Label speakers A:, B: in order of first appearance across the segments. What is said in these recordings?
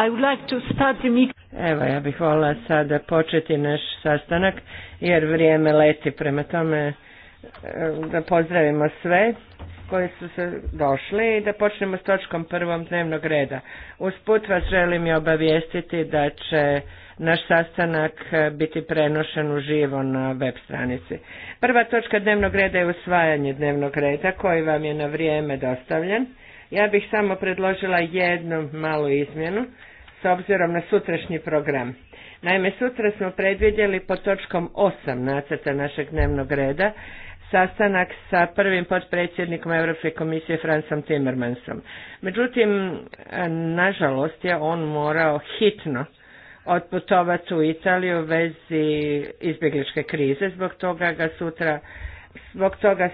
A: I would like to start the Evo, ja bih volila sada početi naš sastanak, jer vrijeme leti, prema tome e, da pozdravimo sve koji su se došli i da počnemo s točkom prvom dnevnog reda. put vas želim i obavijestiti da će naš sastanak e, biti prenošen uživo na web stranici. Prva točka dnevnog reda je usvajanje dnevnog reda koji vam je na vrijeme dostavljen. Ja bih samo predložila jednu malu izmjenu s obzirom na sutrašnji program. Naime, sutra smo predvidjeli pod točkom 8 nacrta našeg dnevnog reda sastanak sa prvim potpredsjednikom Europske komisije Francom Timmermansom. Međutim, nažalost je on morao hitno otputovati u Italiju u vezi izbjegličke krize, zbog toga ga sutra, zbog toga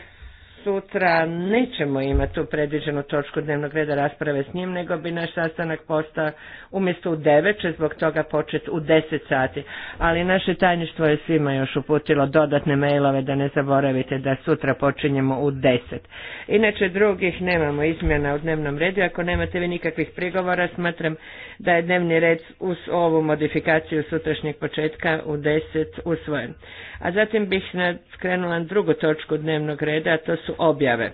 A: sutra nećemo imati tu predviđenu točku dnevnog reda rasprave s njim, nego bi naš sastanak postao umjesto u 9, će zbog toga početi u 10 sati. Ali naše tajništvo je svima još uputilo dodatne mailove da ne zaboravite da sutra počinjemo u 10. Inače drugih nemamo izmjena u dnevnom redu, ako nemate vi nikakvih prigovora smatram da je dnevni red uz ovu modifikaciju sutrašnjeg početka u 10 usvojen. A zatim bih skrenula drugu točku dnevnog reda, a to su objave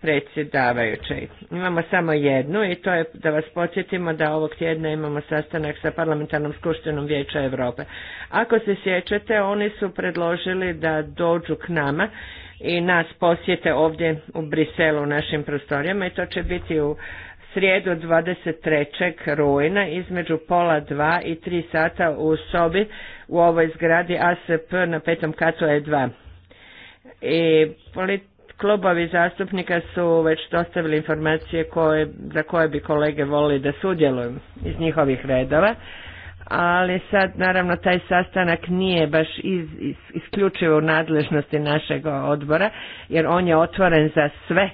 A: predsjedavajućeg. Imamo samo jednu i to je da vas podsjetimo da ovog tjedna imamo sastanak sa parlamentarnom skupštinom Vijeća Europe. Ako se sjećate, oni su predložili da dođu k nama i nas posjete ovdje u Briselu u našim prostorijama i to će biti u srijedu 23. rujna između pola dva i tri sata u sobi u ovoj zgradi ASP na petom katu E2. I polit Klubovi zastupnika su već dostavili informacije koje, za koje bi kolege volili da sudjeluju iz njihovih redova, ali sad naravno taj sastanak nije baš iz, iz, isključivo u nadležnosti našeg odbora, jer on je otvoren za sve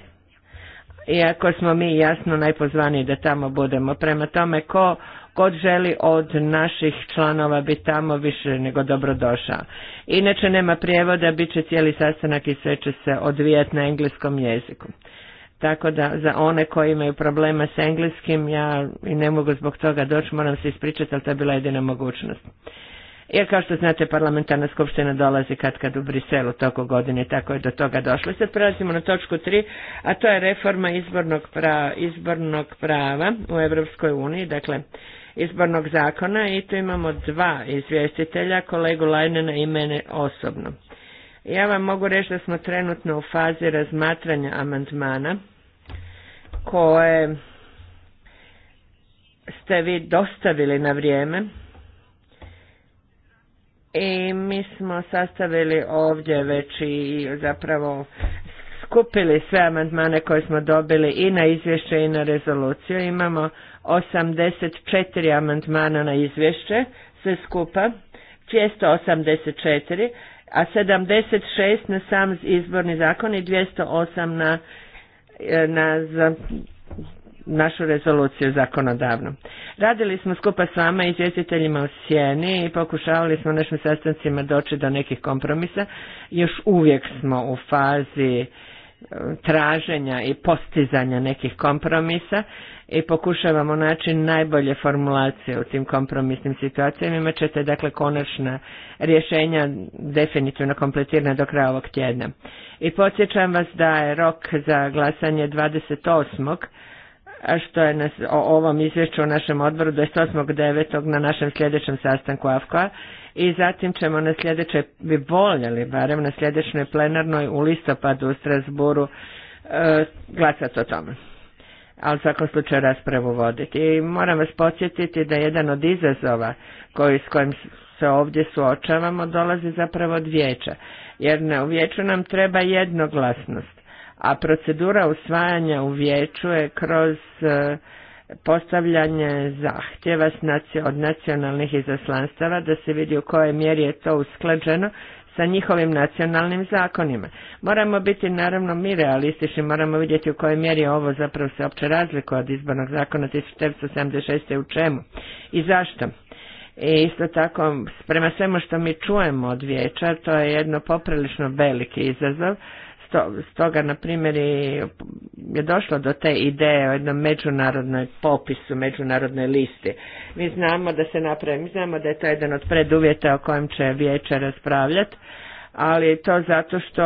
A: iako smo mi jasno najpozvaniji da tamo budemo. Prema tome, ko Kod želi od naših članova biti tamo više nego dobrodošao. Inače nema prijevoda, bit će cijeli sastanak i sve će se odvijati na engleskom jeziku. Tako da za one koji imaju problema s engleskim, ja i ne mogu zbog toga doći, moram se ispričati, ali to je bila jedina mogućnost. Jer kao što znate, parlamentarna skupština dolazi kad kad u Briselu toko godine, tako je do toga došlo. Sad prelazimo na točku 3, a to je reforma izbornog prava, izbornog prava u Europskoj uniji, dakle izbornog zakona i tu imamo dva izvjestitelja, kolegu Lajnena i mene osobno. Ja vam mogu reći da smo trenutno u fazi razmatranja amandmana koje ste vi dostavili na vrijeme i mi smo sastavili ovdje već i zapravo skupili sve amandmane koje smo dobili i na izvješće i na rezoluciju. Imamo 84 amandmana na izvješće, sve skupa, 284, a 76 na sam izborni zakon i 208 na, e, na za našu rezoluciju zakonodavno Radili smo skupa s vama izvjestiteljima u sjeni i pokušavali smo našim sastancima doći do nekih kompromisa. Još uvijek smo u fazi e, traženja i postizanja nekih kompromisa i pokušavamo naći najbolje formulacije u tim kompromisnim situacijama. Imat ćete dakle konačna rješenja definitivno kompletirana do kraja ovog tjedna. I podsjećam vas da je rok za glasanje 28. A što je nas, o ovom izvješću u našem odboru 28.9. na našem sljedećem sastanku AFKA i zatim ćemo na sljedećoj, bi voljeli barem na sljedećoj plenarnoj u listopadu u Strasburu e, glasati o tome ali u svakom slučaju raspravu voditi. I moram vas podsjetiti da jedan od izazova koji, s kojim se ovdje suočavamo dolazi zapravo od vijeća, jer na, u vijeću nam treba jednoglasnost, a procedura usvajanja u vijeću je kroz e, postavljanje zahtjeva od nacionalnih izaslanstava da se vidi u kojoj mjeri je to usklađeno sa njihovim nacionalnim zakonima. Moramo biti naravno mi realistični, moramo vidjeti u kojoj mjeri ovo zapravo se opće razlikuje od izbornog zakona 1976. u čemu i zašto. I isto tako, prema svemu što mi čujemo od vijeća, to je jedno poprilično veliki izazov, Stoga, na primjer, je došlo do te ideje o jednom međunarodnoj popisu, međunarodnoj listi. Mi znamo da se napravi, znamo da je to jedan od preduvjeta o kojem će vijeće raspravljati, ali to zato što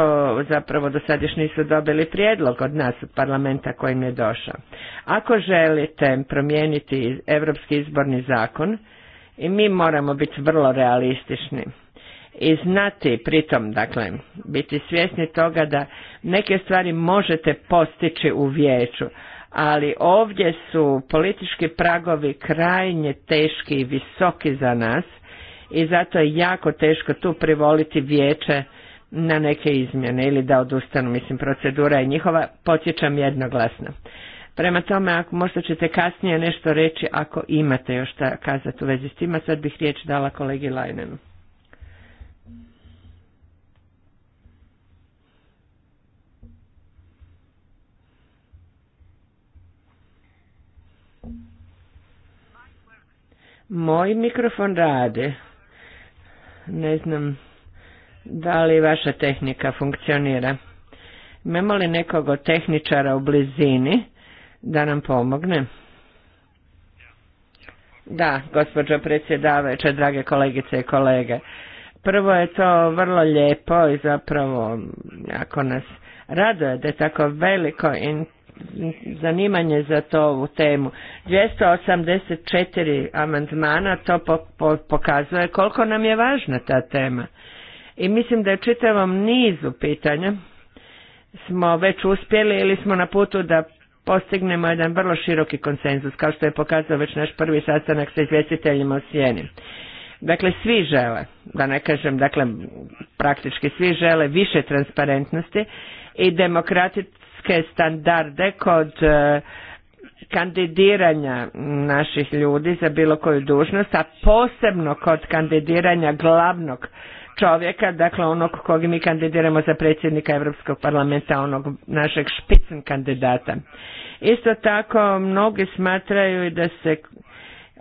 A: zapravo do sad još dobili prijedlog od nas, od parlamenta kojim je došao. Ako želite promijeniti Europski izborni zakon, i mi moramo biti vrlo realistični i znati pritom, dakle, biti svjesni toga da neke stvari možete postići u vijeću, ali ovdje su politički pragovi krajnje teški i visoki za nas i zato je jako teško tu privoliti vijeće na neke izmjene ili da odustanu, mislim, procedura je njihova, potječam jednoglasno. Prema tome, ako možda ćete kasnije nešto reći, ako imate još šta kazati u vezi s tima, sad bih riječ dala kolegi Lajnenu. Moj mikrofon radi. Ne znam da li vaša tehnika funkcionira. Imamo li nekog od tehničara u blizini da nam pomogne? Da, gospođo predsjedavajuća, drage kolegice i kolege. Prvo je to vrlo lijepo i zapravo ako nas raduje da je tako veliko in zanimanje za to ovu temu. 284 amandmana to po, pokazuje koliko nam je važna ta tema. I mislim da je čitavom nizu pitanja smo već uspjeli ili smo na putu da postignemo jedan vrlo široki konsenzus, kao što je pokazao već naš prvi sastanak sa izvjestiteljima u Sjeni. Dakle, svi žele, da ne kažem, dakle, praktički svi žele više transparentnosti i demokrati europske standarde kod e, kandidiranja naših ljudi za bilo koju dužnost, a posebno kod kandidiranja glavnog čovjeka, dakle onog kog mi kandidiramo za predsjednika Europskog parlamenta, onog našeg špicen kandidata. Isto tako mnogi smatraju i da se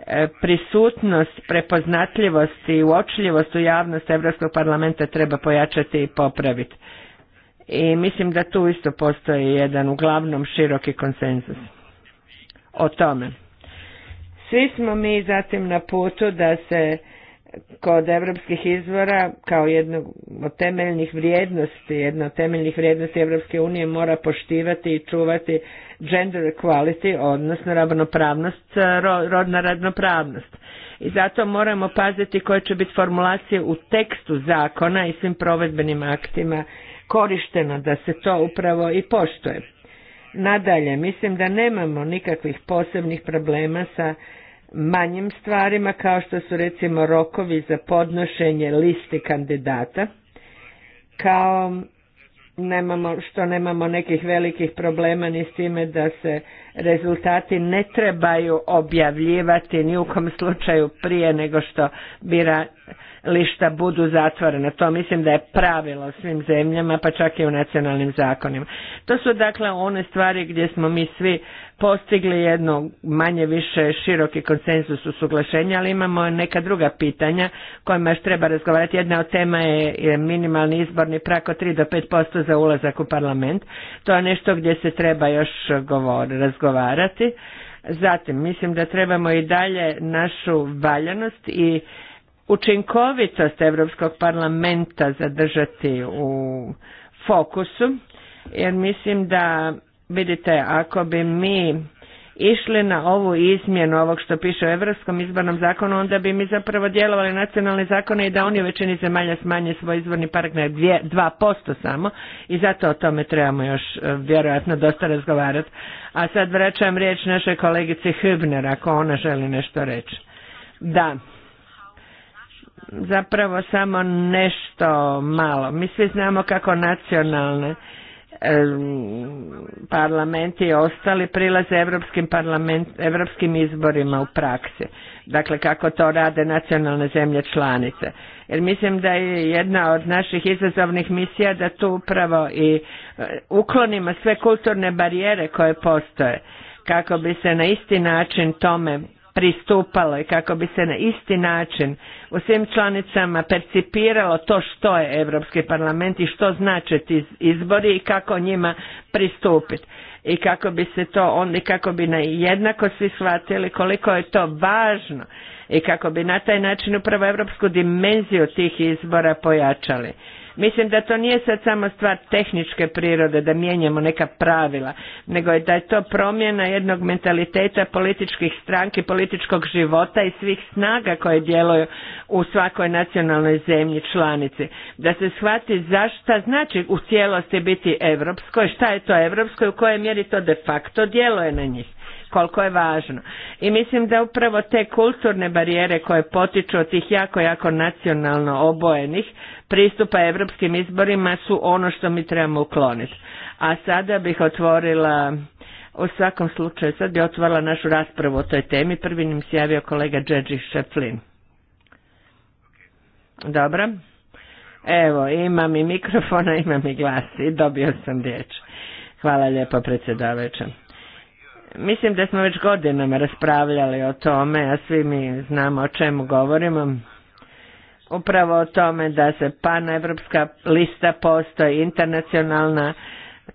A: e, prisutnost, prepoznatljivost i uočljivost u javnost Europskog parlamenta treba pojačati i popraviti. I mislim da tu isto postoji jedan uglavnom široki konsenzus o tome. Svi smo mi zatim na putu da se kod evropskih izvora kao jednog od temeljnih vrijednosti, jedna od temeljnih vrijednosti Evropske unije mora poštivati i čuvati gender equality, odnosno ravnopravnost, e, rodna ravnopravnost. I zato moramo paziti koje će biti formulacije u tekstu zakona i svim provedbenim aktima korišteno, da se to upravo i poštuje. Nadalje, mislim da nemamo nikakvih posebnih problema sa manjim stvarima kao što su recimo rokovi za podnošenje listi kandidata, kao nemamo, što nemamo nekih velikih problema ni s time da se rezultati ne trebaju objavljivati ni u kom slučaju prije nego što bira lišta budu zatvorena. To mislim da je pravilo svim zemljama, pa čak i u nacionalnim zakonima. To su dakle one stvari gdje smo mi svi postigli jedno manje više široki konsenzus u suglašenju, ali imamo neka druga pitanja kojima još treba razgovarati. Jedna od tema je minimalni izborni prako 3 do 5% za ulazak u parlament. To je nešto gdje se treba još govor, razgovarati. Zatim, mislim da trebamo i dalje našu valjanost i učinkovitost Europskog parlamenta zadržati u fokusu, jer mislim da, vidite, ako bi mi išli na ovu izmjenu ovog što piše u Europskom izbornom zakonu, onda bi mi zapravo djelovali nacionalne zakone i da oni u većini zemalja smanje svoj izvorni park na 2% samo i zato o tome trebamo još e, vjerojatno dosta razgovarati. A sad vraćam riječ našoj kolegici Hübner ako ona želi nešto reći. Da zapravo samo nešto malo. Mi svi znamo kako nacionalne parlamenti i ostali prilaze evropskim, parlament, evropskim izborima u praksi. Dakle, kako to rade nacionalne zemlje članice. Jer mislim da je jedna od naših izazovnih misija da tu upravo i e, uklonimo sve kulturne barijere koje postoje kako bi se na isti način tome pristupalo i kako bi se na isti način u svim članicama percipiralo to što je Europski parlament i što znače ti izbori i kako njima pristupiti. I kako bi se to oni, kako bi na jednako svi shvatili koliko je to važno i kako bi na taj način upravo europsku dimenziju tih izbora pojačali. Mislim da to nije sad samo stvar tehničke prirode da mijenjamo neka pravila, nego je da je to promjena jednog mentaliteta političkih stranki, političkog života i svih snaga koje djeluju u svakoj nacionalnoj zemlji članici. Da se shvati zašto znači u cijelosti biti evropsko šta je to evropsko u kojoj mjeri to de facto djeluje na njih koliko je važno. I mislim da upravo te kulturne barijere koje potiču od tih jako, jako nacionalno obojenih pristupa europskim izborima su ono što mi trebamo ukloniti. A sada bih otvorila, u svakom slučaju, sad bih otvorila našu raspravu o toj temi. Prvi nam se javio kolega Džedžih Šeflin. Dobro. Evo, imam i mikrofona, imam i glas i dobio sam riječ. Hvala lijepo predsjedavajuća. Mislim da smo već godinama raspravljali o tome, a svi mi znamo o čemu govorimo. Upravo o tome da se paneuropska lista postoji, internacionalna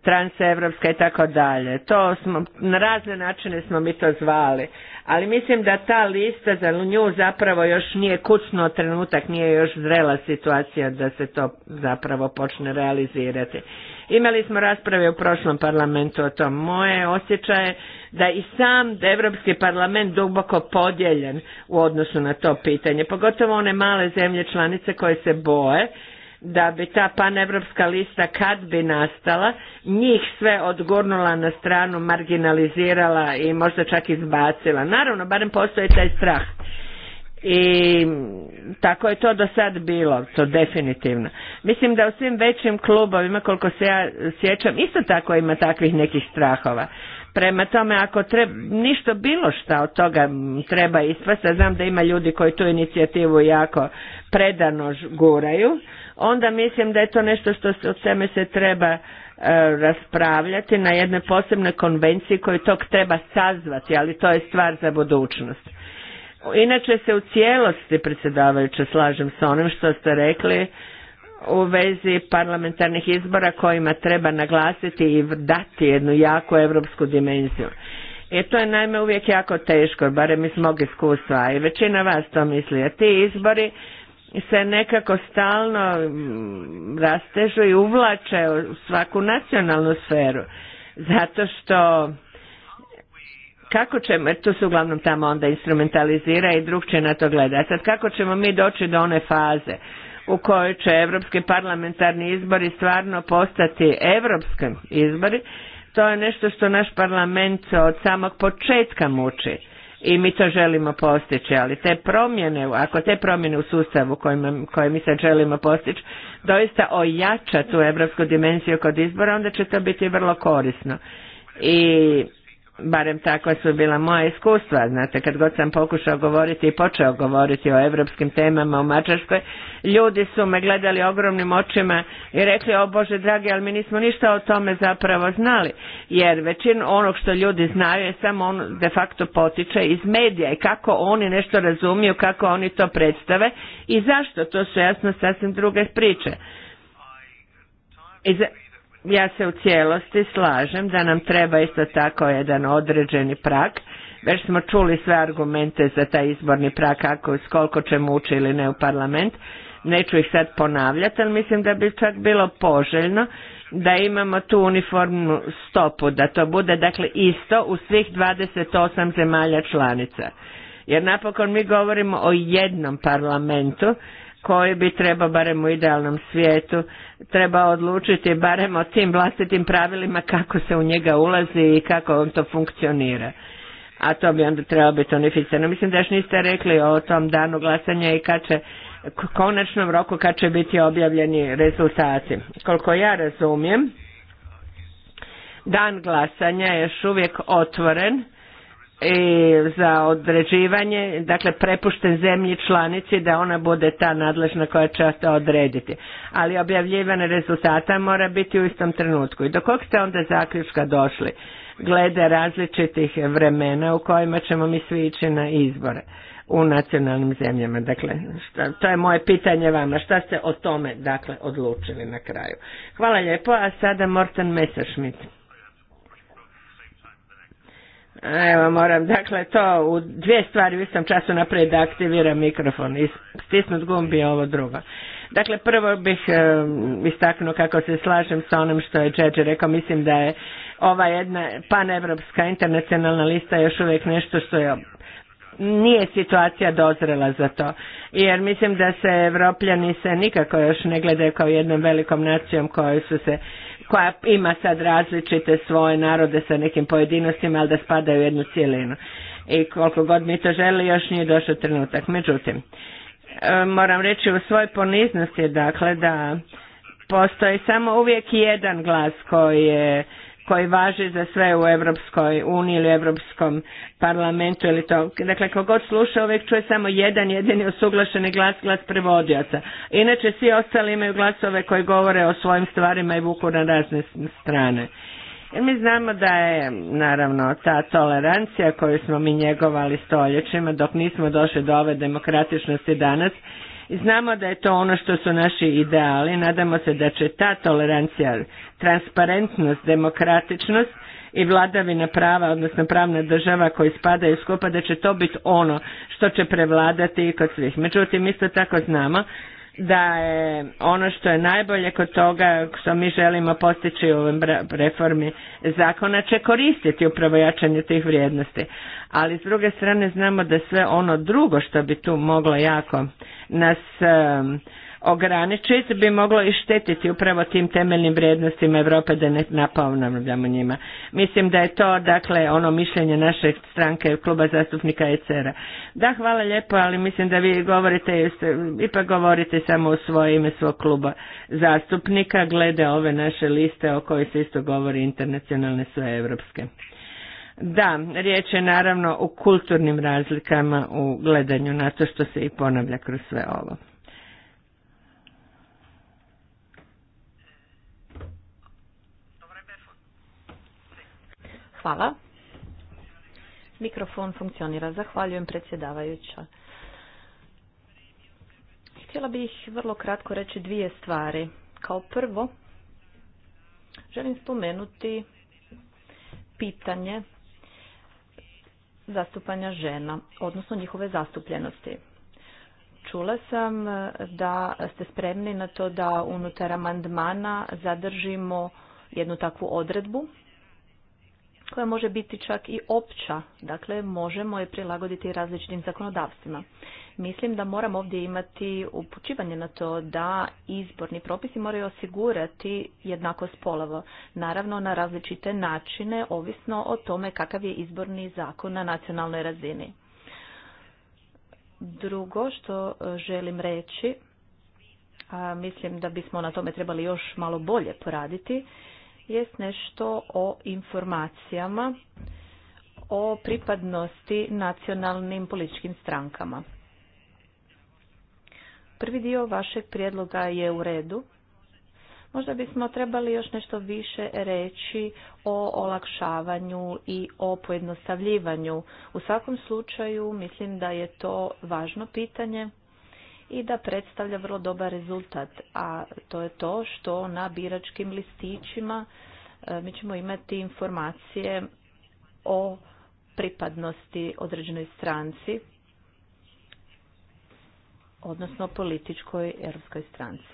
A: transevropska i tako dalje. To smo, na razne načine smo mi to zvali. Ali mislim da ta lista za nju zapravo još nije kućno trenutak, nije još zrela situacija da se to zapravo počne realizirati. Imali smo rasprave u prošlom parlamentu o tom. Moje osjećaje da i sam Europski parlament duboko podijeljen u odnosu na to pitanje, pogotovo one male zemlje članice koje se boje da bi ta panevropska lista kad bi nastala, njih sve odgurnula na stranu, marginalizirala i možda čak izbacila. Naravno, barem postoji taj strah. I tako je to do sad bilo, to definitivno. Mislim da u svim većim klubovima, koliko se ja sjećam, isto tako ima takvih nekih strahova. Prema tome, ako treba, ništa bilo šta od toga treba ispasti ja znam da ima ljudi koji tu inicijativu jako predano guraju, onda mislim da je to nešto što se, od se treba e, raspravljati na jednoj posebnoj konvenciji koju tog treba sazvati, ali to je stvar za budućnost. Inače se u cijelosti predsjedavajuće slažem s onim što ste rekli u vezi parlamentarnih izbora kojima treba naglasiti i dati jednu jako europsku dimenziju. I e, to je naime uvijek jako teško, barem iz mog iskustva i većina vas to misli, a ti izbori se nekako stalno mm, rastežu i uvlače u svaku nacionalnu sferu. Zato što kako ćemo, to se uglavnom tamo onda instrumentalizira i drug će na to gleda. Sad kako ćemo mi doći do one faze u kojoj će evropski parlamentarni izbori stvarno postati evropskim izbori, to je nešto što naš parlament od samog početka muči i mi to želimo postići, ali te promjene, ako te promjene u sustavu kojima, koje mi sad želimo postići, doista ojača tu evropsku dimenziju kod izbora, onda će to biti vrlo korisno. I barem takva su bila moja iskustva, znate, kad god sam pokušao govoriti i počeo govoriti o evropskim temama u Mađarskoj, ljudi su me gledali ogromnim očima i rekli, o Bože dragi, ali mi nismo ništa o tome zapravo znali, jer većin onog što ljudi znaju je samo on de facto potiče iz medija i kako oni nešto razumiju, kako oni to predstave i zašto, to su jasno sasvim druge priče. I ja se u cijelosti slažem da nam treba isto tako jedan određeni prag. Već smo čuli sve argumente za taj izborni prag, kako, koliko ćemo ući ili ne u parlament. Neću ih sad ponavljati, ali mislim da bi čak bilo poželjno da imamo tu uniformnu stopu, da to bude dakle isto u svih 28 zemalja članica. Jer napokon mi govorimo o jednom parlamentu koji bi trebao barem u idealnom svijetu treba odlučiti barem o tim vlastitim pravilima kako se u njega ulazi i kako on to funkcionira. A to bi onda trebalo biti unificirano. Mislim da još niste rekli o tom danu glasanja i kad će konačnom roku kad će biti objavljeni rezultati. Koliko ja razumijem, dan glasanja je još uvijek otvoren i e, za određivanje, dakle prepušten zemlji članici da ona bude ta nadležna koja će to odrediti. Ali objavljivanje rezultata mora biti u istom trenutku. I do kog ste onda zaključka došli glede različitih vremena u kojima ćemo mi svi ići na izbore u nacionalnim zemljama. Dakle, šta, to je moje pitanje vama. Šta ste o tome, dakle, odlučili na kraju? Hvala lijepo, a sada Morten Messerschmidt. Evo moram, dakle to u dvije stvari u istom času naprijed da aktiviram mikrofon i stisnut gumbi je ovo drugo. Dakle, prvo bih e, istaknuo kako se slažem sa onim što je Čeđe rekao. Mislim da je ova jedna panevropska internacionalna lista još uvijek nešto što je nije situacija dozrela za to. Jer mislim da se evropljani se nikako još ne gledaju kao jednom velikom nacijom koji su se koja ima sad različite svoje narode sa nekim pojedinostima, ali da spadaju u jednu cijelinu. I koliko god mi to želi, još nije došao trenutak. Međutim, e, moram reći u svojoj poniznosti, dakle, da postoji samo uvijek jedan glas koji je koji važe za sve u Europskoj uniji ili Europskom parlamentu ili to. Dakle, kogod sluša uvijek čuje samo jedan jedini osuglašeni glas, glas prevodioca. Inače, svi ostali imaju glasove koji govore o svojim stvarima i vuku na razne strane. I mi znamo da je, naravno, ta tolerancija koju smo mi njegovali stoljećima dok nismo došli do ove demokratičnosti danas, i znamo da je to ono što su naši ideali, nadamo se da će ta tolerancija, transparentnost, demokratičnost i vladavina prava, odnosno pravna država koji spadaju skupa, da će to biti ono što će prevladati i kod svih. Međutim, isto tako znamo da je ono što je najbolje kod toga što mi želimo postići u ovim reformi zakona će koristiti upravo jačanje tih vrijednosti. Ali s druge strane znamo da sve ono drugo što bi tu moglo jako nas ograničiti bi moglo i štetiti upravo tim temeljnim vrijednostima Europe da ne napavljamo njima. Mislim da je to dakle ono mišljenje naše stranke kluba zastupnika ECR-a. Da, hvala lijepo, ali mislim da vi govorite, ipak govorite samo u svoje ime svog kluba zastupnika glede ove naše liste o kojoj se isto govori internacionalne sve evropske. Da, riječ je naravno o kulturnim razlikama u gledanju na to što se i ponavlja kroz sve ovo.
B: Hvala. Mikrofon funkcionira. Zahvaljujem predsjedavajuća. Htjela bih vrlo kratko reći dvije stvari. Kao prvo, želim spomenuti pitanje zastupanja žena, odnosno njihove zastupljenosti. Čula sam e, da ste spremni na to da unutar amandmana zadržimo jednu takvu odredbu koja može biti čak i opća, dakle možemo je prilagoditi različitim zakonodavstvima. Mislim da moramo ovdje imati upućivanje na to da izborni propisi moraju osigurati jednako spolovo, naravno na različite načine, ovisno o tome kakav je izborni zakon na nacionalnoj razini. Drugo što e, želim reći, a mislim da bismo na tome trebali još malo bolje poraditi, jest nešto o informacijama o pripadnosti nacionalnim političkim strankama. Prvi dio vašeg prijedloga je u redu. Možda bismo trebali još nešto više reći o olakšavanju i o pojednostavljivanju. U svakom slučaju mislim da je to važno pitanje i da predstavlja vrlo dobar rezultat, a to je to što na biračkim listićima e, mi ćemo imati informacije o pripadnosti određenoj stranci, odnosno političkoj europskoj stranci.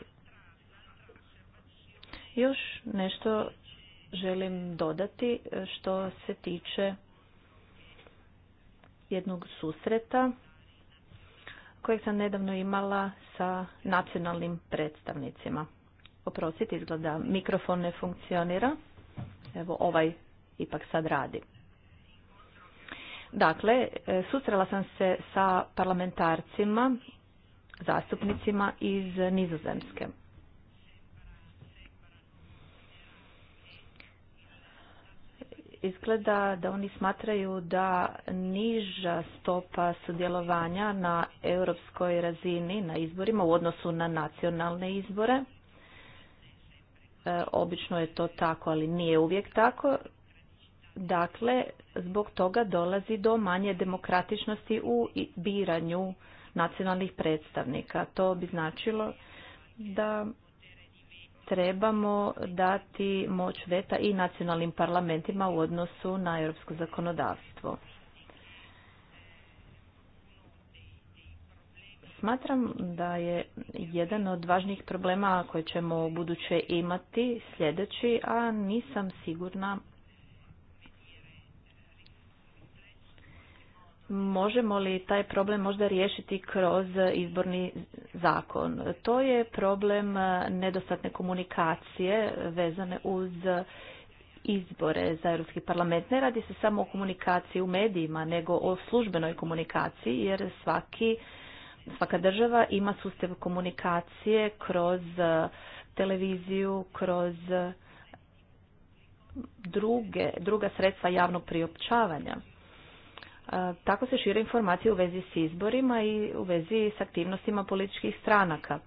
B: Još nešto želim dodati e, što se tiče jednog susreta kojeg sam nedavno imala sa nacionalnim predstavnicima. Oprostite, izgleda mikrofon ne funkcionira. Evo ovaj ipak sad radi. Dakle, e, susrela sam se sa parlamentarcima, zastupnicima iz Nizozemske. izgleda da oni smatraju da niža stopa sudjelovanja na europskoj razini na izborima u odnosu na nacionalne izbore e, obično je to tako, ali nije uvijek tako. Dakle, zbog toga dolazi do manje demokratičnosti u biranju nacionalnih predstavnika. To bi značilo da trebamo dati moć veta i nacionalnim parlamentima u odnosu na europsko zakonodavstvo. Smatram da je jedan od važnijih problema koje ćemo u buduće imati sljedeći, a nisam sigurna možemo li taj problem možda riješiti kroz izborni zakon. To je problem nedostatne komunikacije vezane uz izbore za Europski parlament. Ne radi se samo o komunikaciji u medijima, nego o službenoj komunikaciji, jer svaki, svaka država ima sustav komunikacije kroz televiziju, kroz druge, druga sredstva javnog priopćavanja. Tako se šire informacije u vezi s izborima i u vezi s aktivnostima političkih stranaka.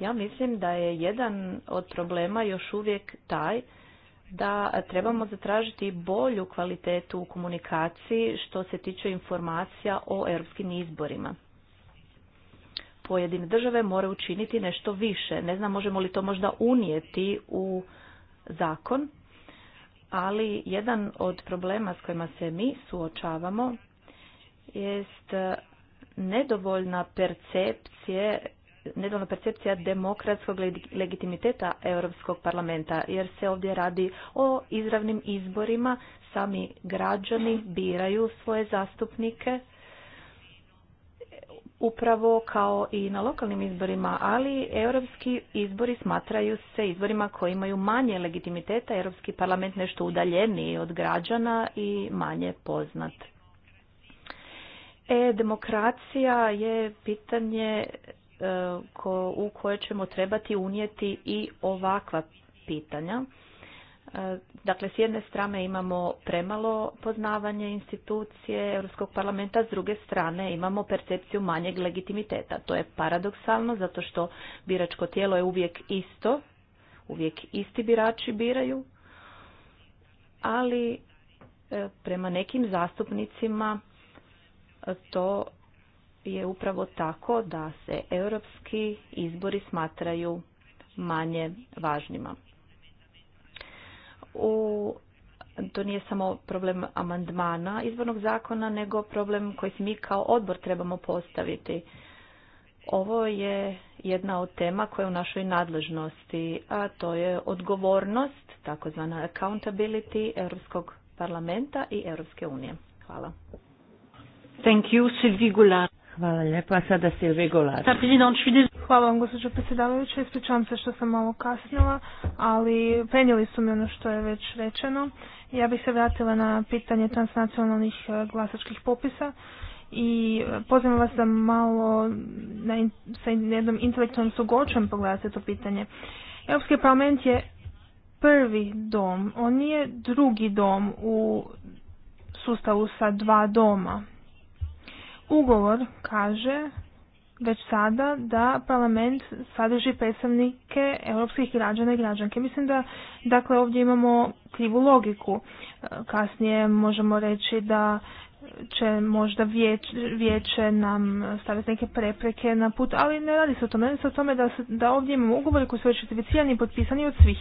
B: Ja mislim da je jedan od problema još uvijek taj da trebamo zatražiti bolju kvalitetu u komunikaciji što se tiče informacija o europskim izborima. Pojedine države moraju učiniti nešto više. Ne znam možemo li to možda unijeti u zakon, ali jedan od problema s kojima se mi suočavamo jest e, nedovoljna percepcije nedovoljna percepcija demokratskog legitimiteta Europskog parlamenta, jer se ovdje radi o izravnim izborima, sami građani biraju svoje zastupnike, upravo kao i na lokalnim izborima, ali europski izbori smatraju se izborima koji imaju manje legitimiteta, Europski parlament nešto udaljeniji od građana i manje poznat. E-demokracija je pitanje e, ko, u koje ćemo trebati unijeti i ovakva pitanja. E, dakle, s jedne strane imamo premalo poznavanje institucije Europskog parlamenta, s druge strane imamo percepciju manjeg legitimiteta. To je paradoksalno zato što biračko tijelo je uvijek isto, uvijek isti birači biraju, ali e, prema nekim zastupnicima to je upravo tako da se europski izbori smatraju manje važnima. U to nije samo problem amandmana izbornog zakona, nego problem koji mi kao odbor trebamo postaviti. Ovo je jedna od tema koja je u našoj nadležnosti, a to je odgovornost, takozvana accountability Europskog parlamenta i Europske unije. Hvala.
A: Thank you, Sylvie Hvala lijepa, sada Silvi Golar.
C: Hvala vam gospođo predsjedavajuća, ispričavam se što sam malo kasnila, ali prenijeli su mi ono što je već rečeno. Ja bih se vratila na pitanje transnacionalnih e, glasačkih popisa i e, pozivam vas da malo na, sa jednom intelektualnom sugoćem pogledate to pitanje. Europski parlament je prvi dom, on nije drugi dom u sustavu sa dva doma Ugovor kaže već sada da parlament sadrži predstavnike europskih građana i građanke. Mislim da dakle ovdje imamo krivu logiku. E, kasnije možemo reći da će možda vijeće nam staviti neke prepreke na put, ali ne radi se o tome, radi se o tome da, se, da ovdje imamo ugovori koji su već i potpisani od svih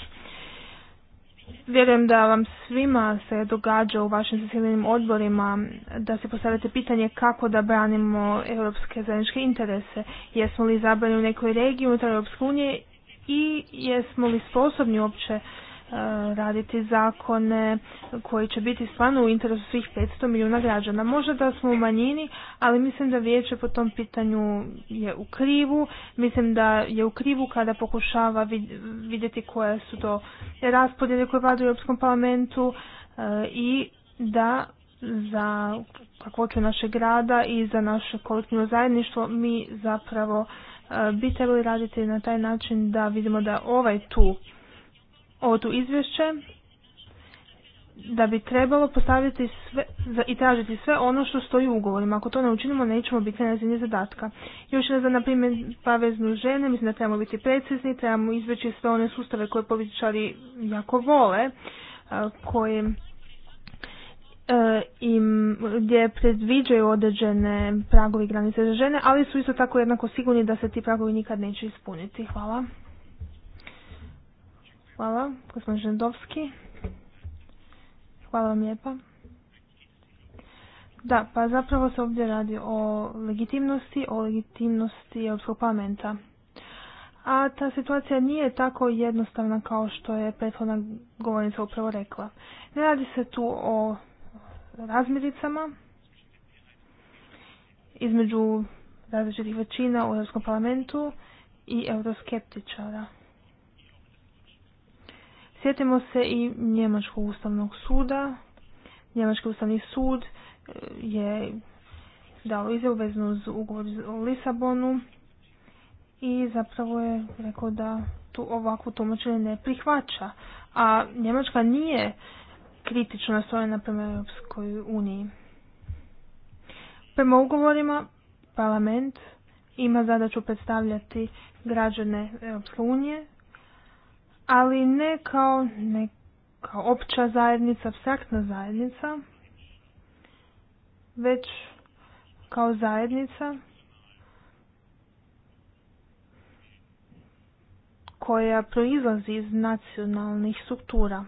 C: Vjerujem da vam svima se događa u vašim zasjedenim odborima da se postavite pitanje kako da branimo europske zajedničke interese. Jesmo li zabrani u nekoj regiji unutar Europske unije i jesmo li sposobni uopće raditi zakone koji će biti stvarno u interesu svih 500 milijuna građana. Možda da smo u manjini, ali mislim da vijeće po tom pitanju je u krivu. Mislim da je u krivu kada pokušava vidjeti koje su to raspodjele koje vada u Europskom parlamentu e, i da za kakvoću našeg grada i za naše kolektivno zajedništvo mi zapravo e, bi trebali raditi na taj način da vidimo da ovaj tu ovo tu izvješće da bi trebalo postaviti sve, i tražiti sve ono što stoji u ugovorima. Ako to ne učinimo, nećemo biti na razini zadatka. Još za na primjer, paveznu žene, mislim da trebamo biti precizni, trebamo izveći sve one sustave koje političari jako vole, koje e, im, gdje predviđaju određene pragovi granice za žene, ali su isto tako jednako sigurni da se ti pragovi nikad neće ispuniti. Hvala. Hvala, gospodin Žendovski. Hvala vam lijepa. Da, pa zapravo se ovdje radi o legitimnosti, o legitimnosti Europskog parlamenta. A ta situacija nije tako jednostavna kao što je prethodna govornica upravo rekla. Ne radi se tu o razmiricama između različitih većina u Europskom parlamentu i euroskeptičara. Sjetimo se i Njemačkog ustavnog suda. Njemački ustavni sud e, je dao izjavu uz ugovor o Lisabonu i zapravo je rekao da tu ovakvo tumačenje ne prihvaća. A Njemačka nije kritično nastrojena prema Europskoj uniji. Prema ugovorima parlament ima zadaću predstavljati građane Europske unije ali ne kao neka opća zajednica, abstraktna zajednica, već kao zajednica koja proizlazi iz nacionalnih struktura.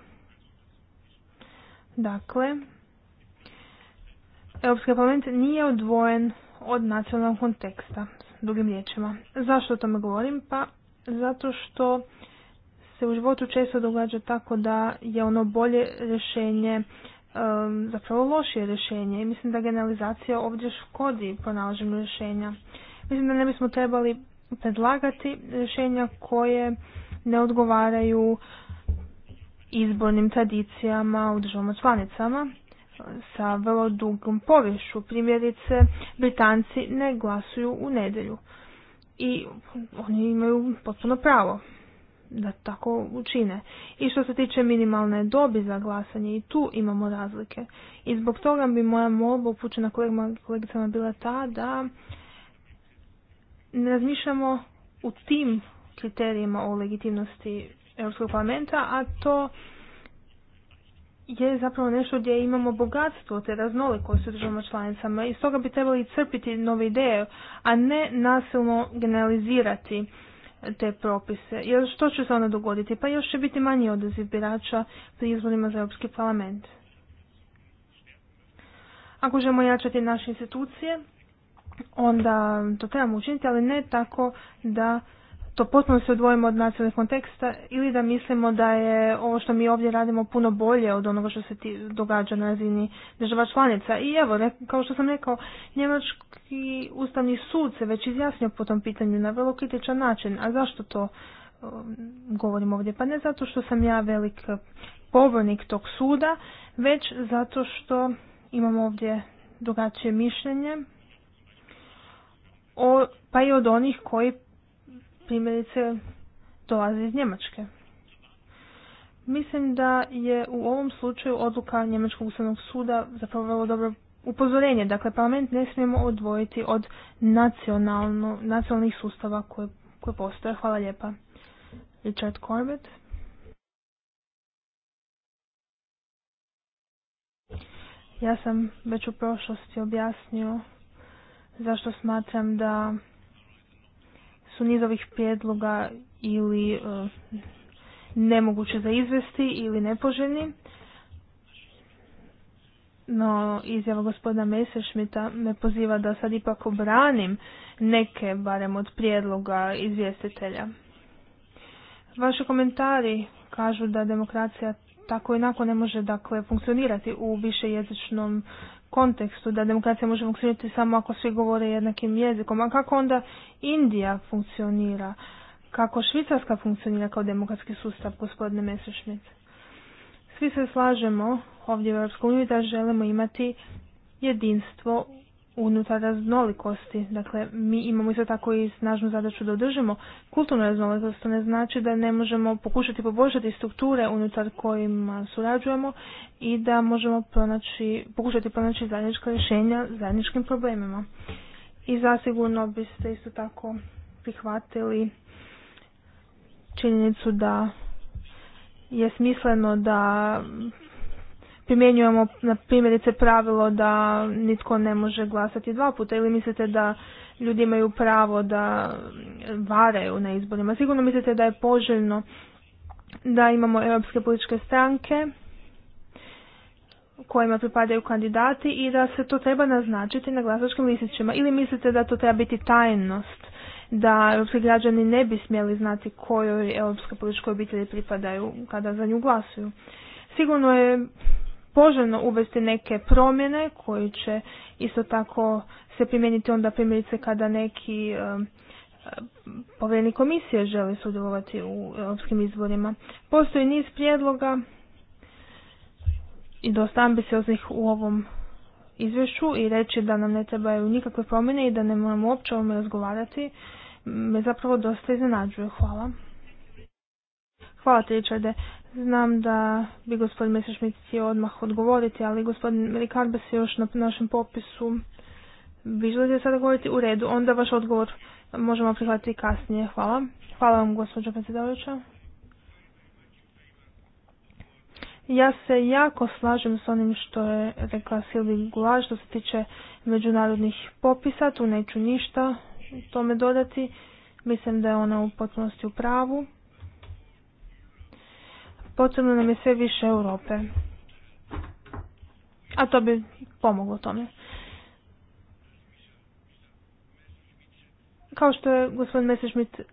C: Dakle, Europski parlament nije odvojen od nacionalnog konteksta, drugim riječima. Zašto o tome govorim? Pa zato što se u životu često događa tako da je ono bolje rješenje um, zapravo lošije rješenje i mislim da generalizacija ovdje škodi pronalaženju rješenja. Mislim da ne bismo trebali predlagati rješenja koje ne odgovaraju izbornim tradicijama u državama članicama sa vrlo dugom povješću. Primjerice, Britanci ne glasuju u nedjelju i oni imaju potpuno pravo da tako učine. I što se tiče minimalne dobi za glasanje, i tu imamo razlike. I zbog toga bi moja molba upućena kolegama, kolegicama bila ta da ne razmišljamo u tim kriterijima o legitimnosti Europskog parlamenta, a to je zapravo nešto gdje imamo bogatstvo te raznolikosti u državama članicama i stoga bi trebali crpiti nove ideje, a ne nasilno generalizirati te propise. Jer što će se onda dogoditi? Pa još će biti manji odaziv birača pri izborima za Europski parlament. Ako želimo jačati naše institucije, onda to trebamo učiniti, ali ne tako da to potpuno se odvojimo od nacionalnih konteksta ili da mislimo da je ovo što mi ovdje radimo puno bolje od onoga što se ti događa na razini država članica. I evo, kao što sam rekao, Njemački ustavni sud se već izjasnio po tom pitanju na vrlo kritičan način. A zašto to um, govorim ovdje? Pa ne zato što sam ja velik uh, pobornik tog suda, već zato što imam ovdje drugačije mišljenje o, pa i od onih koji primjerice dolazi iz Njemačke. Mislim da je u ovom slučaju odluka Njemačkog ustavnog suda zapravo vrlo dobro upozorenje. Dakle, parlament ne smijemo odvojiti od nacionalnih sustava koje, koje postoje. Hvala lijepa. Richard Corbett. Ja sam već u prošlosti objasnio zašto smatram da su niz ovih prijedloga ili e, nemoguće za izvesti ili nepoželjni. No, izjava gospodina Messerschmitta me poziva da sad ipak obranim neke, barem od prijedloga izvjestitelja. Vaši komentari kažu da demokracija tako i nakon ne može dakle funkcionirati u višejezičnom kontekstu da demokracija može funkcionirati samo ako svi govore jednakim jezikom, a kako onda Indija funkcionira, kako Švicarska funkcionira kao demokratski sustav, gospodine Mesešnic. Svi se slažemo ovdje u EU da želimo imati jedinstvo unutar raznolikosti. Dakle, mi imamo isto tako i snažnu zadaću da održimo kulturnu raznolikost. To ne znači da ne možemo pokušati poboljšati strukture unutar kojima surađujemo i da možemo pronaći, pokušati pronaći zajednička rješenja zajedničkim problemima. I zasigurno biste isto tako prihvatili činjenicu da je smisleno da primjenjujemo na primjerice pravilo da nitko ne može glasati dva puta ili mislite da ljudi imaju pravo da varaju na izborima. Sigurno mislite da je poželjno da imamo europske političke stranke kojima pripadaju kandidati i da se to treba naznačiti na glasačkim listićima. Ili mislite da to treba biti tajnost, da europski građani ne bi smjeli znati kojoj europskoj političkoj obitelji pripadaju kada za nju glasuju. Sigurno je poželjno uvesti neke promjene koje će isto tako se primijeniti onda primjerice kada neki povjerenik komisije želi sudjelovati u europskim izborima. Postoji niz prijedloga i dosta ambicioznih u ovom izvješću i reći da nam ne trebaju nikakve promjene i da ne moramo uopće ovome razgovarati me zapravo dosta iznenađuje. Hvala. Hvala ti, Znam da bi gospodin Mesešmic htio odmah odgovoriti, ali gospodin Rikardo se još na našem popisu vi želite sada govoriti u redu, onda vaš odgovor možemo prihvatiti kasnije. Hvala. Hvala vam gospođo predsjedavajuća. Ja se jako slažem s onim što je rekla Silvi Gula što se tiče međunarodnih popisa, tu neću ništa tome dodati. Mislim da je ona u potpunosti u pravu. Potrebno nam je sve više Europe. A to bi pomoglo tome. Kao što je gospodin Messerschmidt e,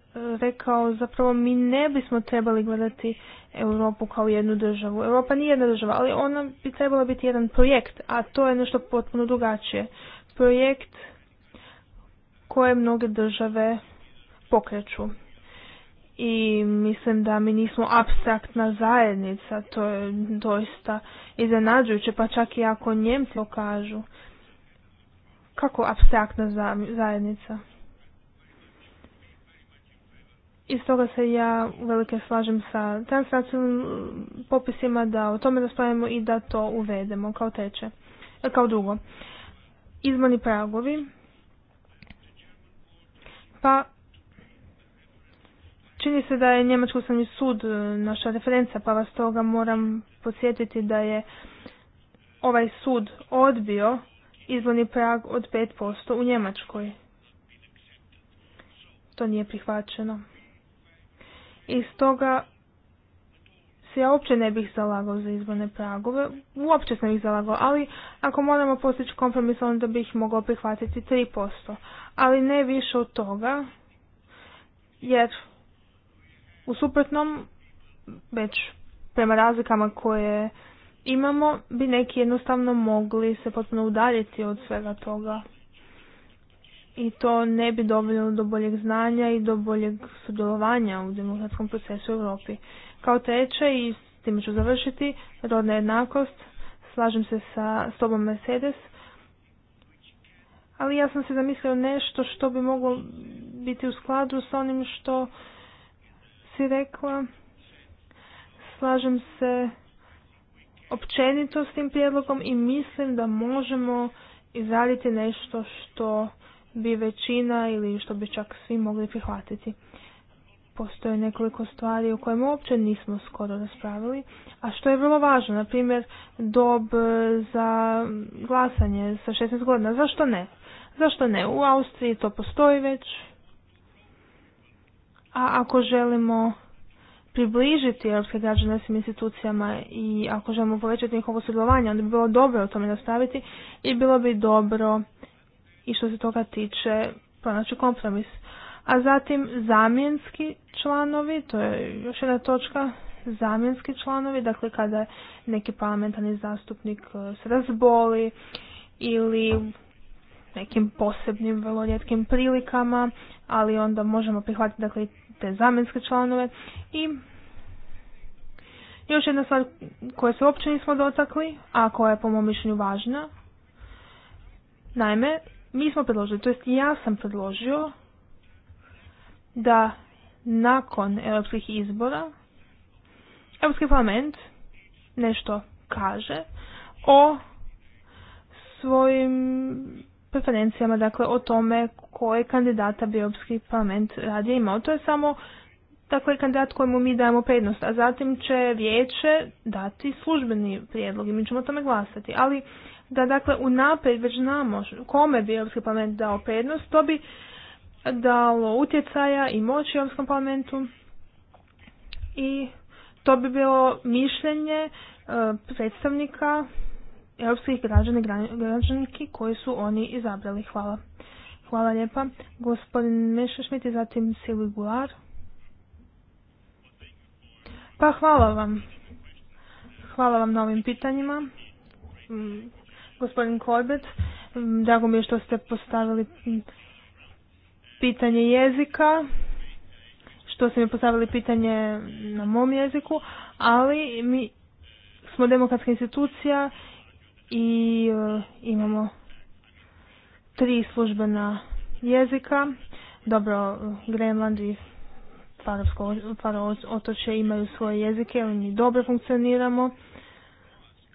C: rekao, zapravo mi ne bismo trebali gledati Europu kao jednu državu. Europa nije jedna država, ali ona bi trebala biti jedan projekt, a to je nešto potpuno drugačije. Projekt koje mnoge države pokreću i mislim da mi nismo abstraktna zajednica, to je doista iznenađujuće, pa čak i ako Njemci to kažu. Kako abstraktna zajednica? Iz toga se ja velike slažem sa transnacionalnim popisima da o tome raspravimo i da to uvedemo kao teče, e, kao drugo. Izmani pragovi, pa Čini se da je Njemačko ustavni sud e, naša referenca, pa vas toga moram podsjetiti da je ovaj sud odbio izborni prag od 5% u Njemačkoj. To nije prihvaćeno. I stoga se ja uopće ne bih zalagao za izborne pragove, uopće sam ih zalagao, ali ako moramo postići kompromis, onda bih mogao prihvatiti 3%, ali ne više od toga, jer u suprotnom, već prema razlikama koje imamo, bi neki jednostavno mogli se potpuno udaljiti od svega toga. I to ne bi dovelo do boljeg znanja i do boljeg sudjelovanja u demokratskom procesu u Europi. Kao treće, i s tim ću završiti, rodna jednakost, slažem se sa sobom Mercedes, ali ja sam se zamislio nešto što bi moglo biti u skladu s onim što si rekla. Slažem se općenito s tim prijedlogom i mislim da možemo izraditi nešto što bi većina ili što bi čak svi mogli prihvatiti. Postoje nekoliko stvari o kojima uopće nismo skoro raspravili, a što je vrlo važno, na primjer dob za glasanje sa 16 godina, zašto ne? Zašto ne? U Austriji to postoji već, a ako želimo približiti europske građane svim institucijama i ako želimo povećati njihovo sudjelovanje, onda bi bilo dobro o tome nastaviti i bilo bi dobro i što se toga tiče pronaći kompromis. A zatim zamjenski članovi, to je još jedna točka, zamjenski članovi, dakle kada neki parlamentarni zastupnik e, se razboli ili nekim posebnim, vrlo rijetkim prilikama, ali onda možemo prihvatiti dakle te zamjenske članove. I još jedna stvar koje se uopće nismo dotakli, a koja je po mom mišljenju važna. Naime, mi smo predložili, to jest ja sam predložio da nakon europskih izbora Europski parlament nešto kaže o svojim preferencijama, dakle o tome koje kandidata bi Europski parlament radije imao. To je samo dakle, kandidat kojemu mi dajemo prednost, a zatim će vijeće dati službeni prijedlog i mi ćemo o tome glasati. Ali da dakle unaprijed već znamo kome bi Europski parlament dao prednost, to bi dalo utjecaja i moći Europskom parlamentu i to bi bilo mišljenje eh, predstavnika europskih građana i građanki koji su oni izabrali. Hvala. Hvala lijepa. Gospodin Mešašmit i zatim Silvi Gular. Pa hvala vam. Hvala vam na ovim pitanjima. Mm, gospodin Korbet, mm, drago mi je što ste postavili mm, pitanje jezika, što ste mi postavili pitanje na mom jeziku, ali mi smo demokratska institucija i e, imamo tri službena jezika. Dobro, Grenland i Faro otoče imaju svoje jezike, oni mi dobro funkcioniramo.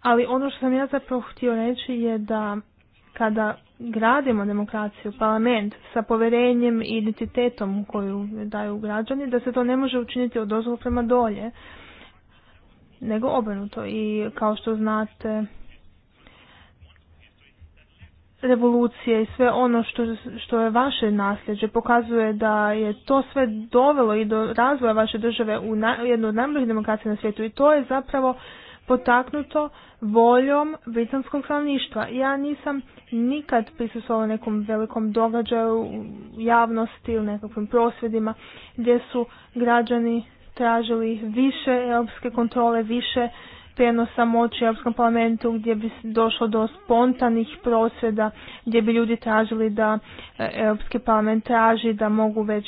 C: Ali ono što sam ja zapravo htio reći je da kada gradimo demokraciju, parlament sa poverenjem i identitetom koju daju građani, da se to ne može učiniti od prema dolje, nego obrnuto. I kao što znate, revolucije i sve ono što, što je vaše nasljeđe pokazuje da je to sve dovelo i do razvoja vaše države u na, jednu od najboljih demokracija na svijetu i to je zapravo potaknuto voljom britanskog stanovništva. Ja nisam nikad prisustvovala nekom velikom događaju u javnosti ili nekakvim prosvjedima gdje su građani tražili više europske kontrole, više prijenosa moći u Europskom parlamentu gdje bi došlo do spontanih prosvjeda, gdje bi ljudi tražili da e, Europski parlament traži da mogu već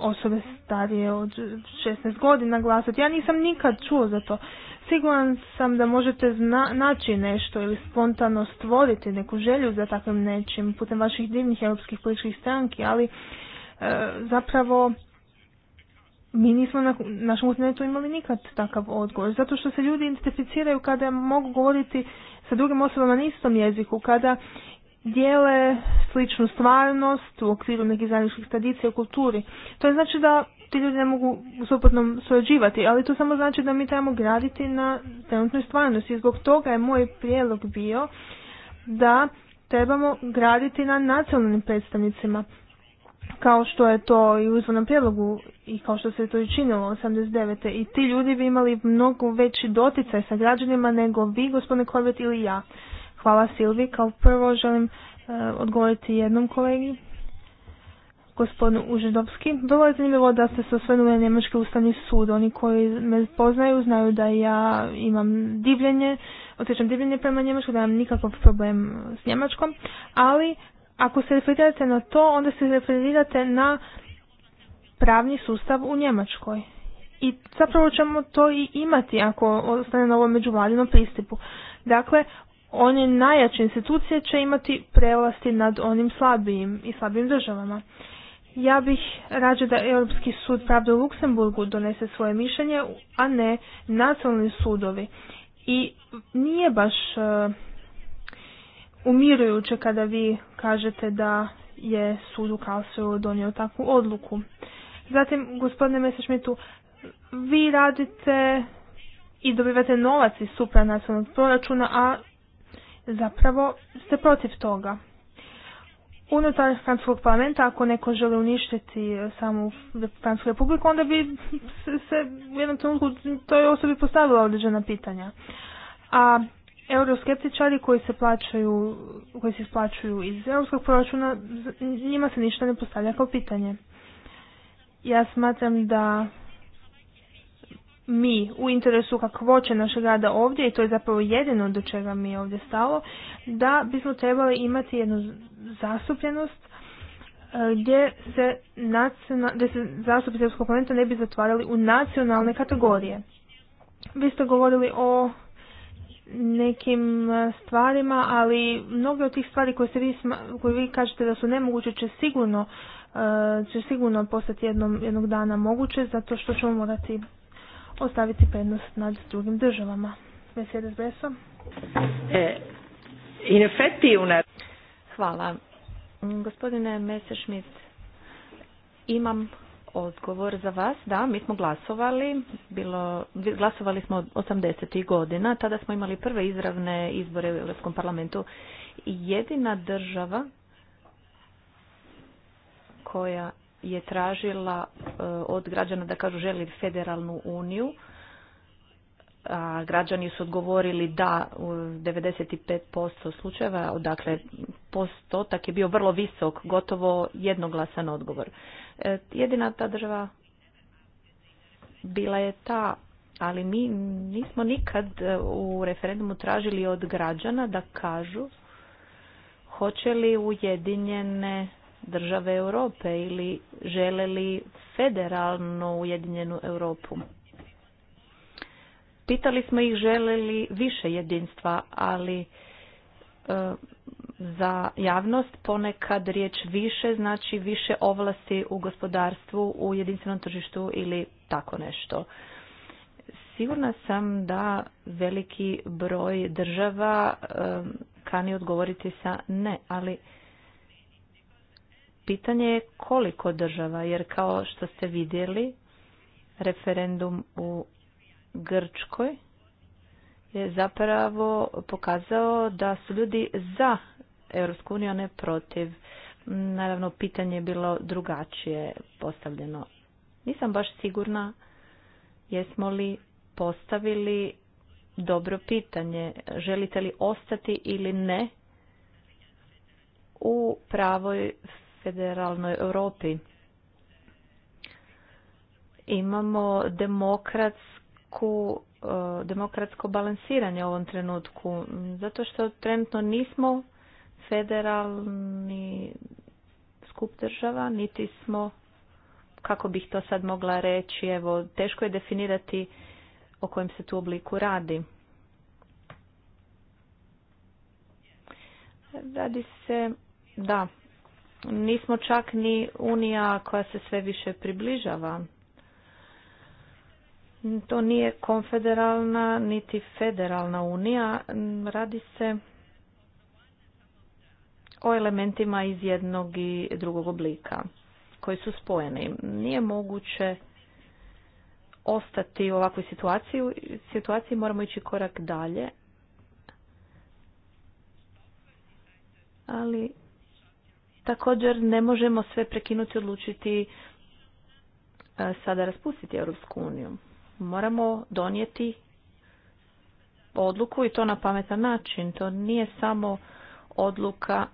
C: osobe starije od 16 godina glasati. Ja nisam nikad čuo za to. Siguran sam da možete naći nešto ili spontano stvoriti neku želju za takvim nečim putem vaših divnih europskih političkih stranki, ali e, zapravo mi nismo na našem kontinentu imali nikad takav odgovor. Zato što se ljudi identificiraju kada mogu govoriti sa drugim osobama na istom jeziku, kada dijele sličnu stvarnost u okviru nekih zajedničkih tradicija i kulturi. To je znači da ti ljudi ne mogu suprotno surađivati, ali to samo znači da mi trebamo graditi na trenutnoj stvarnosti. I zbog toga je moj prijedlog bio da trebamo graditi na nacionalnim predstavnicima kao što je to i u izvornom prijedlogu i kao što se to i činilo 89. i ti ljudi bi imali mnogo veći doticaj sa građanima nego vi, gospodine Korbet, ili ja. Hvala Silvi. Kao prvo želim e, odgovoriti jednom kolegi, gospodinu Užidovski Vrlo je zanimljivo da ste se osvrnuli na Njemački ustavni sud. Oni koji me poznaju znaju da ja imam divljenje, osjećam divljenje prema Njemačkoj, da imam nikakav problem s Njemačkom, ali ako se referirate na to, onda se referirate na pravni sustav u Njemačkoj. I zapravo ćemo to i imati ako ostane na ovom međuvladinom pristupu. Dakle, one najjače institucije će imati prelasti nad onim slabijim i slabijim državama. Ja bih rađe da Europski sud pravde u Luksemburgu donese svoje mišljenje, a ne nacionalni sudovi. I nije baš e, umirujuće kada vi kažete da je sud u Kalsoju donio takvu odluku. Zatim, gospodine Mesešmitu, vi radite i dobivate novac iz nacionalnog proračuna, a zapravo ste protiv toga. Unutar Francuskog parlamenta, ako neko želi uništiti samu Francusku republiku, onda bi se u jednom trenutku toj osobi postavila određena pitanja. A euroskeptičari koji se plaćaju, koji se isplaćuju iz europskog proračuna, njima se ništa ne postavlja kao pitanje. Ja smatram da mi u interesu kakvoće našeg rada ovdje, i to je zapravo jedino do čega mi je ovdje stalo, da bismo trebali imati jednu zastupljenost e, gdje se, nacional, gdje se zastupnici Europskog parlamenta ne bi zatvarali u nacionalne kategorije. Vi ste govorili o nekim e, stvarima, ali mnoge od tih stvari koje, se vi, koje vi kažete da su nemoguće će sigurno, e, će sigurno postati jednom, jednog dana moguće zato što ćemo morati ostaviti prednost nad drugim državama. Mercedes Breso.
B: E, Hvala. Gospodine Messerschmidt, imam odgovor za vas. Da, mi smo glasovali, bilo, glasovali smo 80. godina, tada smo imali prve izravne izbore u Europskom parlamentu. Jedina država koja je tražila eh, od građana da kažu želi federalnu uniju, a građani su odgovorili da u 95% slučajeva, dakle postotak je bio vrlo visok, gotovo jednoglasan odgovor. E, jedina ta država bila je ta, ali mi nismo nikad e, u referendumu tražili od građana da kažu hoće li ujedinjene države Europe ili žele li federalno ujedinjenu Europu. Pitali smo ih žele li više jedinstva, ali e, za javnost, ponekad riječ više znači više ovlasti u gospodarstvu, u jedinstvenom tržištu ili tako nešto. Sigurna sam da veliki broj država kani odgovoriti sa ne, ali pitanje je koliko država, jer kao što ste vidjeli, referendum u Grčkoj je zapravo pokazao da su ljudi za Europsku uniju, ne protiv. Naravno, pitanje je bilo drugačije postavljeno. Nisam baš sigurna jesmo li postavili dobro pitanje. Želite li ostati ili ne u pravoj federalnoj Europi? Imamo demokratsku eh, demokratsko balansiranje u ovom trenutku, zato što trenutno nismo federalni skup država, niti smo, kako bih to sad mogla reći, evo, teško je definirati o kojem se tu obliku radi. Radi se, da, nismo čak ni unija koja se sve više približava. To nije konfederalna niti federalna unija, radi se o elementima iz jednog i drugog oblika koji su spojeni. Nije moguće ostati u ovakvoj situaciji, u situaciji moramo ići korak dalje. Ali također ne možemo sve prekinuti odlučiti e, sada raspustiti Europsku uniju. Moramo donijeti odluku i to na pametan način. To nije samo odluka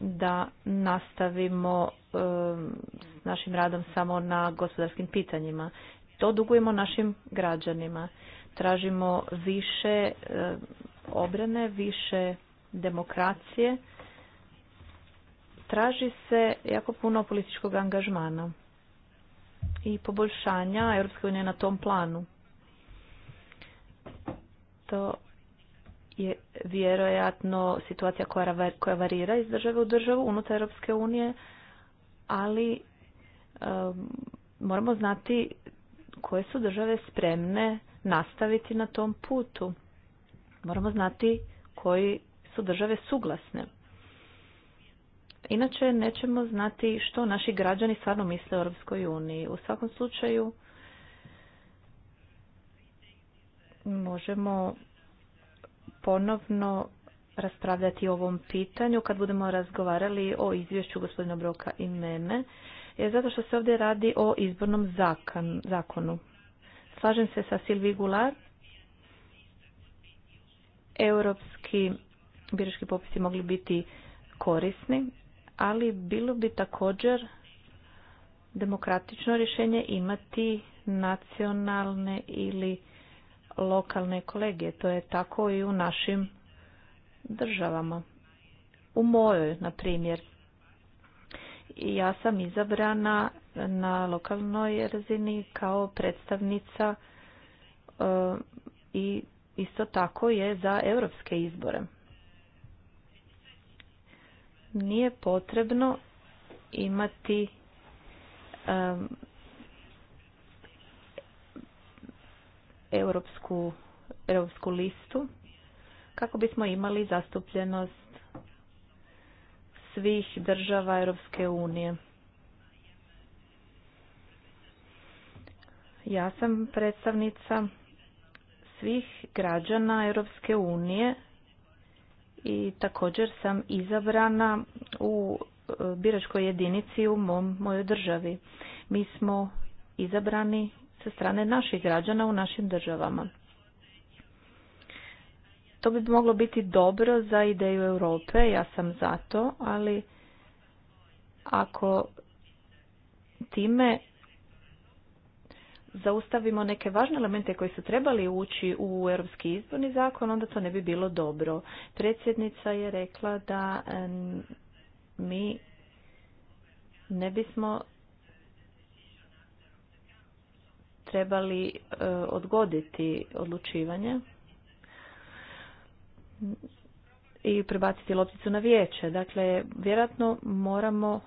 B: da nastavimo s našim radom samo na gospodarskim pitanjima. To dugujemo našim građanima. Tražimo više obrane, više demokracije. Traži se jako puno političkog angažmana i poboljšanja EU na tom planu. To je vjerojatno situacija koja varira iz države u državu unutar Europske unije, ali um, moramo znati koje su države spremne nastaviti na tom putu. Moramo znati koji su države suglasne. Inače nećemo znati što naši građani stvarno misle o Europskoj uniji. U svakom slučaju možemo ponovno raspravljati o ovom pitanju kad budemo razgovarali o izvješću gospodina Broka i mene, je zato što se ovdje radi o izbornom zakonu. Slažem se sa Silvi Gular. Europski birački popisi mogli biti korisni, ali bilo bi također demokratično rješenje imati nacionalne ili lokalne kolegije. To je tako i u našim državama. U mojoj, na primjer, ja sam izabrana na lokalnoj razini kao predstavnica e, i isto tako je za europske izbore. Nije potrebno imati e, europsku, europsku listu kako bismo imali zastupljenost svih država Europske unije. Ja sam predstavnica svih građana Europske unije i također sam izabrana u e, biračkoj jedinici u mom, mojoj državi. Mi smo izabrani sa strane naših građana u našim državama. To bi moglo biti dobro za ideju Europe, ja sam za to, ali ako time zaustavimo neke važne elemente koji su trebali ući u europski izborni zakon, onda to ne bi bilo dobro. Predsjednica je rekla da mi ne bismo trebali e, odgoditi odlučivanje i prebaciti lopticu na vijeće. Dakle, vjerojatno moramo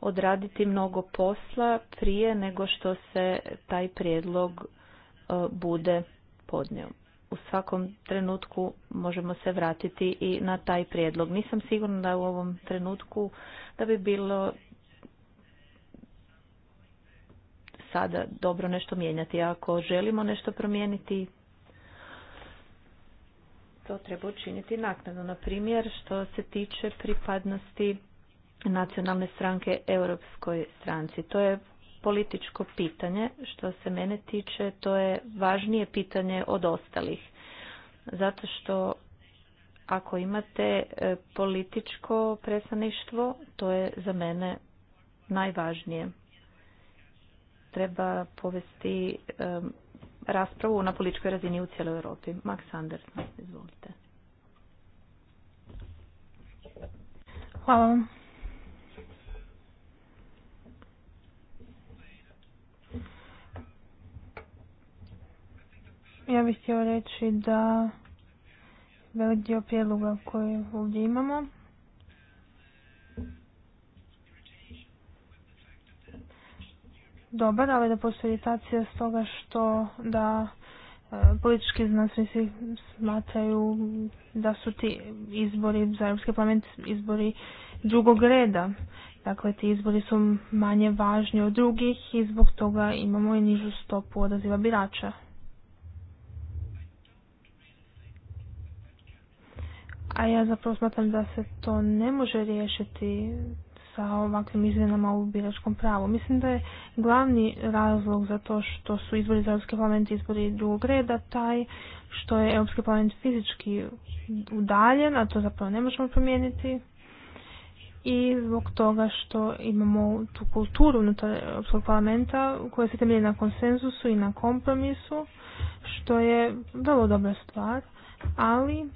B: odraditi mnogo posla prije nego što se taj prijedlog e, bude podnio. U svakom trenutku možemo se vratiti i na taj prijedlog. Nisam sigurna da u ovom trenutku da bi bilo sada dobro nešto mijenjati. Ako želimo nešto promijeniti, to treba učiniti naknadno. Na primjer, što se tiče pripadnosti nacionalne stranke Europskoj stranci. To je političko pitanje. Što se mene tiče, to je važnije pitanje od ostalih. Zato što ako imate e, političko predstavništvo, to je za mene najvažnije treba povesti raspravu na političkoj razini u cijeloj Europi. Max Anders, izvolite. Hvala vam.
C: Ja bih htio reći da velik dio prijedloga koje ovdje imamo dobar, ali da postoji iritacija s toga što da e, politički znanstvenici smatraju da su ti izbori za Europski parlament izbori drugog reda. Dakle, ti izbori su manje važni od drugih i zbog toga imamo i nižu stopu odaziva birača. A ja zapravo smatram da se to ne može riješiti sa ovakvim izmjenama u biračkom pravu. Mislim da je glavni razlog za to što su izbori za Europski parlament izbori drugog reda taj što je Europski parlament fizički udaljen, a to zapravo ne možemo promijeniti. I zbog toga što imamo tu kulturu unutar Europskog parlamenta koja se temelji na konsenzusu i na kompromisu, što je vrlo dobra stvar, ali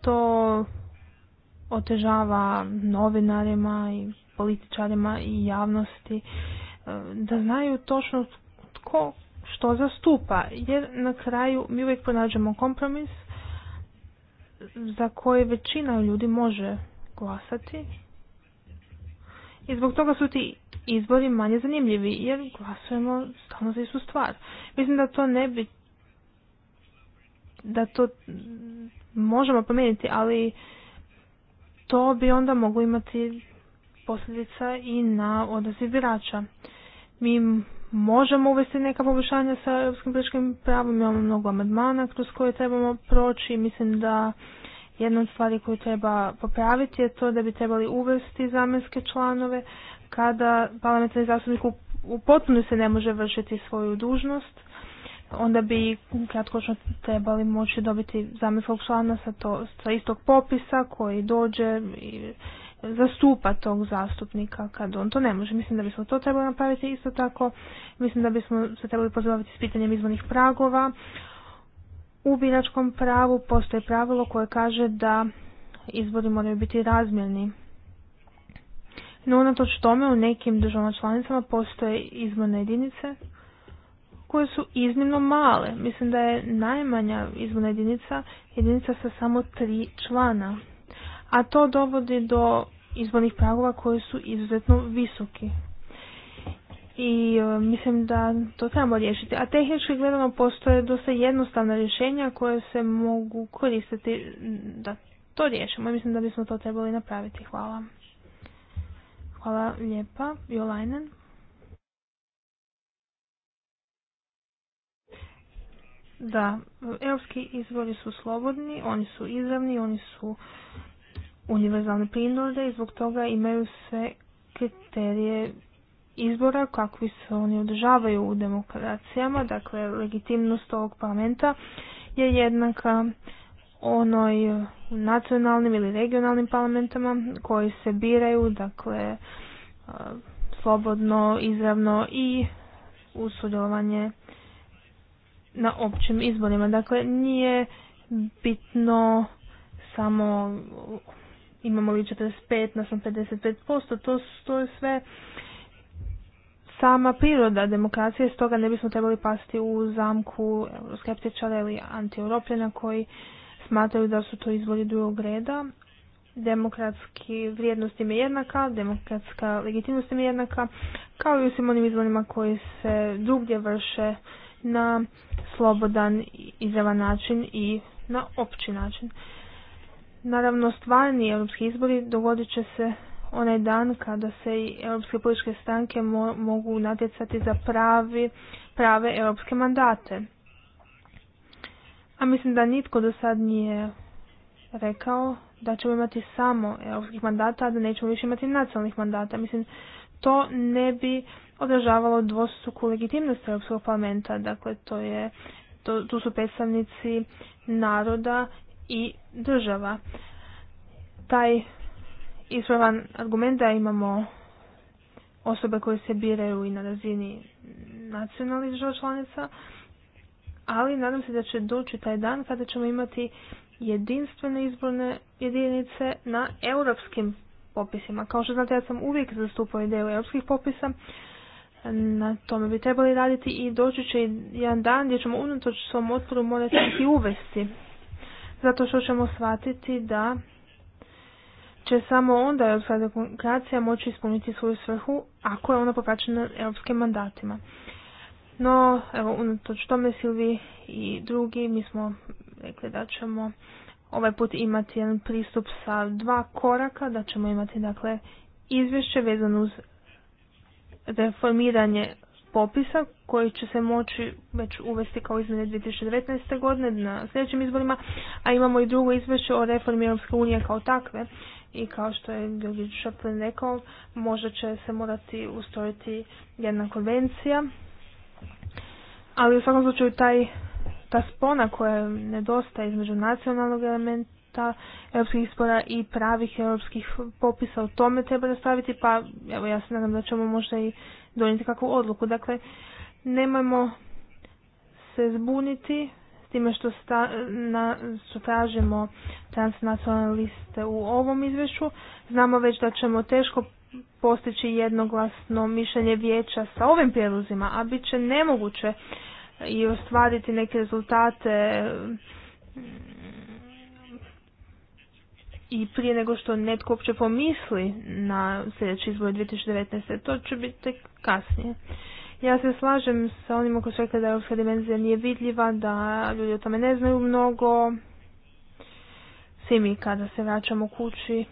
C: to otežava novinarima i političarima i javnosti e, da znaju točno tko što zastupa. Jer na kraju mi uvijek pronađemo kompromis za koje većina ljudi može glasati. I zbog toga su ti izbori manje zanimljivi, jer glasujemo stalno za istu stvar. Mislim da to ne bi, da to možemo promijeniti, ali to bi onda moglo imati posljedica i na odaziv birača. Mi možemo uvesti neka poboljšanja sa europskim političkim pravom, imamo mnogo amandmana kroz koje trebamo proći i mislim da jedna od stvari koju treba popraviti je to da bi trebali uvesti zamjenske članove kada parlamentarni zastupnik u potpuno se ne može vršiti svoju dužnost onda bi kratkočno trebali moći dobiti zamislog člana sa, to, sa istog popisa koji dođe i zastupa tog zastupnika kad on to ne može. Mislim da bismo to trebali napraviti isto tako. Mislim da bismo se trebali pozabaviti s pitanjem izvornih pragova. U biračkom pravu postoji pravilo koje kaže da izbori moraju biti razmjerni. No unatoč tome u nekim državama članicama postoje izborne jedinice koje su iznimno male. Mislim da je najmanja izborna jedinica jedinica sa samo tri člana. A to dovodi do izbornih pragova koji su izuzetno visoki. I e, mislim da to trebamo riješiti. A tehnički gledano postoje dosta jednostavna rješenja koje se mogu koristiti da to riješimo. Mislim da bismo to trebali napraviti. Hvala. Hvala lijepa. Jolajnen. Da, europski izvori su slobodni, oni su izravni, oni su univerzalne prinode i zbog toga imaju sve kriterije izbora kakvi se oni održavaju u demokracijama, dakle legitimnost ovog parlamenta je jednaka onoj nacionalnim ili regionalnim parlamentama koji se biraju, dakle slobodno, izravno i uz sudjelovanje na općim izborima. Dakle, nije bitno samo imamo li 45, na 55%, to, to je sve sama priroda demokracije, stoga ne bismo trebali pasti u zamku euroskeptičara ili antieuropljena koji smatraju da su to izvori drugog reda. Demokratski vrijednost im je jednaka, demokratska legitimnost im je jednaka, kao i u svim onim izborima koji se drugdje vrše na slobodan izravan način i na opći način. Naravno, stvarni europski izbori dogodit će se onaj dan kada se i europske političke stranke mogu natjecati za pravi, prave europske mandate. A mislim da nitko do sad nije rekao da ćemo imati samo europskih mandata, a da nećemo više imati nacionalnih mandata. Mislim, to ne bi odražavalo dvostruku legitimnost Europskog parlamenta. Dakle, to je, to, tu su predstavnici naroda i država. Taj ispravan argument da imamo osobe koje se biraju i na razini nacionalnih država članica, ali nadam se da će doći taj dan kada ćemo imati jedinstvene izborne jedinice na europskim popisima. Kao što znate, ja sam uvijek zastupao ideju europskih popisa, na tome bi trebali raditi i doći će jedan dan gdje ćemo unatoč svom otporu morati uvesti. Zato što ćemo shvatiti da će samo onda europska demokracija moći ispuniti svoju svrhu ako je ona popraćena europskim mandatima. No, evo, unatoč tome Silvi i drugi, mi smo rekli da ćemo ovaj put imati jedan pristup sa dva koraka, da ćemo imati dakle izvješće vezano uz reformiranje popisa koji će se moći već uvesti kao izmjene 2019. godine na sljedećim izborima, a imamo i drugo izvješće o reformi Europske unije kao takve i kao što je Georgi Šeplin rekao, možda će se morati ustrojiti jedna konvencija, ali u svakom slučaju taj ta spona koja nedostaje između nacionalnog elementa da europskih ispora i pravih europskih popisa. O tome treba staviti, pa evo ja se nadam da ćemo možda i donijeti kakvu odluku. Dakle, nemojmo se zbuniti s time što, sta, na, što tražimo transnacionalne liste u ovom izvješću. Znamo već da ćemo teško postići jednoglasno mišljenje vijeća sa ovim prijedlozima, a bit će nemoguće i ostvariti neke rezultate i prije nego što netko uopće pomisli na sljedeći izbor 2019. To će biti tek kasnije. Ja se slažem sa onima koji su rekli da europska dimenzija nije vidljiva, da ljudi o tome ne znaju mnogo. Svi mi kada se vraćamo kući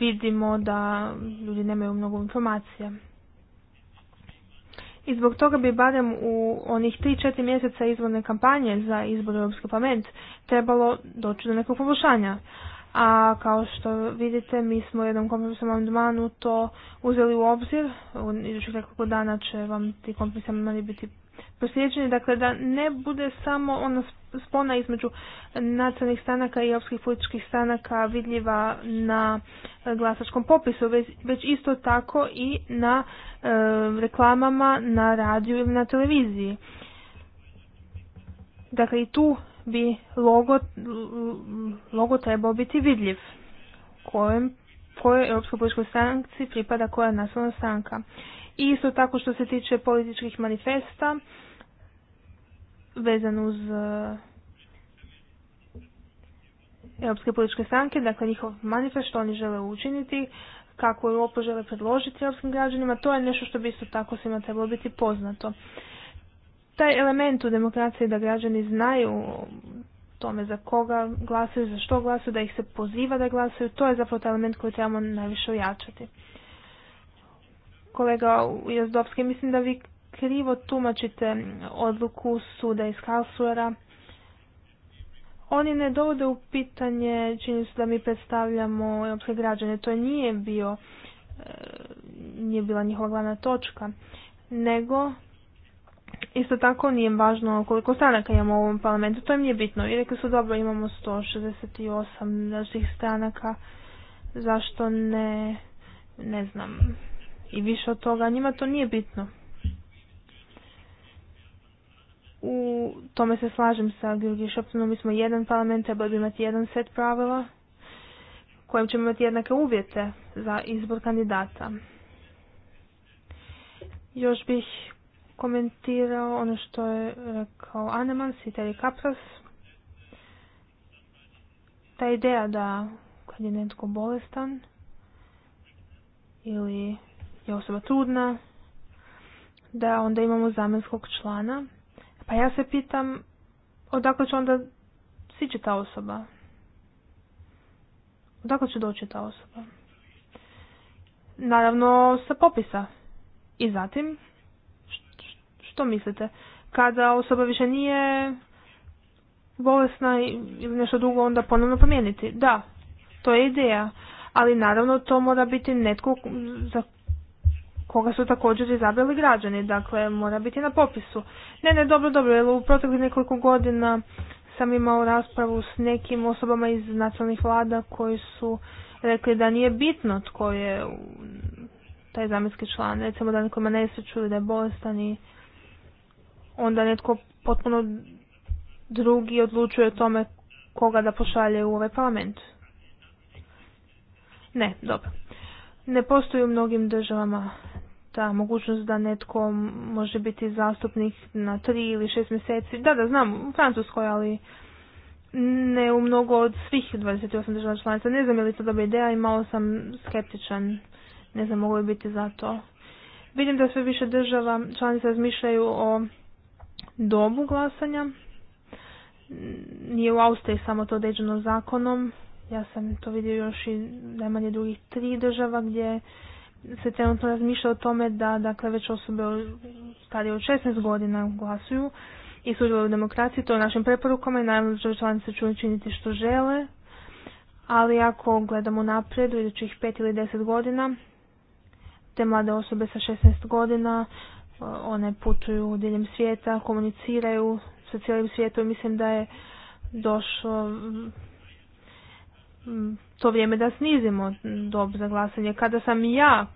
C: vidimo da ljudi nemaju mnogo informacija. I zbog toga bi barem u onih 3-4 mjeseca izborne kampanje za izbor u Europski parlament trebalo doći do nekog poboljšanja. A kao što vidite, mi smo u jednom kompromisnom amandmanu to uzeli u obzir. U idućih nekoliko dana će vam ti kompromisni amandmani biti prosjeđeni, dakle da ne bude samo ona spona između nacionalnih stanaka i europskih političkih stanaka vidljiva na e, glasačkom popisu, već isto tako i na e, reklamama na radiju ili na televiziji. Dakle i tu bi logo, logo trebao biti vidljiv kojem, kojoj europskoj političkoj stranci pripada koja nacionalna stranka isto tako što se tiče političkih manifesta, vezan uz e, Europske političke stranke, dakle njihov manifest, što oni žele učiniti, kako Europu žele predložiti europskim građanima, to je nešto što bi isto tako svima trebalo biti poznato. Taj element u demokraciji da građani znaju tome za koga glasuju, za što glasaju, da ih se poziva da glasaju, to je zapravo taj element koji trebamo najviše ojačati. Kolega Jazdovski, mislim da vi krivo tumačite odluku suda iz Kalsuera. Oni ne dovode u pitanje čini su da mi predstavljamo europske građane. To nije bio e, nije bila njihova glavna točka, nego isto tako nije važno koliko stranaka imamo u ovom parlamentu, to im nije bitno. I rekli su dobro imamo 168 naših stranaka, zašto ne, ne znam, i više od toga. Njima to nije bitno. U tome se slažem sa Georgije Mi smo jedan parlament, trebali bi imati jedan set pravila kojim ćemo imati jednake uvjete za izbor kandidata. Još bih komentirao ono što je rekao Anemans i Terry Kapras. Ta ideja da kad je netko bolestan ili je osoba trudna, da onda imamo zamjenskog člana. Pa ja se pitam odakle će onda sići ta osoba? Odakle će doći ta osoba? Naravno sa popisa. I zatim, što mislite? Kada osoba više nije bolesna ili nešto drugo, onda ponovno promijeniti. Da, to je ideja. Ali naravno to mora biti netko za koga su također izabrali građani, dakle mora biti na popisu. Ne, ne, dobro, dobro, jer u proteklih nekoliko godina sam imao raspravu s nekim osobama iz nacionalnih vlada koji su rekli da nije bitno tko je taj zamjenski član, recimo da neko ima nesreću ili da je bolestan i onda netko potpuno drugi odlučuje o tome koga da pošalje u ovaj parlament. Ne, dobro. Ne postoji u mnogim državama ta mogućnost da netko može biti zastupnik na tri ili šest mjeseci. Da, da, znam, u Francuskoj, ali ne u mnogo od svih 28 država članica. Ne znam je li to dobra ideja i malo sam skeptičan. Ne znam mogu li biti za to. Vidim da sve više država članica razmišljaju o dobu glasanja. Nije u Austriji samo to određeno zakonom. Ja sam to vidio još i najmanje drugih tri država gdje se trenutno razmišlja o tome da dakle, već osobe starije od 16 godina glasuju i sudjeluju u demokraciji, to je našim preporukama i naravno da članice ću činiti što žele, ali ako gledamo naprijed u idućih 5 ili 10 godina, te mlade osobe sa 16 godina, e, one putuju diljem svijeta, komuniciraju sa cijelim svijetom, mislim da je došlo mm, to vrijeme da snizimo dob za glasanje. Kada sam ja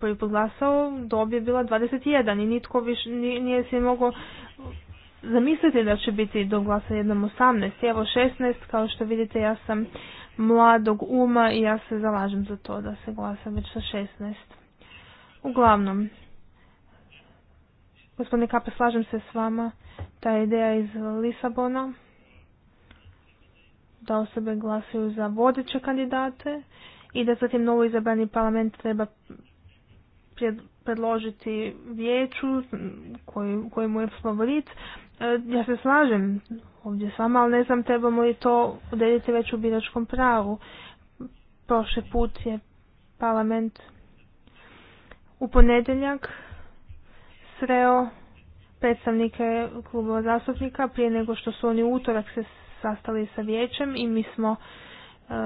C: prvi je glasao, dob je bila 21 i nitko više nije se mogao zamisliti da će biti do glasa jednom 18. Evo 16, kao što vidite ja sam mladog uma i ja se zalažem za to da se glasa već sa 16. Uglavnom, gospodine Kape, slažem se s vama, ta ideja iz Lisabona, da osobe glasuju za vodeće kandidate i da zatim novo izabrani parlament treba predložiti vijeću koji, koji mu favorit. E, ja se slažem ovdje s vama, ali ne znam trebamo li to odrediti već u biračkom pravu. Prošli put je parlament u ponedjeljak sreo predstavnike klubova zastupnika prije nego što su oni utorak se sastali sa vijećem i mi smo e,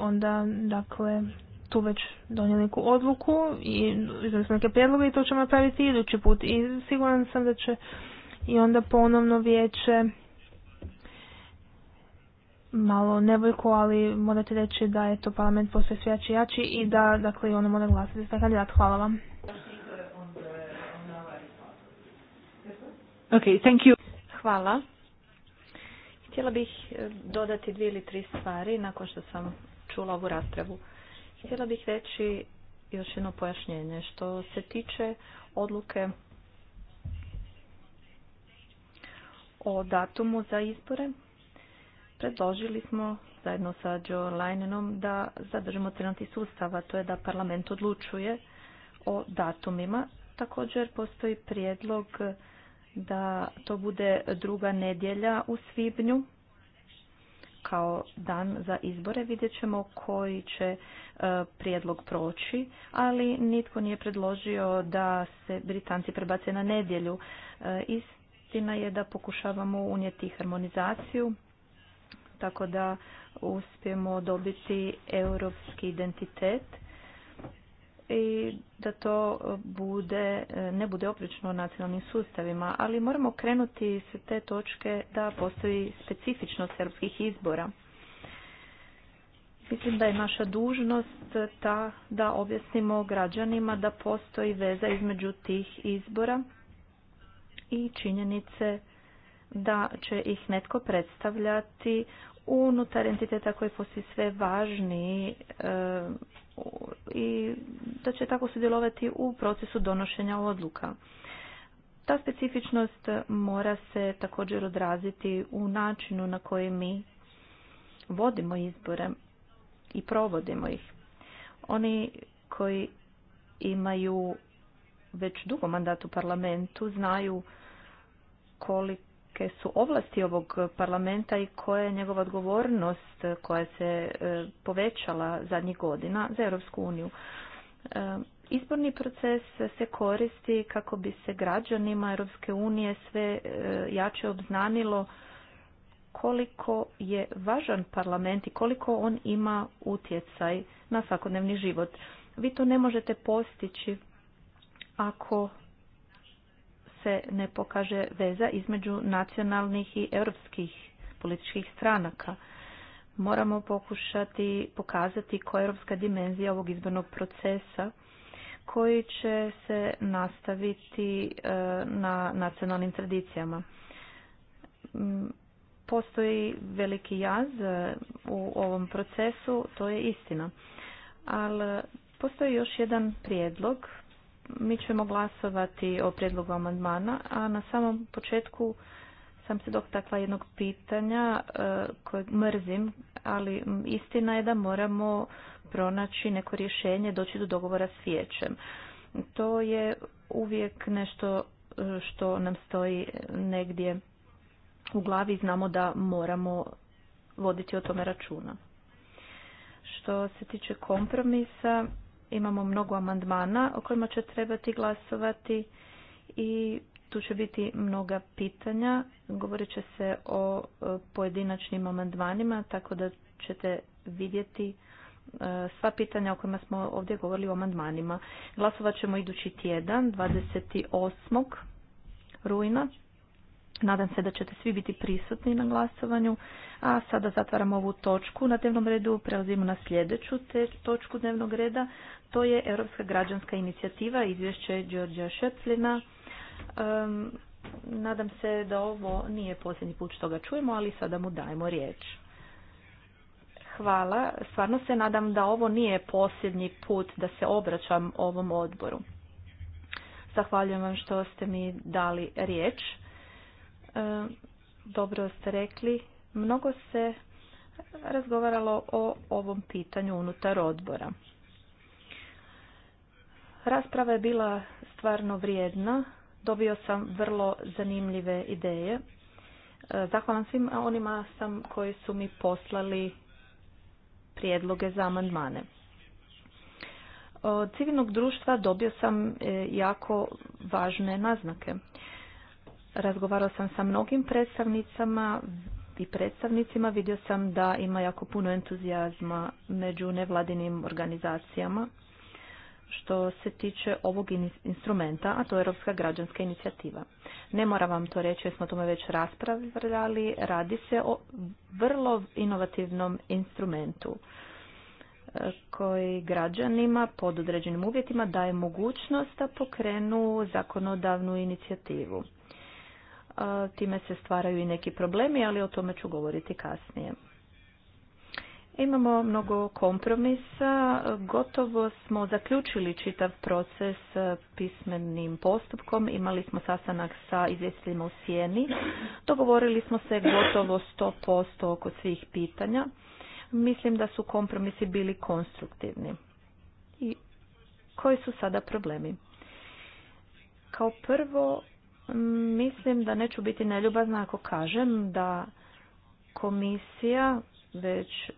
C: onda dakle tu već donijeli neku odluku i izdali smo neke prijedloge i to ćemo napraviti idući put. I siguran sam da će i onda ponovno vijeće malo nevojko, ali morate reći da je to parlament postoje sve jači jači i da dakle i ono mora glasiti za kandidat. Hvala vam.
B: thank you. Hvala. Htjela bih dodati dvije ili tri stvari nakon što sam čula ovu raspravu. Htjela bih reći još jedno pojašnjenje. Što se tiče odluke o datumu za izbore, predložili smo zajedno sa Joe da zadržimo trenutni sustav, a to je da parlament odlučuje o datumima. Također postoji prijedlog da to bude druga nedjelja u svibnju kao dan za izbore. Vidjet ćemo koji će e, prijedlog proći, ali nitko nije predložio da se Britanci prebace na nedjelju. E, istina je da pokušavamo unijeti harmonizaciju tako da uspijemo dobiti europski identitet i da to e, bude, e, ne bude oprično nacionalnim sustavima, ali moramo krenuti s te točke da postoji specifičnost srpskih izbora. Mislim da je naša dužnost ta da objasnimo građanima da postoji veza između tih izbora i činjenice da će ih netko predstavljati unutar entiteta koji postoji sve važniji eh, i da će tako sudjelovati u procesu donošenja odluka. Ta specifičnost mora se također odraziti u načinu na koji mi vodimo izbore i provodimo ih. Oni koji imaju već dugo mandat u parlamentu znaju koliko su ovlasti ovog parlamenta i koja je njegova odgovornost koja se e, povećala zadnjih godina za Europsku uniju. E, izborni proces se koristi kako bi se građanima Europske unije sve e, jače obznanilo koliko je važan parlament i koliko on ima utjecaj na svakodnevni život. Vi to ne možete postići ako se ne pokaže veza između nacionalnih i europskih političkih stranaka. Moramo pokušati pokazati koja je europska dimenzija ovog izbornog procesa koji će se nastaviti e, na nacionalnim tradicijama. Mm, postoji veliki jaz e, u ovom procesu, to je istina. Ali postoji još jedan prijedlog mi ćemo glasovati o prijedlogu amandmana, a na samom početku sam se dotakla jednog pitanja e, kojeg mrzim, ali istina je da moramo pronaći neko rješenje, doći do dogovora s vijećem. To je uvijek nešto e, što nam stoji negdje u glavi i znamo da moramo voditi o tome računa. Što se tiče kompromisa, imamo mnogo amandmana o kojima će trebati glasovati i tu će biti mnoga pitanja. Govorit će se o e, pojedinačnim amandmanima, tako da ćete vidjeti e, sva pitanja o kojima smo ovdje govorili o amandmanima. Glasovat ćemo idući tjedan, 28. rujna. Nadam se da ćete svi biti prisutni na glasovanju, a sada zatvaramo ovu točku na dnevnom redu, prelazimo na sljedeću točku dnevnog reda, to je Europska građanska inicijativa, izvješće Đorđa Šeplina. nadam se da ovo nije posljednji put što ga čujemo, ali sada mu dajemo riječ. Hvala, stvarno se nadam da ovo nije posljednji put da se obraćam ovom odboru. Zahvaljujem vam što ste mi dali riječ E, dobro ste rekli, mnogo se razgovaralo o ovom pitanju unutar odbora. Rasprava je bila stvarno vrijedna, dobio sam vrlo zanimljive ideje. E, zahvalan svim onima sam koji su mi poslali prijedloge za amandmane. Od civilnog društva dobio sam e, jako važne naznake. Razgovarao sam sa mnogim predstavnicama i predstavnicima. Vidio sam da ima jako puno entuzijazma među nevladinim organizacijama što se tiče ovog instrumenta, a to je Europska građanska inicijativa. Ne moram vam to reći jer smo o tome već raspravljali, radi se o vrlo inovativnom instrumentu e, koji građanima pod određenim uvjetima daje mogućnost da pokrenu zakonodavnu inicijativu time se stvaraju i neki problemi, ali o tome ću govoriti kasnije. Imamo mnogo kompromisa, gotovo smo zaključili čitav proces e, pismenim postupkom, imali smo sastanak sa izvjestiteljima u Sjeni, dogovorili smo se gotovo 100% oko svih pitanja. Mislim da su kompromisi bili konstruktivni. I koji su sada problemi? Kao prvo, Mislim da neću biti neljubazna ako kažem da komisija već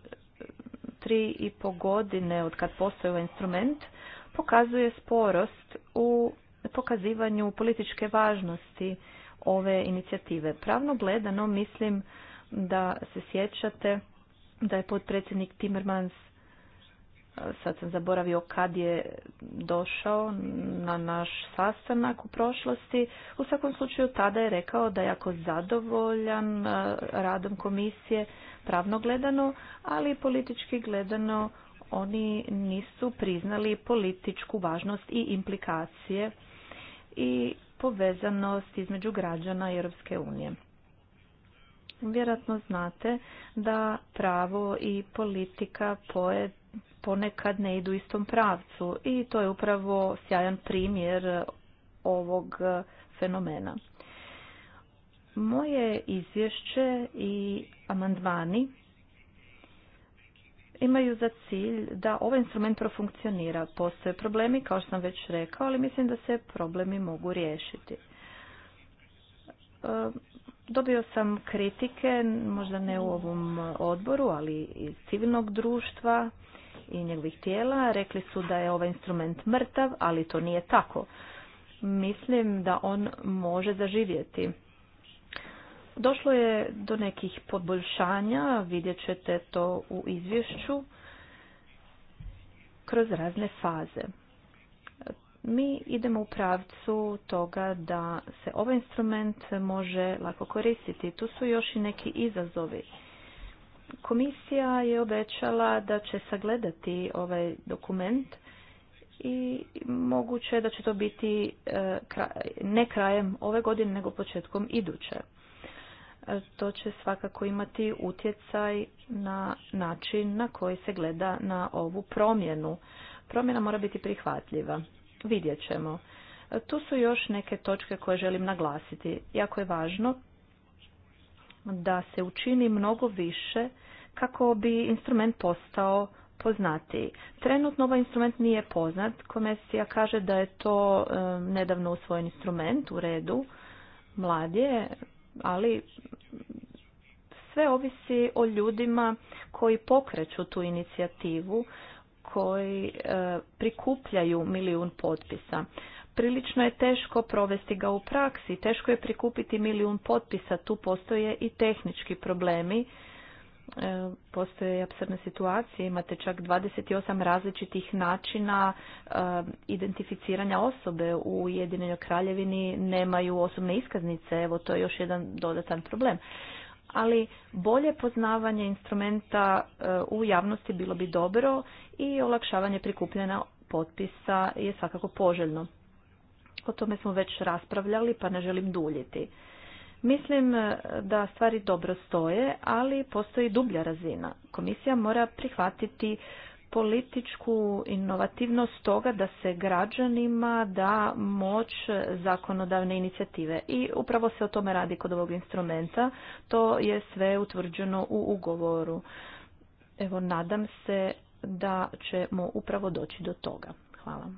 B: tri i po godine od kad postoji ovaj instrument pokazuje sporost u pokazivanju političke važnosti ove inicijative. Pravno gledano mislim da se sjećate da je potpredsjednik Timmermans sad sam zaboravio kad je došao na naš sastanak u prošlosti. U svakom slučaju tada je rekao da je jako zadovoljan e, radom komisije pravno gledano, ali politički gledano oni nisu priznali političku važnost i implikacije i povezanost između građana i Europske unije. Vjerojatno znate da pravo i politika poet ponekad ne idu istom pravcu i to je upravo sjajan primjer ovog fenomena. Moje izvješće i amandmani imaju za cilj da ovaj instrument profunkcionira. Postoje problemi, kao što sam već rekao, ali mislim da se problemi mogu riješiti. E, dobio sam kritike, možda ne u ovom odboru, ali iz civilnog društva, i njegovih tijela. Rekli su da je ovaj instrument mrtav, ali to nije tako. Mislim da on može zaživjeti. Došlo je do nekih poboljšanja, vidjet ćete to u izvješću, kroz razne faze. Mi idemo u pravcu toga da se ovaj instrument može lako koristiti. Tu su još i neki izazovi Komisija je obećala da će sagledati ovaj dokument i moguće da će to biti e, ne krajem ove godine nego početkom iduće. E, to će svakako imati utjecaj na način na koji se gleda na ovu promjenu. Promjena mora biti prihvatljiva. Vidjet ćemo. E, tu su još neke točke koje želim naglasiti. Jako je važno da se učini mnogo više kako bi instrument postao poznatiji. Trenutno ovaj instrument nije poznat. Komisija kaže da je to e, nedavno usvojen instrument u redu. Mlad je, ali sve ovisi o ljudima koji pokreću tu inicijativu, koji e, prikupljaju milijun potpisa prilično je teško provesti ga u praksi, teško je prikupiti milijun potpisa, tu postoje i tehnički problemi, e, postoje absurdne situacije, imate čak 28 različitih načina e, identificiranja osobe u Ujedinjenoj kraljevini, nemaju osobne iskaznice, evo to je još jedan dodatan problem. Ali bolje poznavanje instrumenta e, u javnosti bilo bi dobro i olakšavanje prikupljena potpisa je svakako poželjno. O tome smo već raspravljali pa ne želim duljiti. Mislim eh, da stvari dobro stoje, ali postoji dublja razina. Komisija mora prihvatiti političku inovativnost toga da se građanima da moć zakonodavne inicijative. I upravo se o tome radi kod ovog instrumenta. To je sve utvrđeno u ugovoru. Evo, nadam se da ćemo upravo doći do toga. Hvala.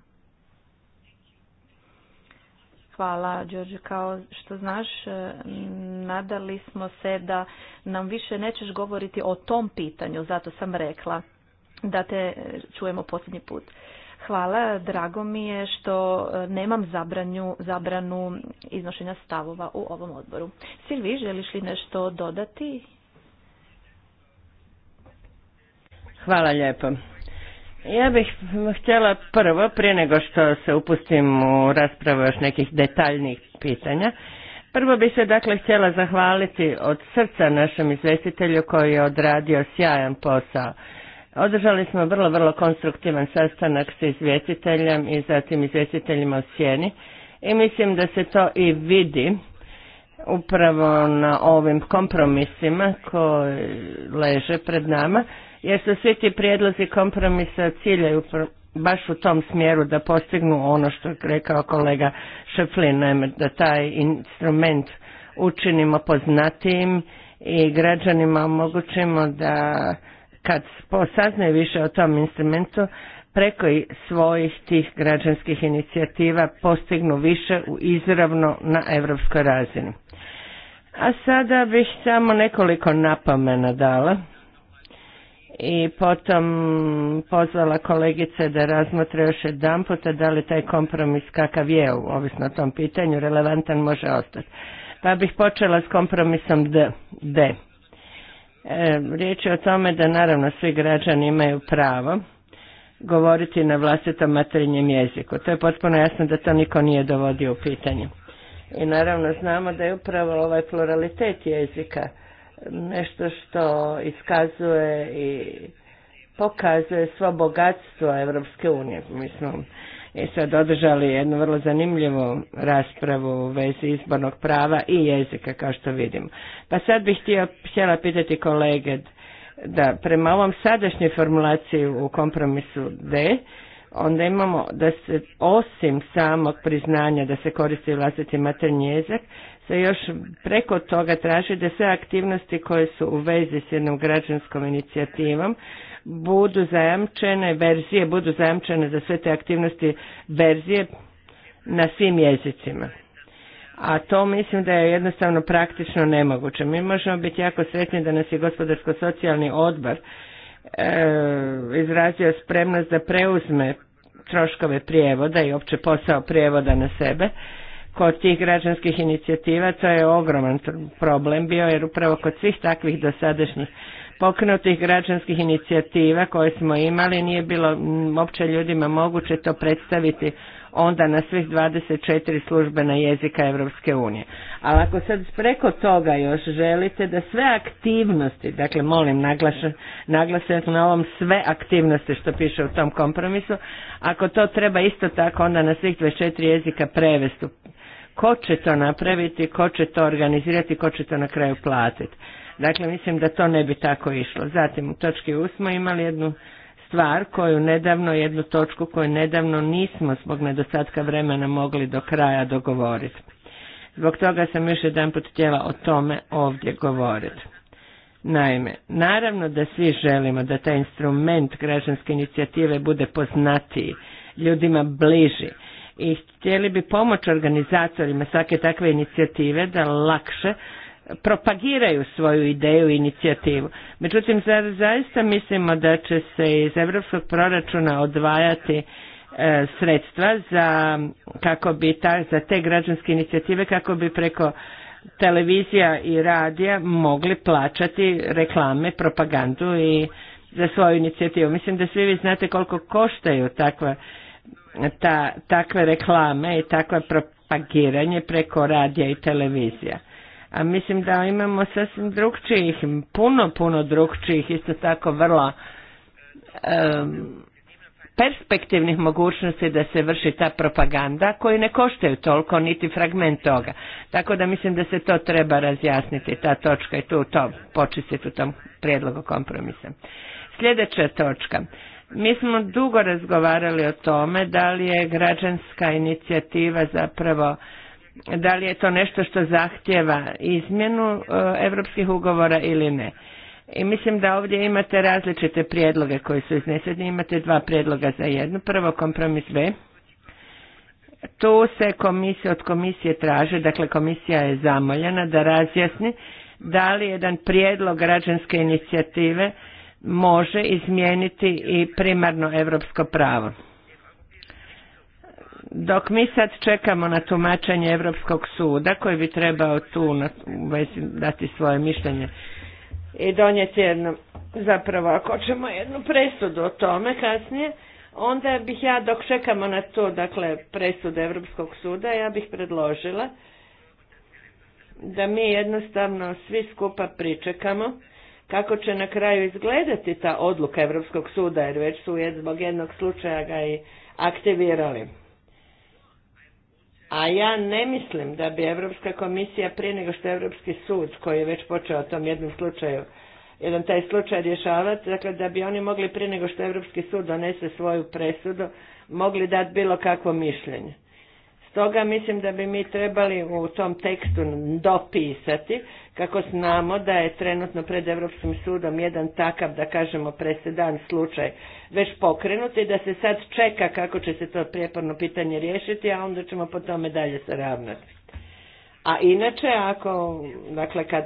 B: Hvala, Đorđe. Kao što znaš, e, nadali smo se da nam više nećeš govoriti o tom pitanju, zato sam rekla da te čujemo posljednji put. Hvala, drago mi je što e, nemam zabranju, zabranu iznošenja stavova u ovom odboru. Silvi, želiš li nešto dodati?
A: Hvala lijepo. Ja bih htjela prvo, prije nego što se upustim u raspravu još nekih detaljnih pitanja, prvo bih se dakle htjela zahvaliti od srca našem izvjestitelju koji je odradio sjajan posao. Održali smo vrlo, vrlo konstruktivan sastanak sa izvjestiteljem i zatim izvjestiteljima u sjeni i mislim da se to i vidi upravo na ovim kompromisima koji leže pred nama jer su svi ti prijedlozi kompromisa ciljaju baš u tom smjeru da postignu ono što je rekao kolega Šeflin, naime da taj instrument učinimo poznatijim i građanima omogućimo da kad saznaju više o tom instrumentu, preko svojih tih građanskih inicijativa postignu više u izravno na evropskoj razini. A sada bih samo nekoliko napomena dala i potom pozvala kolegice da razmotre još jedan puta da li taj kompromis kakav je, ovisno o tom pitanju, relevantan može ostati. Pa bih počela s kompromisom D. D. E, riječ je o tome da naravno svi građani imaju pravo govoriti na vlastitom materinjem jeziku. To je potpuno jasno da to niko nije dovodio u pitanje. I naravno znamo da je upravo ovaj pluralitet jezika nešto što iskazuje i pokazuje svo bogatstvo Evropske unije. Mi smo i sad održali jednu vrlo zanimljivu raspravu u vezi izbornog prava i jezika, kao što vidimo. Pa sad bih htio, htjela pitati kolege da prema ovom sadašnjoj formulaciji u kompromisu D, onda imamo da se osim samog priznanja da se koristi vlastiti maternji jezik, se još preko toga traži da sve aktivnosti koje su u vezi s jednom građanskom inicijativom budu zajamčene, verzije budu zajamčene za sve te aktivnosti verzije na svim jezicima. A to mislim da je jednostavno praktično nemoguće. Mi možemo biti jako sretni da nas je gospodarsko-socijalni odbor e, izrazio spremnost da preuzme troškove prijevoda i opće posao prijevoda na sebe kod tih građanskih inicijativa, to je ogroman problem bio, jer upravo kod svih takvih dosadašnjih pokrenutih građanskih inicijativa koje smo imali, nije bilo uopće ljudima moguće to predstaviti onda na svih 24 službena jezika Evropske unije. Ali ako sad preko toga još želite da sve aktivnosti, dakle molim naglasen na ovom sve aktivnosti što piše u tom kompromisu, ako to treba isto tako onda na svih 24 jezika prevesti ko će to napraviti, ko će to organizirati, ko će to na kraju platiti. Dakle, mislim da to ne bi tako išlo. Zatim, u točki U imali jednu stvar koju nedavno, jednu točku koju nedavno nismo zbog nedostatka vremena mogli do kraja dogovoriti. Zbog toga sam još jedan put htjela o tome ovdje govoriti. Naime, naravno da svi želimo da taj instrument građanske inicijative bude poznatiji, ljudima bliži, i htjeli bi pomoći organizatorima svake takve inicijative da lakše propagiraju svoju ideju i inicijativu. Međutim, zaista mislimo da će se iz europskog proračuna odvajati e, sredstva za, kako bi ta, za te građanske inicijative kako bi preko televizija i radija mogli plaćati reklame, propagandu i za svoju inicijativu. Mislim da svi vi znate koliko koštaju takva ta, takve reklame i takve propagiranje preko radija i televizija. A mislim da imamo sasvim drugčijih, puno, puno drugčijih, isto tako vrlo perspektivnih mogućnosti da se vrši ta propaganda koji ne koštaju toliko niti fragment toga. Tako da mislim da se to treba razjasniti, ta točka i tu to počistiti u tom prijedlogu kompromisa. Sljedeća točka. Mi smo dugo razgovarali o tome da li je građanska inicijativa zapravo da li je to nešto što zahtjeva izmjenu europskih ugovora ili ne. I mislim da ovdje imate različite prijedloge koji su izneseni. Imate dva prijedloga za jednu. Prvo kompromis B. Tu se komisija od komisije traže, dakle komisija je zamoljena da razjasni da li jedan prijedlog građanske inicijative može izmijeniti i primarno europsko pravo. Dok mi sad čekamo na tumačenje Europskog suda koji bi trebao tu dati svoje mišljenje i donijeti jednu, zapravo ako ćemo jednu presudu o tome kasnije, onda bih ja dok čekamo na to, dakle presudu Europskog suda, ja bih predložila da mi jednostavno svi skupa pričekamo kako će na kraju izgledati ta odluka Europskog suda, jer već su zbog jednog slučaja ga i aktivirali. A ja ne mislim da bi Europska komisija prije nego što Europski sud, koji je već počeo o tom jednom slučaju, jedan taj slučaj rješavati, dakle da bi oni mogli prije nego što Europski sud donese svoju presudu, mogli dati bilo kakvo mišljenje. Stoga mislim da bi mi trebali u tom tekstu dopisati kako znamo da je trenutno pred Europskim sudom jedan takav, da kažemo, presedan slučaj već pokrenut i da se sad čeka kako će se to prijeporno pitanje riješiti, a onda ćemo po tome dalje se ravnati. A inače, ako, dakle, kad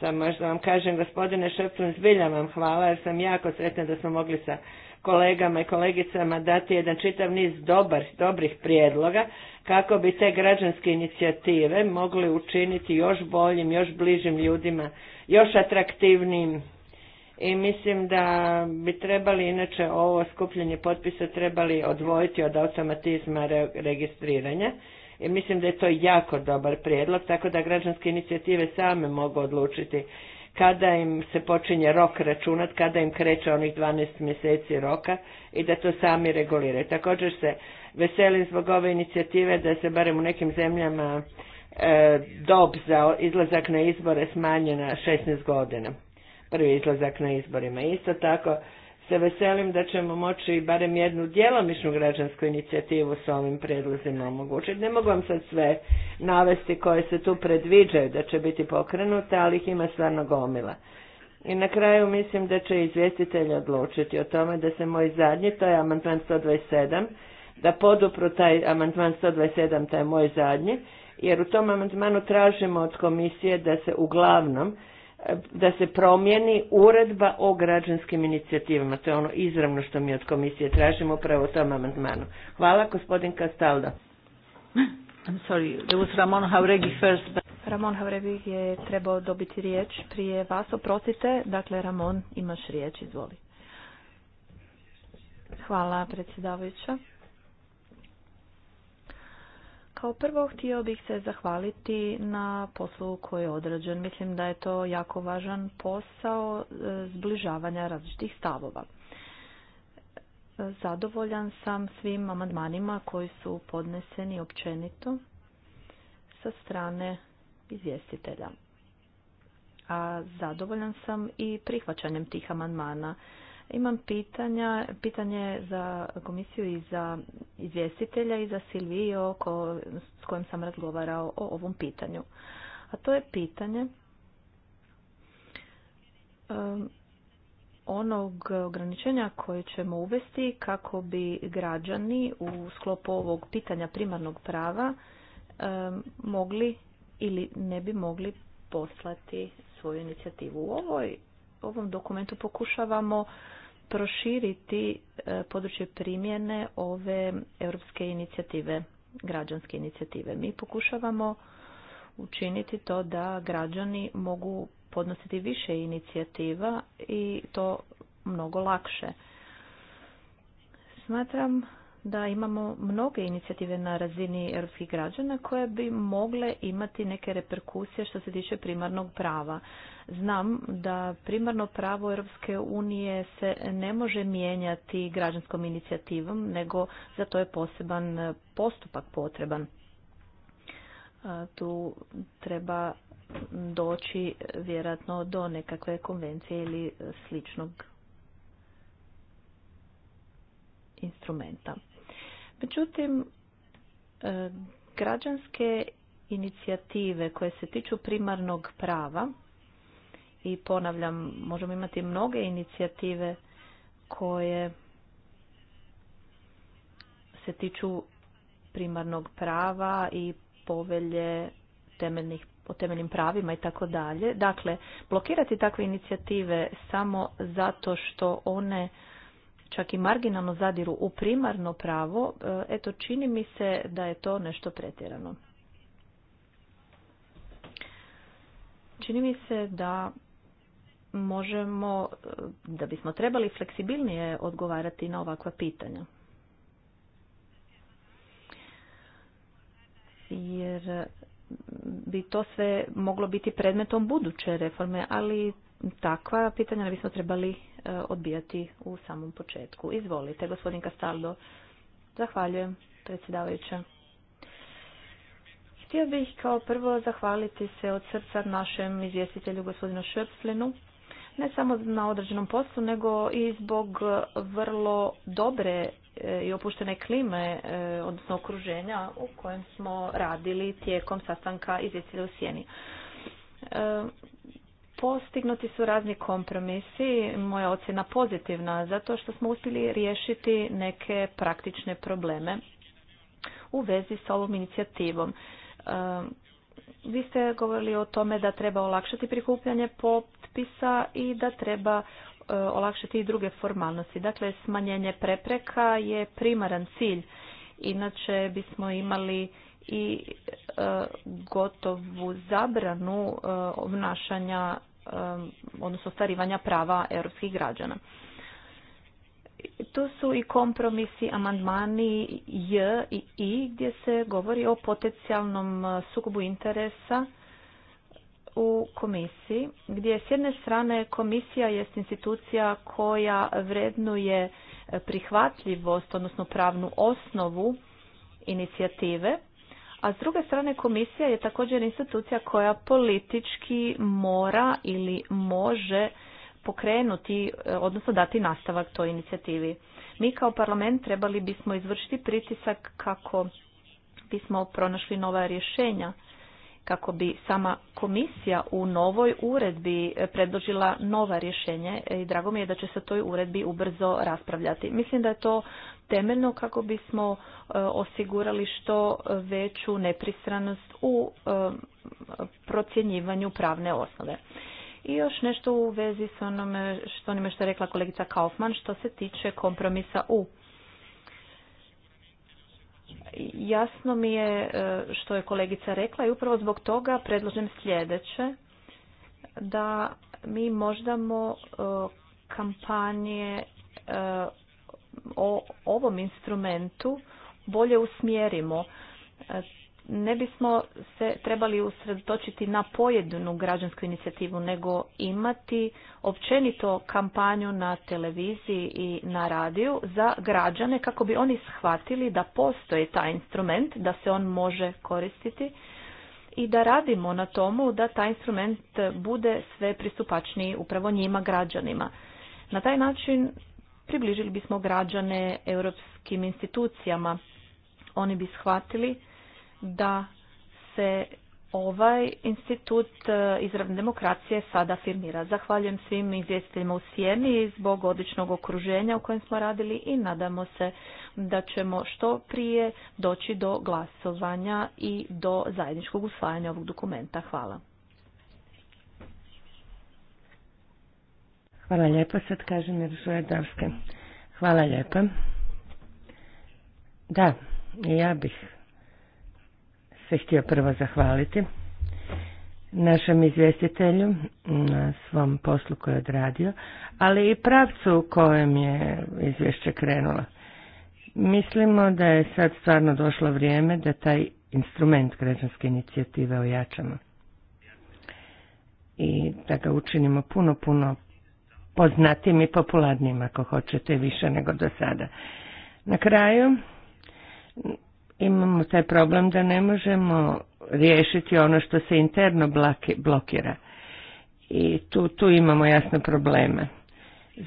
A: sam možda vam kažem, gospodine Šeptun, zbilja vam hvala, jer sam jako sretna da smo mogli sa kolegama i kolegicama dati jedan čitav niz dobar, dobrih prijedloga kako bi te građanske inicijative mogli učiniti još boljim, još bližim ljudima, još atraktivnijim. I mislim da bi trebali inače ovo skupljanje potpisa trebali odvojiti od automatizma registriranja. I mislim da je to jako dobar prijedlog, tako da građanske inicijative same mogu odlučiti kada im se počinje rok računat, kada im kreće onih 12 mjeseci roka i da to sami reguliraju. Također se veselim zbog ove inicijative da se barem u nekim zemljama e, dob za izlazak na izbore na 16 godina. Prvi izlazak na izborima. Isto tako se veselim da ćemo moći barem jednu djelomičnu građansku inicijativu sa ovim predlozima omogućiti. Ne mogu vam sad sve navesti koje se tu predviđaju da će biti pokrenute, ali ih ima stvarno gomila. I na kraju mislim da će izvjestitelj odlučiti o tome da se moj zadnji, to je amantman 127, da podupru taj amantman 127, taj moj zadnji, jer u tom amandmanu tražimo od komisije da se uglavnom da se promijeni uredba o građanskim inicijativama. To je ono izravno što mi od komisije tražimo upravo u tom amandmanu. Hvala, gospodin Kastalda. I'm sorry, Ramon Havregi first. Ramon
B: Havregi je trebao dobiti riječ prije vas, oprostite. Dakle, Ramon, imaš riječ, izvoli. Hvala, predsjedavajuća. Kao prvo htio bih se zahvaliti na poslu koji je odrađen. Mislim da je to jako važan posao e, zbližavanja različitih stavova. E, zadovoljan sam svim amandmanima koji su podneseni općenito sa strane izvjestitelja. A zadovoljan sam i prihvaćanjem tih amandmana imam pitanja, pitanje za komisiju i za izvjestitelja i za Silvio s kojim sam razgovarao o ovom pitanju. A to je pitanje onog ograničenja koje ćemo uvesti kako bi građani u sklopu ovog pitanja primarnog prava mogli ili ne bi mogli poslati svoju inicijativu. U ovoj ovom dokumentu pokušavamo proširiti e, područje primjene ove europske inicijative, građanske inicijative. Mi pokušavamo učiniti to da građani mogu podnositi više inicijativa i to mnogo lakše. Smatram da imamo mnoge inicijative na razini europskih građana koje bi mogle imati neke reperkusije što se tiče primarnog prava. Znam da primarno pravo Europske unije se ne može mijenjati građanskom inicijativom, nego za to je poseban postupak potreban. Tu treba doći vjerojatno do nekakve konvencije ili sličnog instrumenta. Međutim, e, građanske inicijative koje se tiču primarnog prava i ponavljam, možemo imati mnoge inicijative koje se tiču primarnog prava i povelje temeljnih, o temeljnim pravima i tako dalje. Dakle, blokirati takve inicijative samo zato što one čak i marginalno zadiru u primarno pravo, e, eto čini mi se da je to nešto pretjerano. Čini mi se da možemo, e, da bismo trebali fleksibilnije odgovarati na ovakva pitanja. Jer bi to sve moglo biti predmetom buduće reforme, ali takva pitanja ne bismo trebali E, odbijati u samom početku. Izvolite, gospodin Castaldo. Zahvaljujem, predsjedavajuća. Htio bih kao prvo zahvaliti se od srca našem izvjestitelju gospodinu Šrpslinu, ne samo na određenom poslu, nego i zbog vrlo dobre e, i opuštene klime, e, odnosno okruženja u kojem smo radili tijekom sastanka izvjestitelja u Sjeni. Postignuti su razni kompromisi, moja ocjena pozitivna, zato što smo uspjeli riješiti neke praktične probleme u vezi s ovom inicijativom. Ehm, vi ste govorili o tome da treba olakšati prikupljanje potpisa i da treba eh, olakšati i druge formalnosti. Dakle, smanjenje prepreka je primaran cilj. Inače bismo imali i eh, gotovu zabranu eh, obnašanja Um, odnosno ostvarivanja prava europskih građana. Tu su i kompromisi, amandmani J i I gdje se govori o potencijalnom uh, sukobu interesa u komisiji, gdje s jedne strane komisija jest institucija koja vrednuje uh, prihvatljivost, odnosno pravnu osnovu inicijative, a s druge strane komisija je također institucija koja politički mora ili može pokrenuti, e, odnosno dati nastavak toj inicijativi. Mi kao parlament trebali bismo izvršiti pritisak kako bismo pronašli nova rješenja kako bi sama komisija u novoj uredbi eh, predložila nova rješenja eh, i drago mi je da će se toj uredbi ubrzo raspravljati. Mislim da je to temeljno kako bismo eh, osigurali što veću nepristranost u procjenjivanju pravne osnove. I još nešto u vezi s onome što, onime što je rekla kolegica Kaufman što se tiče kompromisa u Jasno mi je e, što je kolegica rekla i upravo zbog toga predlažem sljedeće da mi moždamo e, kampanje e, o ovom instrumentu bolje usmjerimo ne bismo se trebali usredotočiti na pojedinu građansku inicijativu, nego imati općenito kampanju na televiziji i na radiju za građane kako bi oni shvatili da postoji taj instrument, da se on može koristiti i da radimo na tomu da taj instrument bude sve pristupačniji upravo njima građanima. Na taj način približili bismo građane europskim institucijama. Oni bi shvatili da se ovaj institut e, izravne demokracije sada afirmira. Zahvaljujem svim izvjestiteljima u Sjeni zbog odličnog okruženja u kojem smo radili i nadamo se da ćemo što prije doći do glasovanja i do zajedničkog usvajanja ovog dokumenta. Hvala.
A: Hvala lijepo, sad kažem jer Hvala lijepa. Da, ja bih htio prvo zahvaliti našem izvjestitelju na svom poslu koji je odradio, ali i pravcu u kojem je izvješće krenulo. Mislimo da je sad stvarno došlo vrijeme da taj instrument građanske inicijative ojačamo i da ga učinimo puno, puno poznatijim i popularnim, ako hoćete više nego do sada. Na kraju imamo taj problem da ne možemo riješiti ono što se interno blokira. I tu, tu imamo jasne probleme.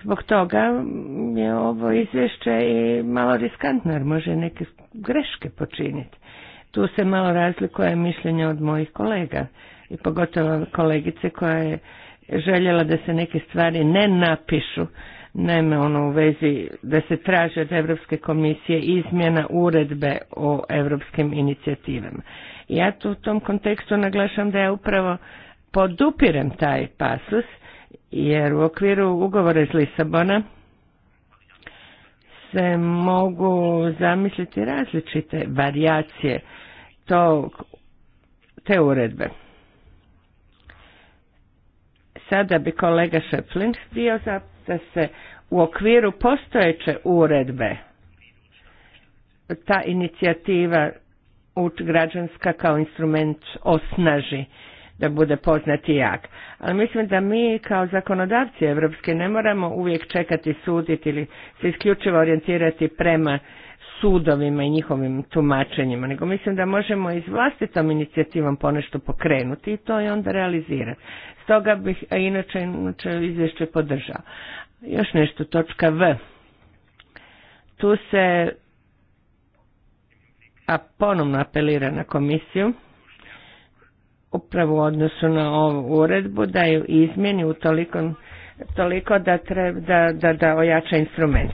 A: Zbog toga je ovo izvješće i malo riskantno jer može neke greške počiniti. Tu se malo razlikuje mišljenje od mojih kolega i pogotovo kolegice koja je željela da se neke stvari ne napišu Naime, ono u vezi da se traži od Europske komisije izmjena uredbe o europskim inicijativama. Ja tu u tom kontekstu naglašam da ja upravo podupirem taj pasus, jer u okviru ugovora iz Lisabona se mogu zamisliti različite varijacije te uredbe. Sada bi kolega Šeplin htio za da se u okviru postojeće uredbe ta inicijativa građanska kao instrument osnaži da bude poznati jak. Ali mislim da mi kao zakonodavci evropski ne moramo uvijek čekati suditi ili se isključivo orijentirati prema sudovima i njihovim tumačenjima, nego mislim da možemo i s vlastitom inicijativom ponešto pokrenuti i to i onda realizirati. Stoga bih, a inače, inače izvješće podržao. Još nešto, točka V. Tu se a ponovno apelira na komisiju upravo u odnosu na ovu uredbu da ju izmjeni u toliko, toliko da, da, da, da ojača instrument.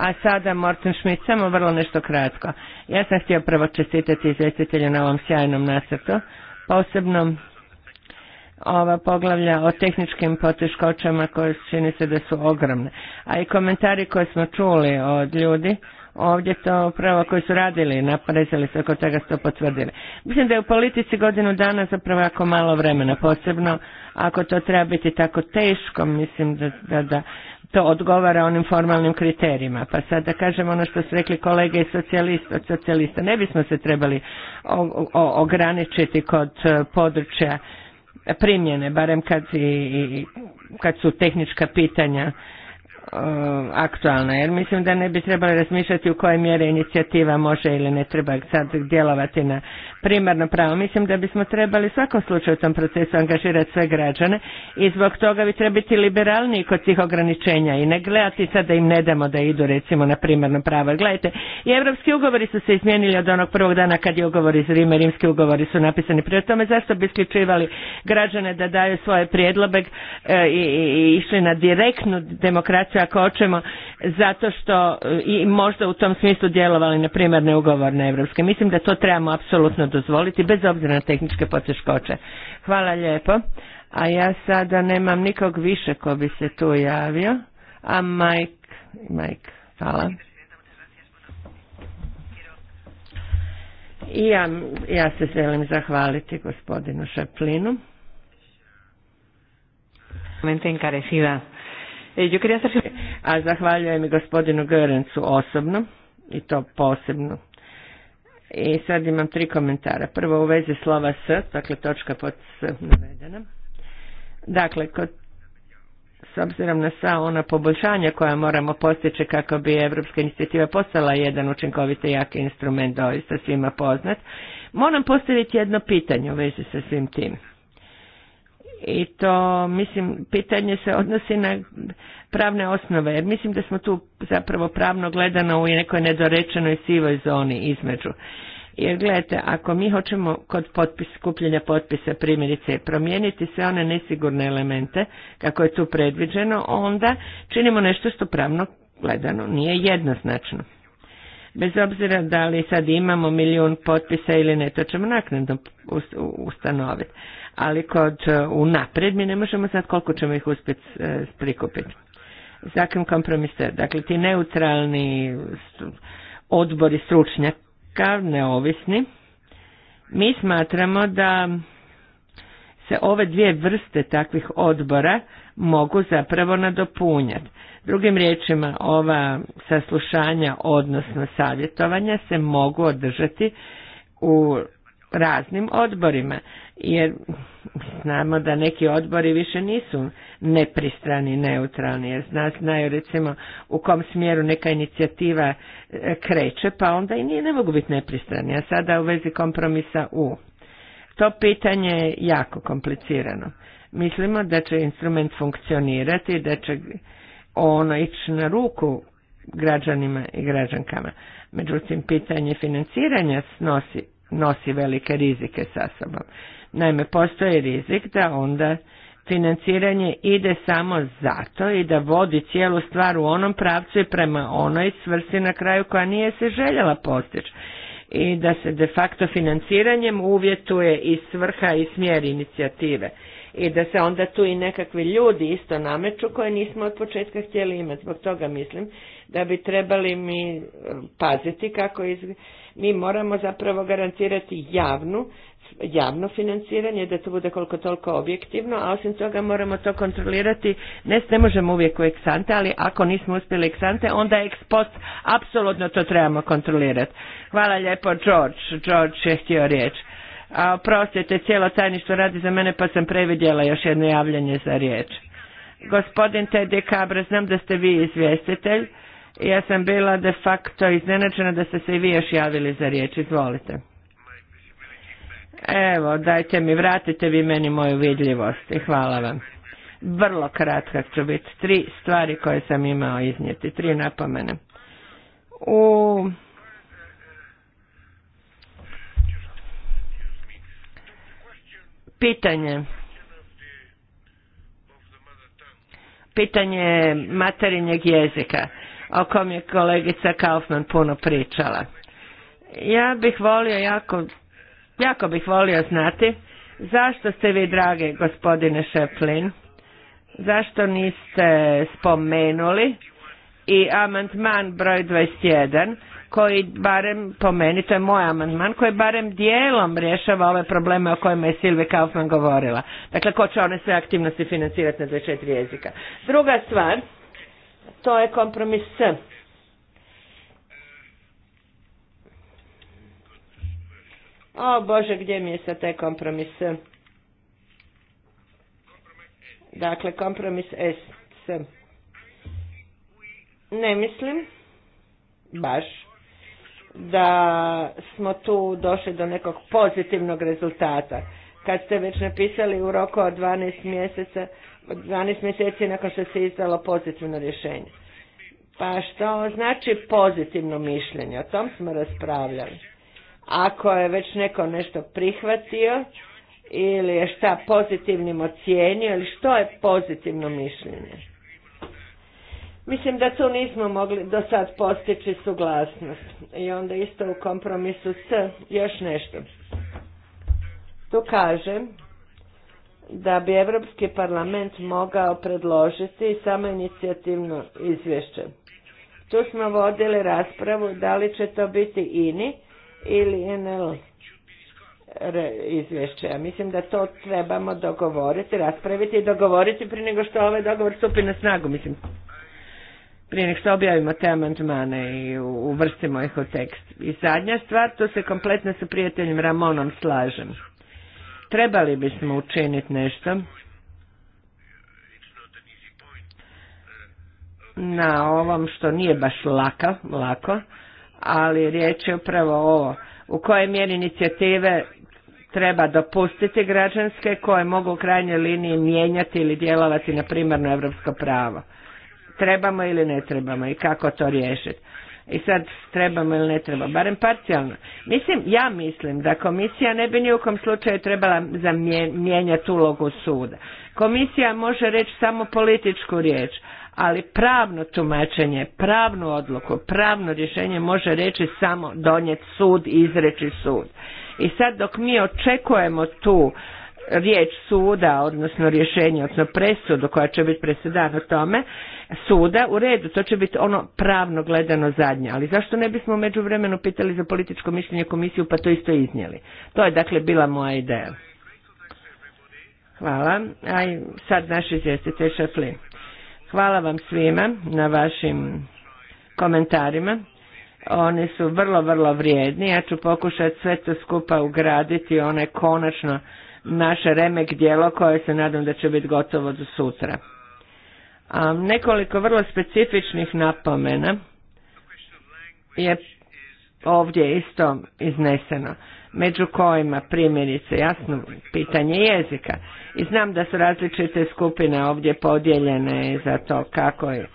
A: A sada Morten Schmidt, samo vrlo nešto kratko. Ja sam htio prvo čestitati izvjestitelju na ovom sjajnom nasrtu, posebno ova poglavlja o tehničkim poteškoćama koje čini se da su ogromne. A i komentari koje smo čuli od ljudi, ovdje to upravo koji su radili, naprezali se oko toga su to potvrdili. Mislim da je u politici godinu dana zapravo jako malo vremena, posebno ako to treba biti tako teško, mislim da, da, da to odgovara onim formalnim kriterijima. Pa sad da kažem ono što su rekli kolege iz socijalista, socijalista, ne bismo se trebali ograničiti kod e, područja primjene, barem kad, i, kad su tehnička pitanja Eh, aktualna jer mislim da ne bi trebali razmišljati u kojoj mjeri inicijativa može ili ne treba sad djelovati na primarno pravo. Mislim da bismo trebali u svakom slučaju u tom procesu angažirati sve građane i zbog toga bi trebali biti liberalniji kod tih ograničenja i ne gledati sad da im ne damo da idu recimo na primarno pravo. Gledajte, i evropski ugovori su se izmijenili od onog prvog dana kad je ugovor iz Rime. rimski ugovori su napisani. Prije tome zašto bi isključivali građane da daju svoje prijedlobe eh, i išli na direktnu demokraciju ako hoćemo zato što e, i možda u tom smislu djelovali na primarne ugovorne evropske. Mislim da to trebamo apsolutno dozvoliti bez obzira na tehničke poteškoće. Hvala lijepo. A ja sada nemam nikog više ko bi se tu javio. A Mike, Mike, hvala. I ja, ja se želim zahvaliti gospodinu Šaplinu. encarecida E, A zahvaljujem i gospodinu Görencu osobno i to posebno. I sad imam tri komentara. Prvo u vezi slova S, dakle točka pod S navedena. Dakle, s obzirom na sva ona poboljšanja koja moramo postići kako bi Evropska inicijativa postala jedan učinkovit i jaki instrument doista svima poznat, moram postaviti jedno pitanje u vezi sa svim tim i to mislim pitanje se odnosi na pravne osnove jer mislim da smo tu zapravo pravno gledano u nekoj nedorečenoj sivoj zoni između jer gledajte ako mi hoćemo kod potpis, kupljenja potpisa primjerice promijeniti sve one nesigurne elemente kako je tu predviđeno onda činimo nešto što pravno gledano nije jednoznačno bez obzira da li sad imamo milijun potpisa ili ne, to ćemo naknadno ustanoviti. Ali kod e, unaprijed mi ne možemo sad koliko ćemo ih uspjeti e, prikupiti. Zakim kompromise, dakle ti neutralni odbori stručnjaka, neovisni, mi smatramo da se ove dvije vrste takvih odbora mogu zapravo nadopunjati. Drugim riječima, ova saslušanja, odnosno savjetovanja, se mogu održati u raznim odborima, jer znamo da neki odbori više nisu nepristrani, neutralni, jer znaju recimo u kom smjeru neka inicijativa e, kreće, pa onda i nije, ne mogu biti nepristrani, a sada u vezi kompromisa U. To pitanje je jako komplicirano. Mislimo da će instrument funkcionirati i da će ono ići na ruku građanima i građankama. Međutim, pitanje financiranja snosi, nosi velike rizike sa sobom. Naime, postoji rizik da onda financiranje ide samo zato i da vodi cijelu stvar u onom pravcu i prema onoj svrsi na kraju koja nije se željela postići i da se de facto financiranjem uvjetuje i svrha i smjer inicijative i da se onda tu i nekakvi ljudi isto nameću koje nismo od početka htjeli imati. Zbog toga mislim da bi trebali mi e, paziti kako mi moramo zapravo garantirati javnu javno financiranje, da to bude koliko toliko objektivno, a osim toga moramo to kontrolirati, ne, ne možemo uvijek u eksante, ali ako nismo uspjeli eksante, onda ex post, apsolutno to trebamo kontrolirati. Hvala lijepo, George, George je htio riječ. A oprostite, cijelo tajništvo radi za mene, pa sam previdjela još jedno javljanje za riječ. Gospodin Teddy Cabra, znam da ste vi izvjestitelj, ja sam bila de facto iznenačena da ste se i vi još javili za riječ, izvolite. Evo, dajte mi, vratite vi meni moju vidljivost i hvala vam. Vrlo kratka ću biti. Tri stvari koje sam imao iznijeti, tri napomene. U... Pitanje. Pitanje materinjeg jezika, o kom je kolegica Kaufman puno pričala. Ja bih volio jako Jako bih volio znati zašto ste vi, drage gospodine Šeplin, zašto niste spomenuli i amandman broj 21 koji barem, po meni, to je moj amandman, koji barem dijelom rješava ove probleme o kojima je Silvi Kaufman govorila. Dakle, ko će one sve aktivnosti financirati na 24 jezika. Druga stvar, to je kompromis S O Bože, gdje mi je sad taj kompromis? Dakle, kompromis S. Ne mislim, baš, da smo tu došli do nekog pozitivnog rezultata. Kad ste već napisali u roku od 12 mjeseca, 12 mjeseci nakon što se izdalo pozitivno rješenje. Pa što znači pozitivno mišljenje? O tom smo raspravljali. Ako je već neko nešto prihvatio ili je šta pozitivnim ocijenio ili što je pozitivno mišljenje. Mislim da tu nismo mogli do sad postići suglasnost. I onda isto u kompromisu s još nešto. Tu kažem da bi Europski parlament mogao predložiti samo inicijativno izvješće. Tu smo vodili raspravu da li će to biti INI ili NL izvješće. mislim da to trebamo dogovoriti, raspraviti i dogovoriti prije nego što ovaj dogovor stupi na snagu. Mislim, prije nego što objavimo te amandmane i uvrstimo ih u tekst. I zadnja stvar, to se kompletno sa prijateljem Ramonom slažem. Trebali bismo učiniti nešto na ovom što nije baš lako, lako, ali riječ je upravo ovo, u kojoj mjeri inicijative treba dopustiti građanske koje mogu u krajnjoj liniji mijenjati ili djelovati na primarno evropsko pravo. Trebamo ili ne trebamo i kako to riješiti. I sad trebamo ili ne trebamo, barem parcijalno. Mislim, ja mislim da komisija ne bi ni u kom slučaju trebala mijenjati ulogu suda. Komisija može reći samo političku riječ, ali pravno tumačenje, pravnu odluku, pravno rješenje može reći samo donijet sud i izreći sud. I sad dok mi očekujemo tu riječ suda, odnosno rješenje, odnosno presudu koja će biti o tome, suda, u redu, to će biti ono pravno gledano zadnje, ali zašto ne bismo među vremenu pitali za političko mišljenje komisiju pa to isto iznijeli? To je dakle bila moja ideja. Hvala. Aj, sad naš izvjestitelj Šeflin. Hvala vam svima na vašim komentarima. Oni su vrlo, vrlo vrijedni. Ja ću pokušati sve to skupa ugraditi one konačno naše remek dijelo koje se nadam da će biti gotovo do sutra. A nekoliko vrlo specifičnih napomena je ovdje isto izneseno, među kojima primjerice jasno pitanje jezika. I znam da su različite skupine ovdje podijeljene za to kako je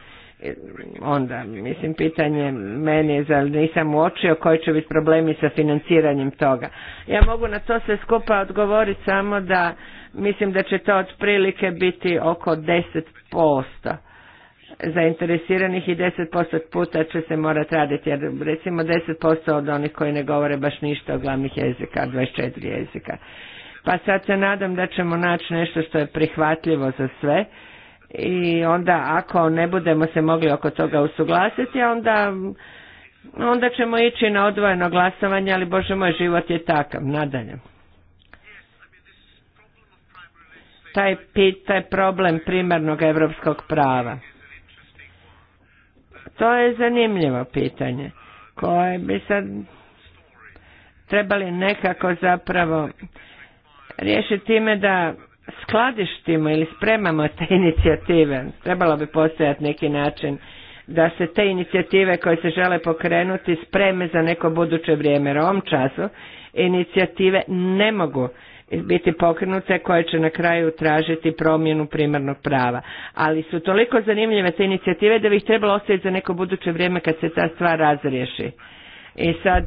A: e, onda, mislim, pitanje meni je, zar nisam uočio koji će biti problemi sa financiranjem toga. Ja mogu na to sve skupa odgovoriti samo da mislim da će to otprilike biti oko 10% zainteresiranih i 10% puta će se morati raditi, jer recimo 10% od onih koji ne govore baš ništa od glavnih jezika, 24 jezika. Pa sad se nadam da ćemo naći nešto što je prihvatljivo za sve i onda ako ne budemo se mogli oko toga usuglasiti, onda, onda ćemo ići na odvojeno glasovanje, ali Bože moj život je takav, nadalje. Taj, taj problem primarnog evropskog prava. To je zanimljivo pitanje koje bi sad trebali nekako zapravo riješi time da skladištimo ili spremamo te inicijative. Trebalo bi postojati neki način da se te inicijative koje se žele pokrenuti spreme za neko buduće vrijeme. u ovom času inicijative ne mogu biti pokrenute koje će na kraju tražiti promjenu primarnog prava. Ali su toliko zanimljive te inicijative da bi ih trebalo ostaviti za neko buduće vrijeme kad se ta stvar razriješi. I sad...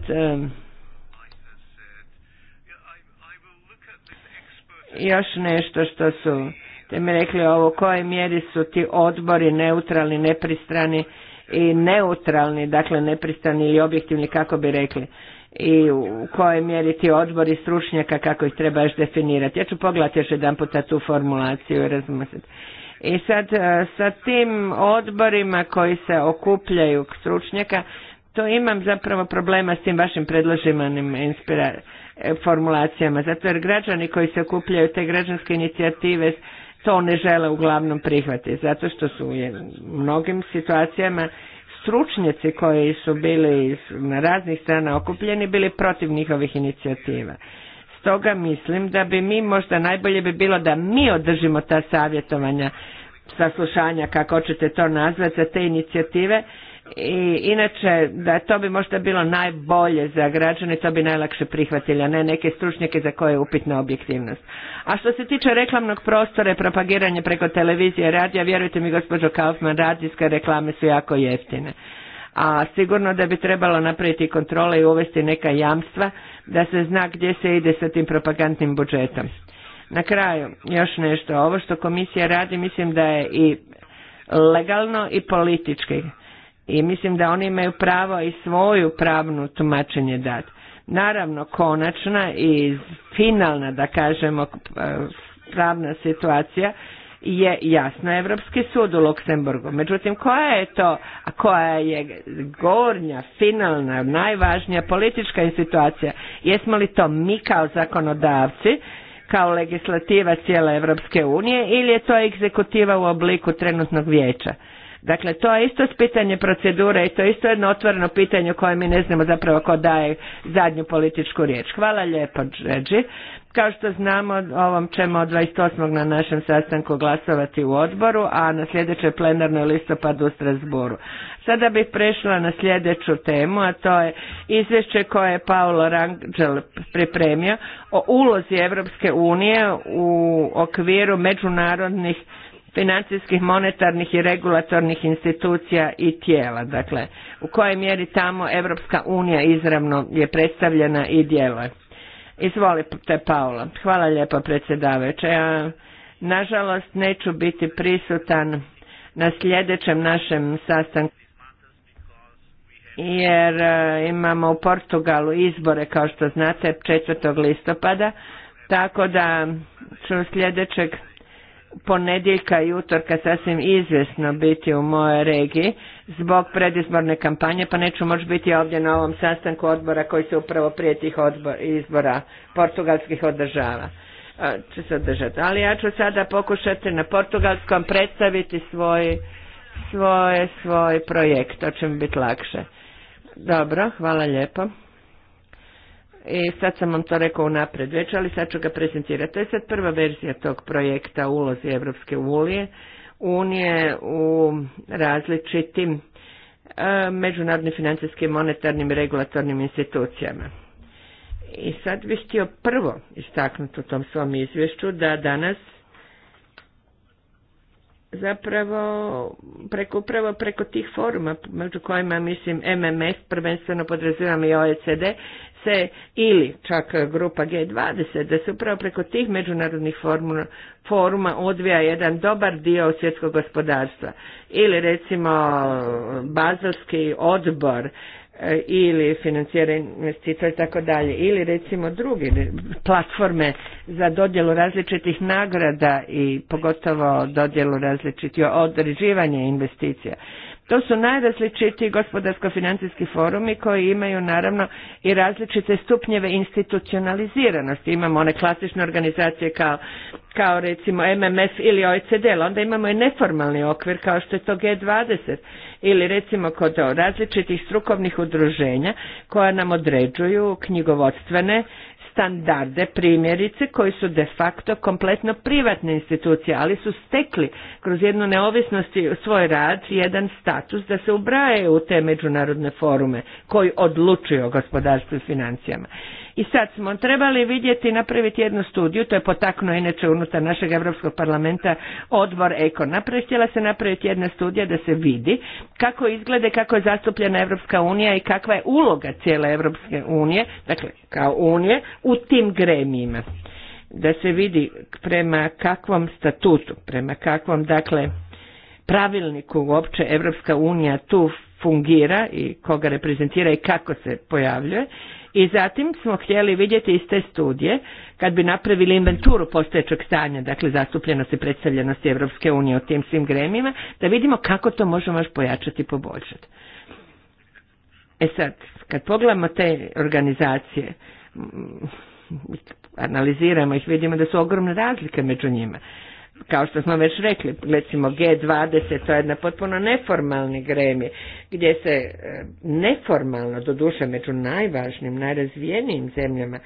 A: još nešto što su, te mi rekli ovo, koje mjeri su ti odbori neutralni, nepristrani i neutralni, dakle nepristrani ili objektivni, kako bi rekli, i u kojoj mjeri ti odbori stručnjaka, kako ih treba još definirati. Ja ću pogledati još jedan puta tu formulaciju i razmisliti. I sad e, sa tim odborima koji se okupljaju stručnjaka, to imam zapravo problema s tim vašim predloženim inspiracijama E, formulacijama, zato jer građani koji se okupljaju te građanske inicijative to ne žele uglavnom prihvati, zato što su u mnogim situacijama stručnjaci koji su bili na raznih strana okupljeni bili protiv njihovih inicijativa. Stoga mislim da bi mi možda najbolje bi bilo da mi održimo ta savjetovanja, saslušanja, kako ćete to nazvati, za te inicijative, i inače, da to bi možda bilo najbolje za građane, to bi najlakše prihvatili, a ne neke stručnjake za koje je upitna objektivnost. A što se tiče reklamnog prostora i propagiranja preko televizije radija, vjerujte mi gospođo Kaufman, radijske reklame su jako jeftine. A sigurno da bi trebalo napraviti kontrole i uvesti neka jamstva da se zna gdje se ide sa tim propagandnim budžetom. Na kraju, još nešto, ovo što komisija radi mislim da je i legalno i politički i mislim da oni imaju pravo i svoju pravnu tumačenje dati. Naravno, konačna i finalna, da kažemo, e, pravna situacija je jasno Evropski sud u Luksemburgu. Međutim, koja je to, a koja je gornja, finalna, najvažnija politička situacija? Jesmo li to mi kao zakonodavci, kao legislativa cijela Evropske unije ili je to egzekutiva u obliku trenutnog vijeća? Dakle, to je isto pitanje procedure i to je isto jedno otvoreno pitanje koje mi ne znamo zapravo ko daje zadnju političku riječ. Hvala lijepo, Đeđi. Kao što znamo, ovom ćemo od 28. na našem sastanku glasovati u odboru, a na sljedećoj plenarnoj listopadu u Strasburu. Sada bih prešla na sljedeću temu, a to je izvješće koje je Paolo Rangel pripremio o ulozi Europske unije u okviru međunarodnih financijskih, monetarnih i regulatornih institucija i tijela. Dakle, u kojoj mjeri tamo Evropska unija izravno je predstavljena i djeluje. Izvolite Paula. Hvala lijepo predsjedavajuća. Ja nažalost neću biti prisutan na sljedećem našem sastanku jer e, imamo u Portugalu izbore kao što znate 4. listopada tako da ću sljedećeg ponedjeljka i utorka sasvim izvjesno biti u mojoj regiji zbog predizborne kampanje, pa neću moći biti ovdje na ovom sastanku odbora koji se upravo prije tih odbor, izbora portugalskih održava. E, se održati. Ali ja ću sada pokušati na portugalskom predstaviti svoj, svoje, svoj projekt. To će mi biti lakše. Dobro, hvala lijepo i sad sam vam to rekao unaprijed već, ali sad ću ga prezentirati. To je sad prva verzija tog projekta ulozi Evropske unije, unije u različitim e, međunarodnim financijskim, monetarnim i regulatornim institucijama. I sad bih htio prvo istaknuti u tom svom izvješću da danas zapravo preko, upravo preko tih foruma, među kojima mislim MMF, prvenstveno podrazumijem i OECD, ili čak grupa G20, da se upravo preko tih međunarodnih formula, foruma odvija jedan dobar dio svjetskog gospodarstva. Ili recimo Bazelski odbor e, ili financiranje investitora i tako dalje, ili recimo druge platforme za dodjelu različitih nagrada i pogotovo dodjelu različitih određivanja investicija. To su najrazličitiji gospodarsko-financijski forumi koji imaju naravno i različite stupnjeve institucionaliziranosti. Imamo one klasične organizacije kao, kao recimo MMF ili OECD, onda imamo i neformalni okvir kao što je to G20 ili recimo kod različitih strukovnih udruženja koja nam određuju knjigovodstvene standarde primjerice koji su de facto kompletno privatne institucije, ali su stekli kroz jednu neovisnost i svoj rad jedan status da se ubraje u te međunarodne forume koji odlučuju o gospodarstvu i financijama. I sad smo trebali vidjeti, napraviti jednu studiju, to je potaknuo inače unutar našeg Europskog parlamenta odbor Eko. Napravi, htjela se napraviti jedna studija da se vidi kako izglede, kako je zastupljena Europska unija i kakva je uloga cijele Europske unije, dakle kao unije, u tim gremijima. Da se vidi prema kakvom statutu, prema kakvom, dakle, pravilniku uopće Europska unija tu fungira i koga reprezentira i kako se pojavljuje i zatim smo htjeli vidjeti iz te studije, kad bi napravili inventuru postojećeg stanja, dakle zastupljenosti i predstavljenosti Evropske unije u tim svim gremijima, da vidimo kako to možemo još pojačati i poboljšati. E sad, kad pogledamo te organizacije, analiziramo ih, vidimo da su ogromne razlike među njima kao što smo već rekli, recimo G20, to je jedna potpuno neformalni gremi gdje se e, neformalno, doduše među najvažnijim, najrazvijenijim zemljama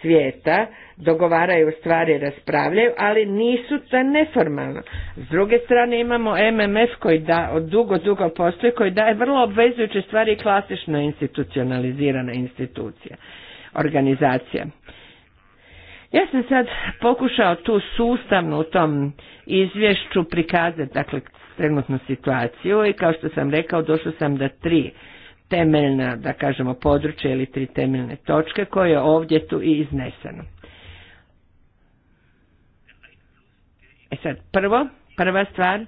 A: svijeta, dogovaraju stvari, raspravljaju, ali nisu to neformalno. S druge strane imamo MMF koji da, od dugo, dugo postoji, koji daje vrlo obvezujuće stvari i klasično institucionalizirana institucija, organizacija. Ja sam sad pokušao tu sustavnu, u tom izvješću prikazati dakle, trenutnu situaciju i kao što sam rekao došao sam da tri temeljna, da kažemo, područja ili tri temeljne točke koje je ovdje tu i izneseno. E sad, prvo, prva stvar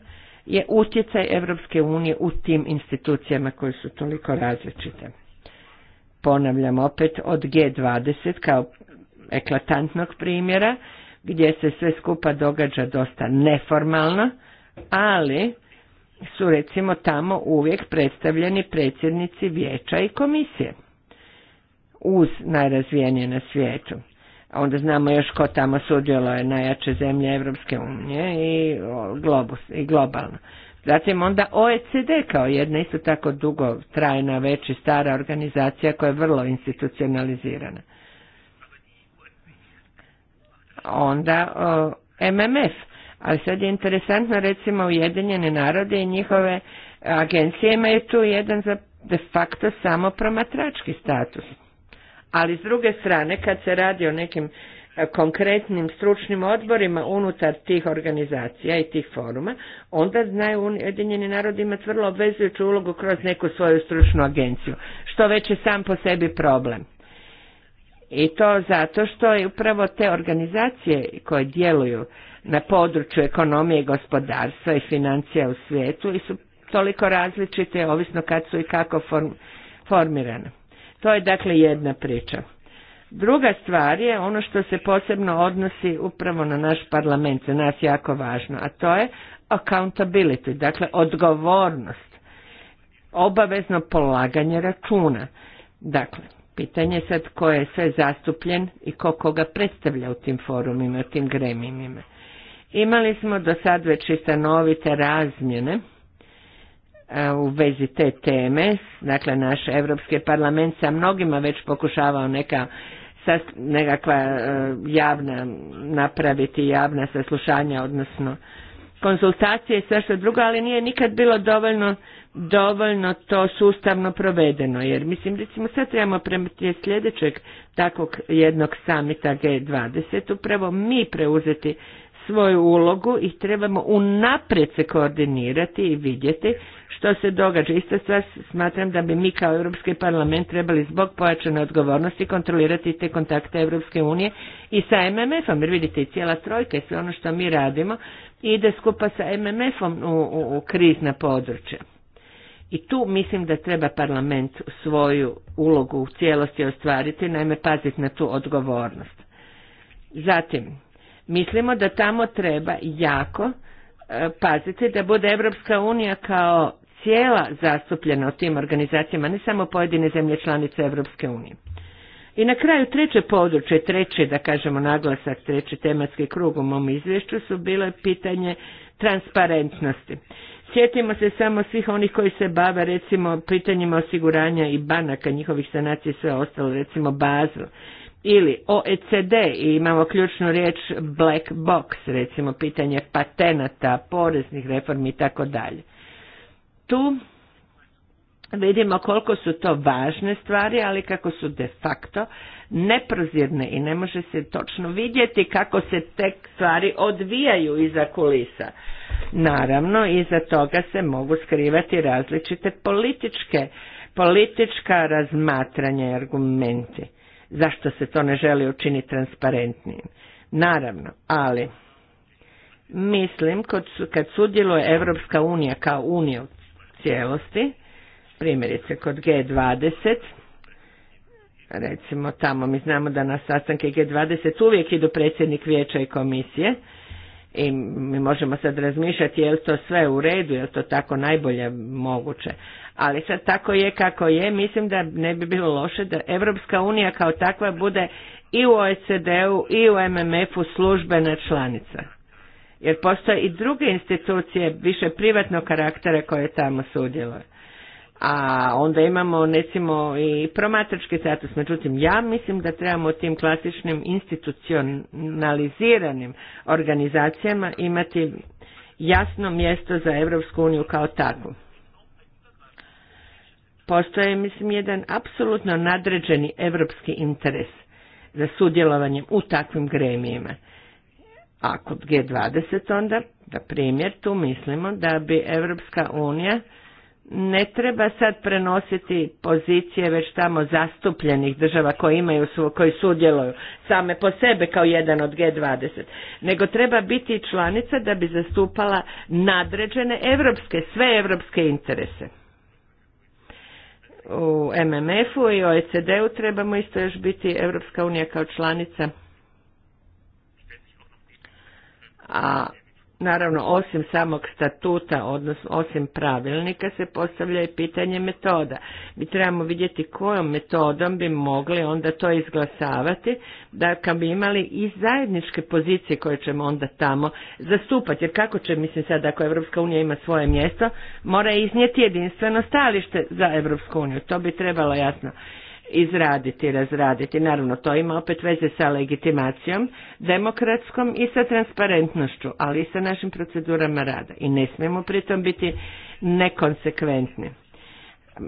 A: je utjecaj Europske unije u tim institucijama koje su toliko različite. Ponavljam opet, od G20 kao eklatantnog primjera gdje se sve skupa događa dosta neformalno, ali su recimo tamo uvijek predstavljeni predsjednici vijeća i komisije uz najrazvijenije na svijetu. A onda znamo još ko tamo sudjelo je najjače zemlje Evropske unije i, globus, i globalno. Zatim onda OECD kao jedna isto tako dugo trajna, već i stara organizacija koja je vrlo institucionalizirana onda MMF. Ali sad je interesantno recimo Ujedinjene narode i njihove agencije imaju tu jedan za de facto samo promatrački status. Ali s druge strane kad se radi o nekim e, konkretnim stručnim odborima unutar tih organizacija i tih foruma, onda znaju Ujedinjeni narod imati vrlo obvezujuću ulogu kroz neku svoju stručnu agenciju, što već je sam po sebi problem. I to zato što je upravo te organizacije koje djeluju na području ekonomije, gospodarstva i financija u svijetu i su toliko različite, ovisno kad su i kako formirane. To je dakle jedna priča. Druga stvar je ono što se posebno odnosi upravo na naš parlament, za nas jako važno, a to je accountability, dakle odgovornost, obavezno polaganje računa. Dakle, Pitanje je sad ko je sve zastupljen i ko koga predstavlja u tim forumima, u tim gremijima. Imali smo do sad već i stanovite razmjene e, u vezi te teme, dakle naš evropski parlament sa mnogima već pokušavao neka nekakva e, javna napraviti javna saslušanja, odnosno konzultacije i sve što drugo, ali nije nikad bilo dovoljno dovoljno to sustavno provedeno, jer mislim recimo sad trebamo prema sljedećeg takvog jednog samita G20 upravo mi preuzeti svoju ulogu i trebamo unaprijed se koordinirati i vidjeti što se događa. Ista stvar smatram da bi mi kao Europski parlament trebali zbog pojačane odgovornosti kontrolirati te kontakte Europske unije i sa MMF-om, jer vidite i cijela trojka i sve ono što mi radimo ide skupa sa MMF-om u, krizna područja. I tu mislim da treba parlament svoju ulogu u cijelosti ostvariti, naime paziti na tu odgovornost. Zatim, mislimo da tamo treba jako e, paziti da bude Evropska unija kao cijela zastupljena u tim organizacijama, ne samo pojedine zemlje članice Europske unije. I na kraju treće područje, treće, da kažemo naglasak, treći tematski krug u mom izvješću su bile pitanje transparentnosti. Sjetimo se samo svih onih koji se bave recimo pitanjima osiguranja i banaka, njihovih sanacija i sve ostalo, recimo bazu. Ili OECD i imamo ključnu riječ black box, recimo pitanje patenata, poreznih reformi i tako dalje tu vidimo koliko su to važne stvari, ali kako su de facto neprozirne i ne može se točno vidjeti kako se te stvari odvijaju iza kulisa. Naravno, iza toga se mogu skrivati različite političke, politička razmatranja i argumenti. Zašto se to ne želi učiniti transparentnijim? Naravno, ali mislim kad sudjeluje Evropska unija kao unija cijelosti, primjerice kod G20, recimo tamo mi znamo da na sastanke G20 uvijek idu predsjednik vijeća i komisije i mi možemo sad razmišljati je li to sve u redu, je li to tako najbolje moguće. Ali sad tako je kako je, mislim da ne bi bilo loše da Evropska unija kao takva bude i u OECD-u i u MMF-u službena članica jer postoje i druge institucije više privatnog karaktera koje tamo sudjeluje. A onda imamo recimo i promatrački status, međutim ja mislim da trebamo tim klasičnim institucionaliziranim organizacijama imati jasno mjesto za Europsku uniju kao takvu. Postoje, mislim, jedan apsolutno nadređeni europski interes za sudjelovanjem u takvim gremijima. A kod G20 onda, da primjer, tu mislimo da bi Evropska unija ne treba sad prenositi pozicije već tamo zastupljenih država koje imaju, koji sudjeluju same po sebe kao jedan od G20, nego treba biti članica da bi zastupala nadređene evropske, sve evropske interese. U MMF-u i OECD-u trebamo isto još biti Evropska unija kao članica a naravno osim samog statuta, odnosno osim pravilnika se postavlja i pitanje metoda. Mi trebamo vidjeti kojom metodom bi mogli onda to izglasavati, da kad bi imali i zajedničke pozicije koje ćemo onda tamo zastupati. Jer kako će, mislim sad, ako Evropska unija ima svoje mjesto, mora iznijeti jedinstveno stalište za Evropsku uniju. To bi trebalo jasno izraditi, razraditi. Naravno, to ima opet veze sa legitimacijom, demokratskom i sa transparentnošću, ali i sa našim procedurama rada. I ne smijemo pritom biti nekonsekventni.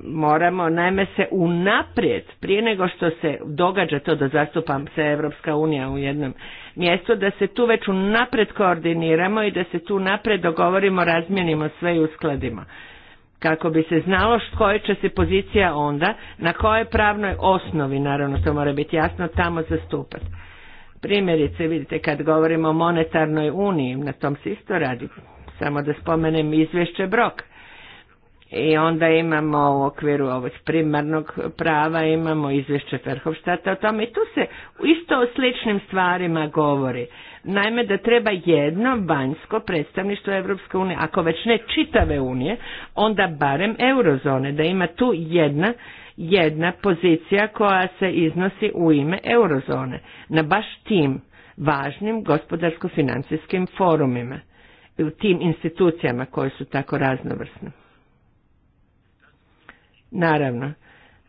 A: Moramo najme se unaprijed, prije nego što se događa to da zastupam se Evropska unija u jednom mjestu, da se tu već unaprijed koordiniramo i da se tu unaprijed dogovorimo, razmijenimo sve i uskladimo kako bi se znalo s koje će se pozicija onda, na kojoj pravnoj osnovi, naravno to mora biti jasno, tamo zastupati. Primjerice, vidite, kad govorimo o monetarnoj uniji, na tom se isto radi, samo da spomenem izvješće Brok. I onda imamo u okviru ovog primarnog prava, imamo izvješće Vrhovštata o tome i tu se isto o sličnim stvarima govori. Naime, da treba jedno vanjsko predstavništvo Europske unije, ako već ne čitave unije, onda barem eurozone, da ima tu jedna, jedna pozicija koja se iznosi u ime eurozone, na baš tim važnim gospodarsko-financijskim forumima, u tim institucijama koje su tako raznovrsne. Naravno,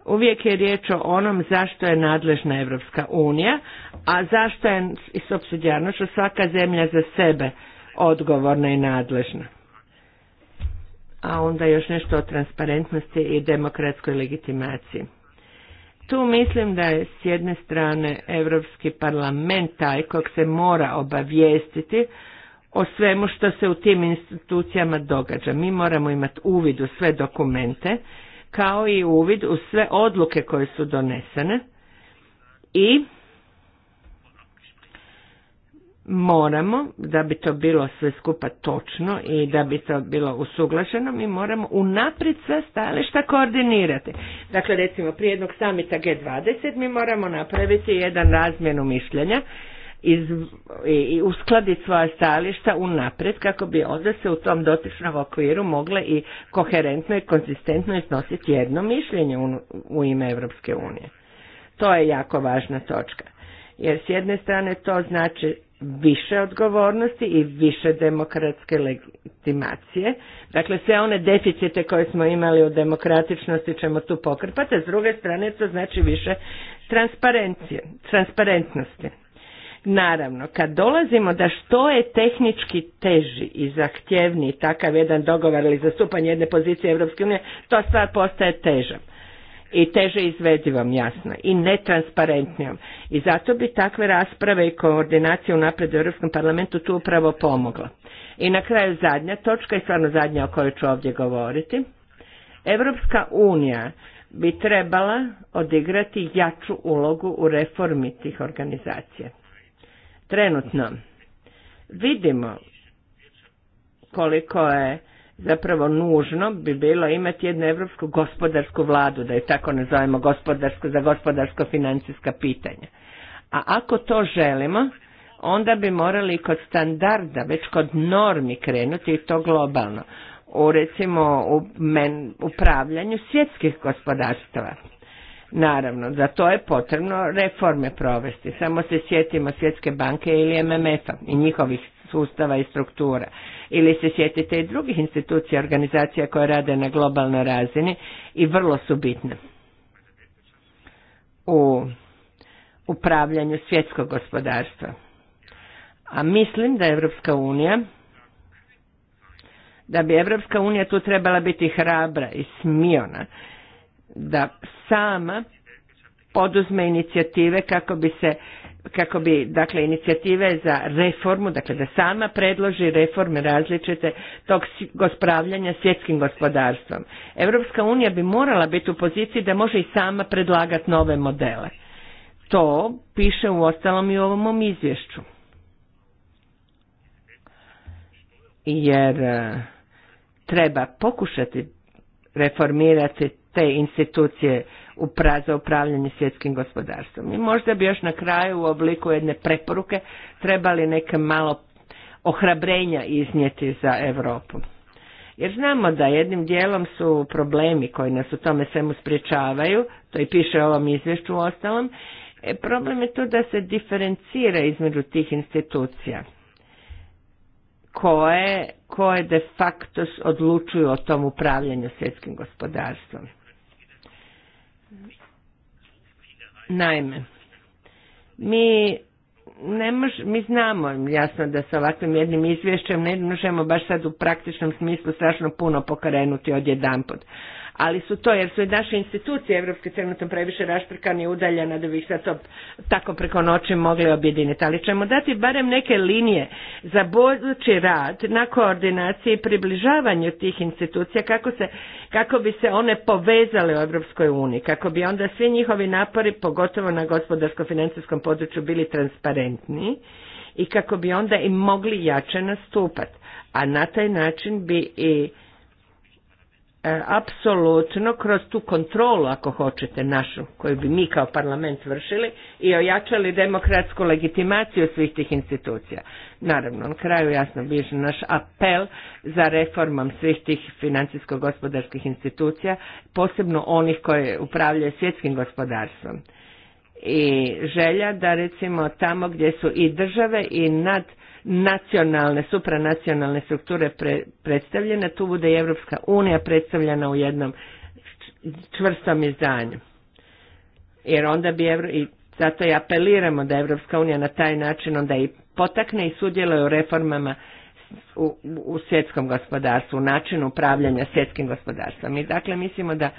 A: Uvijek je riječ o onom zašto je nadležna Evropska unija, a zašto je i što svaka zemlja za sebe odgovorna i nadležna. A onda još nešto o transparentnosti i demokratskoj legitimaciji. Tu mislim da je s jedne strane Europski parlament taj kog se mora obavijestiti o svemu što se u tim institucijama događa. Mi moramo imati uvid u sve dokumente kao i uvid u sve odluke koje su donesene i moramo, da bi to bilo sve skupa točno i da bi to bilo usuglašeno, mi moramo unaprijed sve stajališta koordinirati. Dakle, recimo prije jednog samita G20 mi moramo napraviti jedan razmjenu mišljenja iz, i uskladiti svoja stajališta unaprijed kako bi onda se u tom dotičnom okviru mogle i koherentno i konzistentno iznositi jedno mišljenje u, u ime Europske unije. To je jako važna točka. Jer s jedne strane to znači više odgovornosti i više demokratske legitimacije. Dakle, sve one deficite koje smo imali u demokratičnosti ćemo tu pokrpati, a s druge strane to znači više transparencije, transparentnosti. Naravno, kad dolazimo da što je tehnički teži i zahtjevni takav jedan dogovor ili zastupanje jedne pozicije Europske unije, to stvar postaje teža i teže izvedivom jasno i netransparentnijom. I zato bi takve rasprave i koordinacije u u Europskom parlamentu tu upravo pomogla. I na kraju zadnja točka i stvarno zadnja o kojoj ću ovdje govoriti. Europska unija bi trebala odigrati jaču ulogu u reformi tih organizacija trenutno vidimo koliko je zapravo nužno bi bilo imati jednu evropsku gospodarsku vladu, da je tako nazovemo gospodarsko, za gospodarsko-financijska pitanja. A ako to želimo, onda bi morali kod standarda, već kod normi krenuti i to globalno. U recimo u men, upravljanju svjetskih gospodarstava. Naravno, za to je potrebno reforme provesti. Samo se sjetimo Svjetske banke ili MMF-a i njihovih sustava i struktura. Ili se sjetite i drugih institucija, organizacija koje rade na globalnoj razini i vrlo su bitne u upravljanju svjetskog gospodarstva. A mislim da Evropska unija da bi Evropska unija tu trebala biti hrabra i smiona da sama poduzme inicijative kako bi se kako bi dakle inicijative za reformu, dakle da sama predloži reforme različite tog gospravljanja svjetskim gospodarstvom. Europska unija bi morala biti u poziciji da može i sama predlagati nove modele. To piše u ostalom i u ovom izvješću. Jer eh, treba pokušati reformirati te institucije za upravljanje svjetskim gospodarstvom. I možda bi još na kraju u obliku jedne preporuke trebali neke malo ohrabrenja iznijeti za Europu. Jer znamo da jednim dijelom su problemi koji nas u tome svemu spriječavaju, to i piše u ovom izvješću u ostalom, e, problem je to da se diferencira između tih institucija koje, koje de facto odlučuju o tom upravljanju svjetskim gospodarstvom. Naime, mi ne mi znamo jasno da sa ovakvim jednim izvješćem ne možemo baš sad u praktičnom smislu strašno puno pokrenuti odjedanput ali su to jer su i naše institucije evropske trenutno previše raštrkane i udaljene da bi ih sad to tako preko noći mogli objediniti. Ali ćemo dati barem neke linije za budući rad na koordinaciji i približavanju tih institucija kako, se, kako bi se one povezale u Europskoj uniji, kako bi onda svi njihovi napori, pogotovo na gospodarsko-financijskom području, bili transparentni i kako bi onda i mogli jače nastupati. A na taj način bi i E, apsolutno kroz tu kontrolu, ako hoćete, našu, koju bi mi kao parlament vršili i ojačali demokratsku legitimaciju svih tih institucija. Naravno, na kraju jasno biže naš apel za reformom svih tih financijsko-gospodarskih institucija, posebno onih koje upravljaju svjetskim gospodarstvom. I želja da recimo tamo gdje su i države i nad nacionalne, supranacionalne strukture predstavljene, tu bude i Evropska unija predstavljena u jednom čvrstom izdanju. Jer onda bi i zato i apeliramo da Evropska unija na taj način onda i potakne i sudjeluje u reformama u, u svjetskom gospodarstvu, u načinu upravljanja svjetskim gospodarstvom. I dakle mislimo da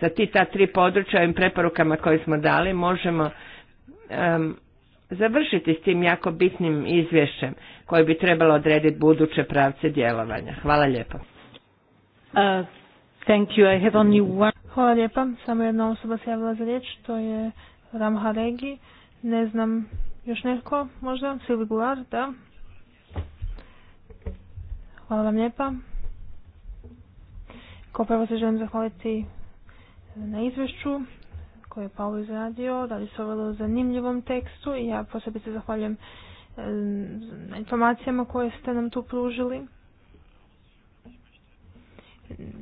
A: sa ti ta tri područja i preporukama koje smo dali možemo završiti s tim jako bitnim izvješćem koje bi trebalo odrediti buduće pravce djelovanja. Hvala lijepo. Uh, thank you. I have one...
C: Hvala lijepa. Samo jedna osoba se javila za riječ, to je Ramha Regi. Ne znam, još neko možda? Silvi Gular, da. Hvala vam lijepa. Kao prvo se želim zahvaliti na izvješću koje je Paolo izradio, da li se o vrlo zanimljivom tekstu i ja posebice zahvaljujem e, na informacijama koje ste nam tu pružili.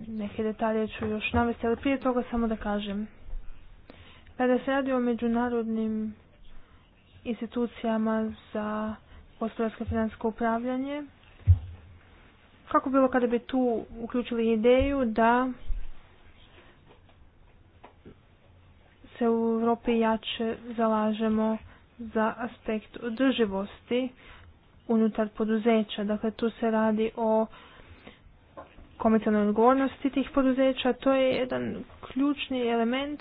C: Neke detalje ću još navesti, ali prije toga samo da kažem. Kada se radi o međunarodnim institucijama za gospodarsko financijsko upravljanje, kako bilo kada bi tu uključili ideju da se u Europi jače zalažemo za aspekt održivosti unutar poduzeća. Dakle, tu se radi o komercijalnoj odgovornosti tih poduzeća. To je jedan ključni element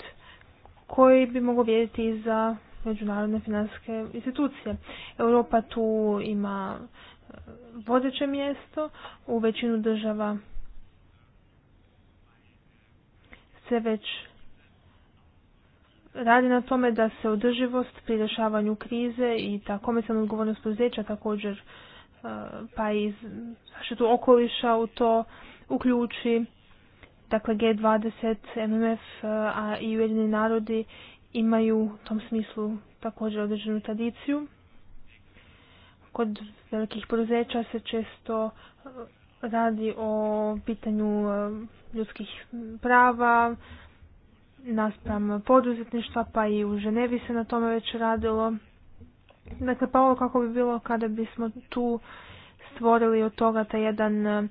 C: koji bi mogao vjeriti i za međunarodne financijske institucije. Europa tu ima e, vodeće mjesto u većinu država se već radi na tome da se održivost pri rješavanju krize i ta komercijalna odgovornost poduzeća također e, pa i zaštitu okoliša u to uključi. Dakle, G20, MMF, e, a i Ujedini narodi imaju u tom smislu također određenu tradiciju. Kod velikih poduzeća se često e, radi o pitanju ljudskih prava, naspram poduzetništva, pa i u Ženevi se na tome već radilo. Dakle, pa kako bi bilo kada bismo tu stvorili od toga ta jedan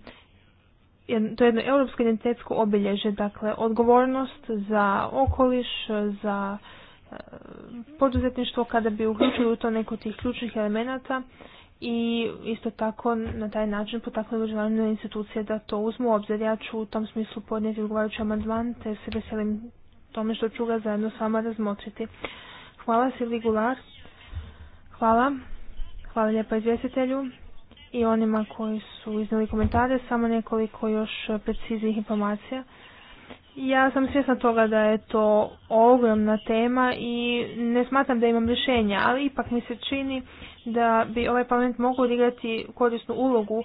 C: to jedno europsko identitetsko obilježje, dakle odgovornost za okoliš, za e, poduzetništvo kada bi uključili u to neko tih ključnih elemenata i isto tako na taj način potaknuli međunarodne institucije da to uzmu u obzir. Ja ću u tom smislu podnijeti odgovarajući amandman te se veselim tome što ću ga zajedno s vama razmotriti. Hvala Silvi Gular. Hvala. Hvala lijepa izvjestitelju i onima koji su iznijeli komentare. Samo nekoliko još preciznih informacija. Ja sam svjesna toga da je to ogromna tema i ne smatram da imam rješenja, ali ipak mi se čini da bi ovaj parlament mogao igrati korisnu ulogu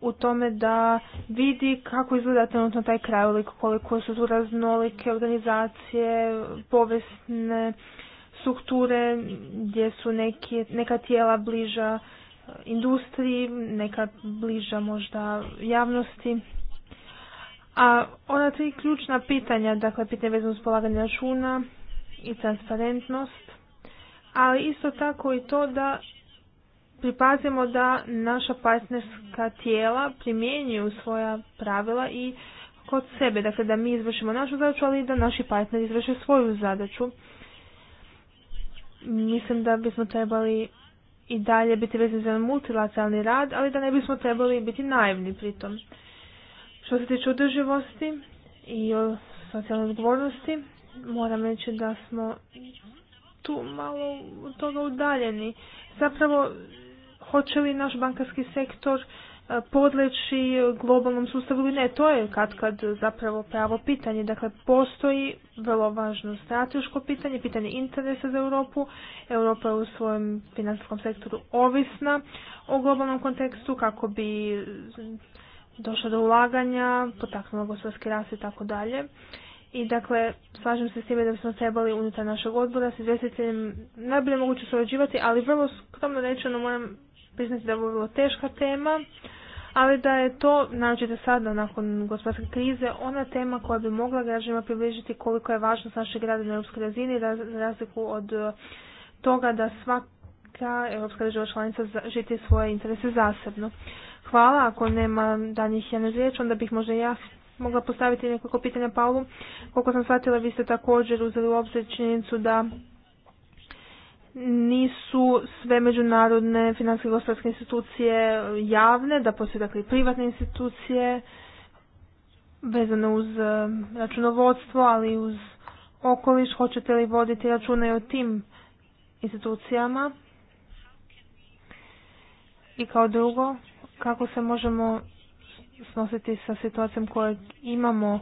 C: u tome da vidi kako izgleda trenutno taj krajolik, koliko su tu raznolike organizacije, povijesne strukture gdje su neka tijela bliža e, industriji, neka bliža možda javnosti. A ona tri ključna pitanja, dakle pitanje vezano uz polaganje računa i transparentnost, ali isto tako i to da pripazimo da naša partnerska tijela primjenjuju svoja pravila i kod sebe. Dakle, da mi izvršimo našu zadaću, ali i da naši partneri izvrše svoju zadaću. Mislim da bismo trebali i dalje biti vezani za multilateralni rad, ali da ne bismo trebali biti naivni pritom. Što se tiče održivosti i o socijalnoj odgovornosti, moram reći da smo tu malo od toga udaljeni. Zapravo hoće li naš bankarski sektor e, podleći globalnom sustavu ili ne, to je kad kad zapravo pravo pitanje. Dakle, postoji vrlo važno strateško pitanje, pitanje interesa za Europu. Europa je u svojem financijskom sektoru ovisna o globalnom kontekstu kako bi došla do ulaganja, potaknula gospodarski rast i tako dalje. I dakle, slažem se s time da bismo trebali unutar našeg odbora s izvjestiteljem najbolje moguće surađivati, ali vrlo skromno rečeno moram priznati da je ovo vrlo teška tema, ali da je to, naročito sada nakon gospodarske krize, ona tema koja bi mogla građanima približiti koliko je važnost naše grada na europskoj razini, za razliku od e, toga da svaka europska država članica žiti svoje interese zasebno. Hvala, ako nema danjih javnih riječ, onda bih možda ja mogla postaviti nekoliko pitanja Paulu. Koliko sam shvatila, vi ste također uzeli u obzir činjenicu da nisu sve međunarodne financijske gospodarske institucije javne, da postoje dakle privatne institucije vezane uz e, računovodstvo, ali uz okoliš. Hoćete li voditi račune o tim institucijama? I kao drugo, kako se možemo snositi sa situacijom koje imamo e,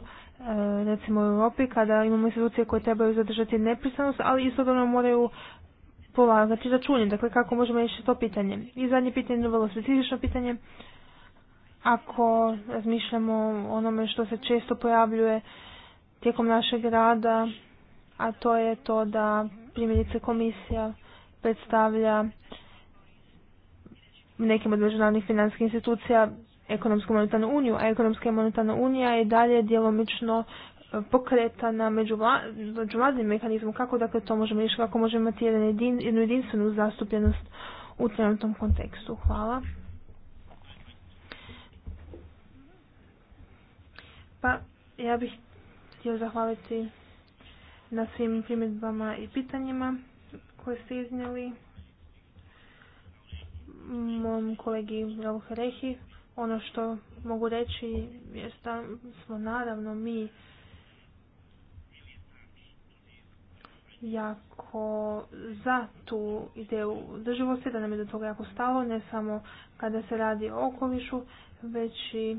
C: recimo u Europi kada imamo institucije koje trebaju zadržati nepristanost ali istodobno moraju Znači, računi. Dakle, kako možemo riješiti to pitanje? I zadnje pitanje je vrlo specifično pitanje. Ako razmišljamo o onome što se često pojavljuje tijekom našeg rada, a to je to da primjerice komisija predstavlja nekim od međunarodnih financijskih institucija ekonomsku monetarnu uniju, a ekonomska monetarna unija je dalje djelomično pokreta na međuvladnim mehanizmom, kako dakle to možemo riješiti, kako možemo imati jedin, jednu jedinstvenu zastupljenost u trenutnom kontekstu. Hvala. Pa, ja bih htio zahvaliti na svim primjedbama i pitanjima koje ste iznijeli mom kolegi Ravu Rehi. Ono što mogu reći je da smo naravno mi jako za tu ideju drživosti, da nam je do toga jako stalo, ne samo kada se radi o okolišu, već i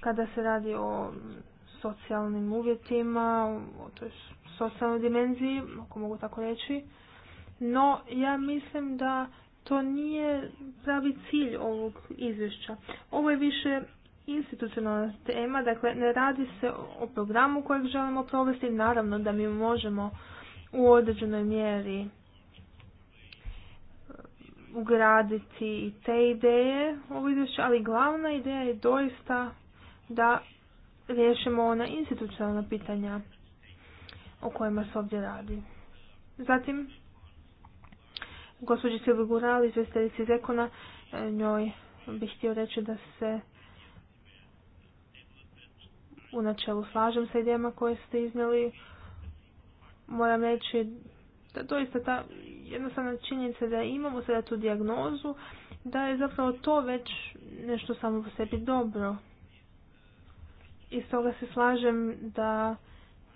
C: kada se radi o socijalnim uvjetima, o socijalnoj dimenziji, ako mogu tako reći. No, ja mislim da to nije pravi cilj ovog izvješća. Ovo je više institucionalna tema, dakle ne radi se o programu kojeg želimo provesti, naravno da mi možemo u određenoj mjeri e, ugraditi i te ideje u izvješću, ali glavna ideja je doista da riješimo ona institucionalna pitanja o kojima se ovdje radi. Zatim, gospođi Silvi Gurali, izvjestiteljici iz e, njoj bih htio reći da se u načelu slažem sa idejama koje ste iznijeli. Moram reći da doista ta jednostavna činjenica da imamo sada tu dijagnozu, da je zapravo to već nešto samo po sebi dobro. I toga se slažem da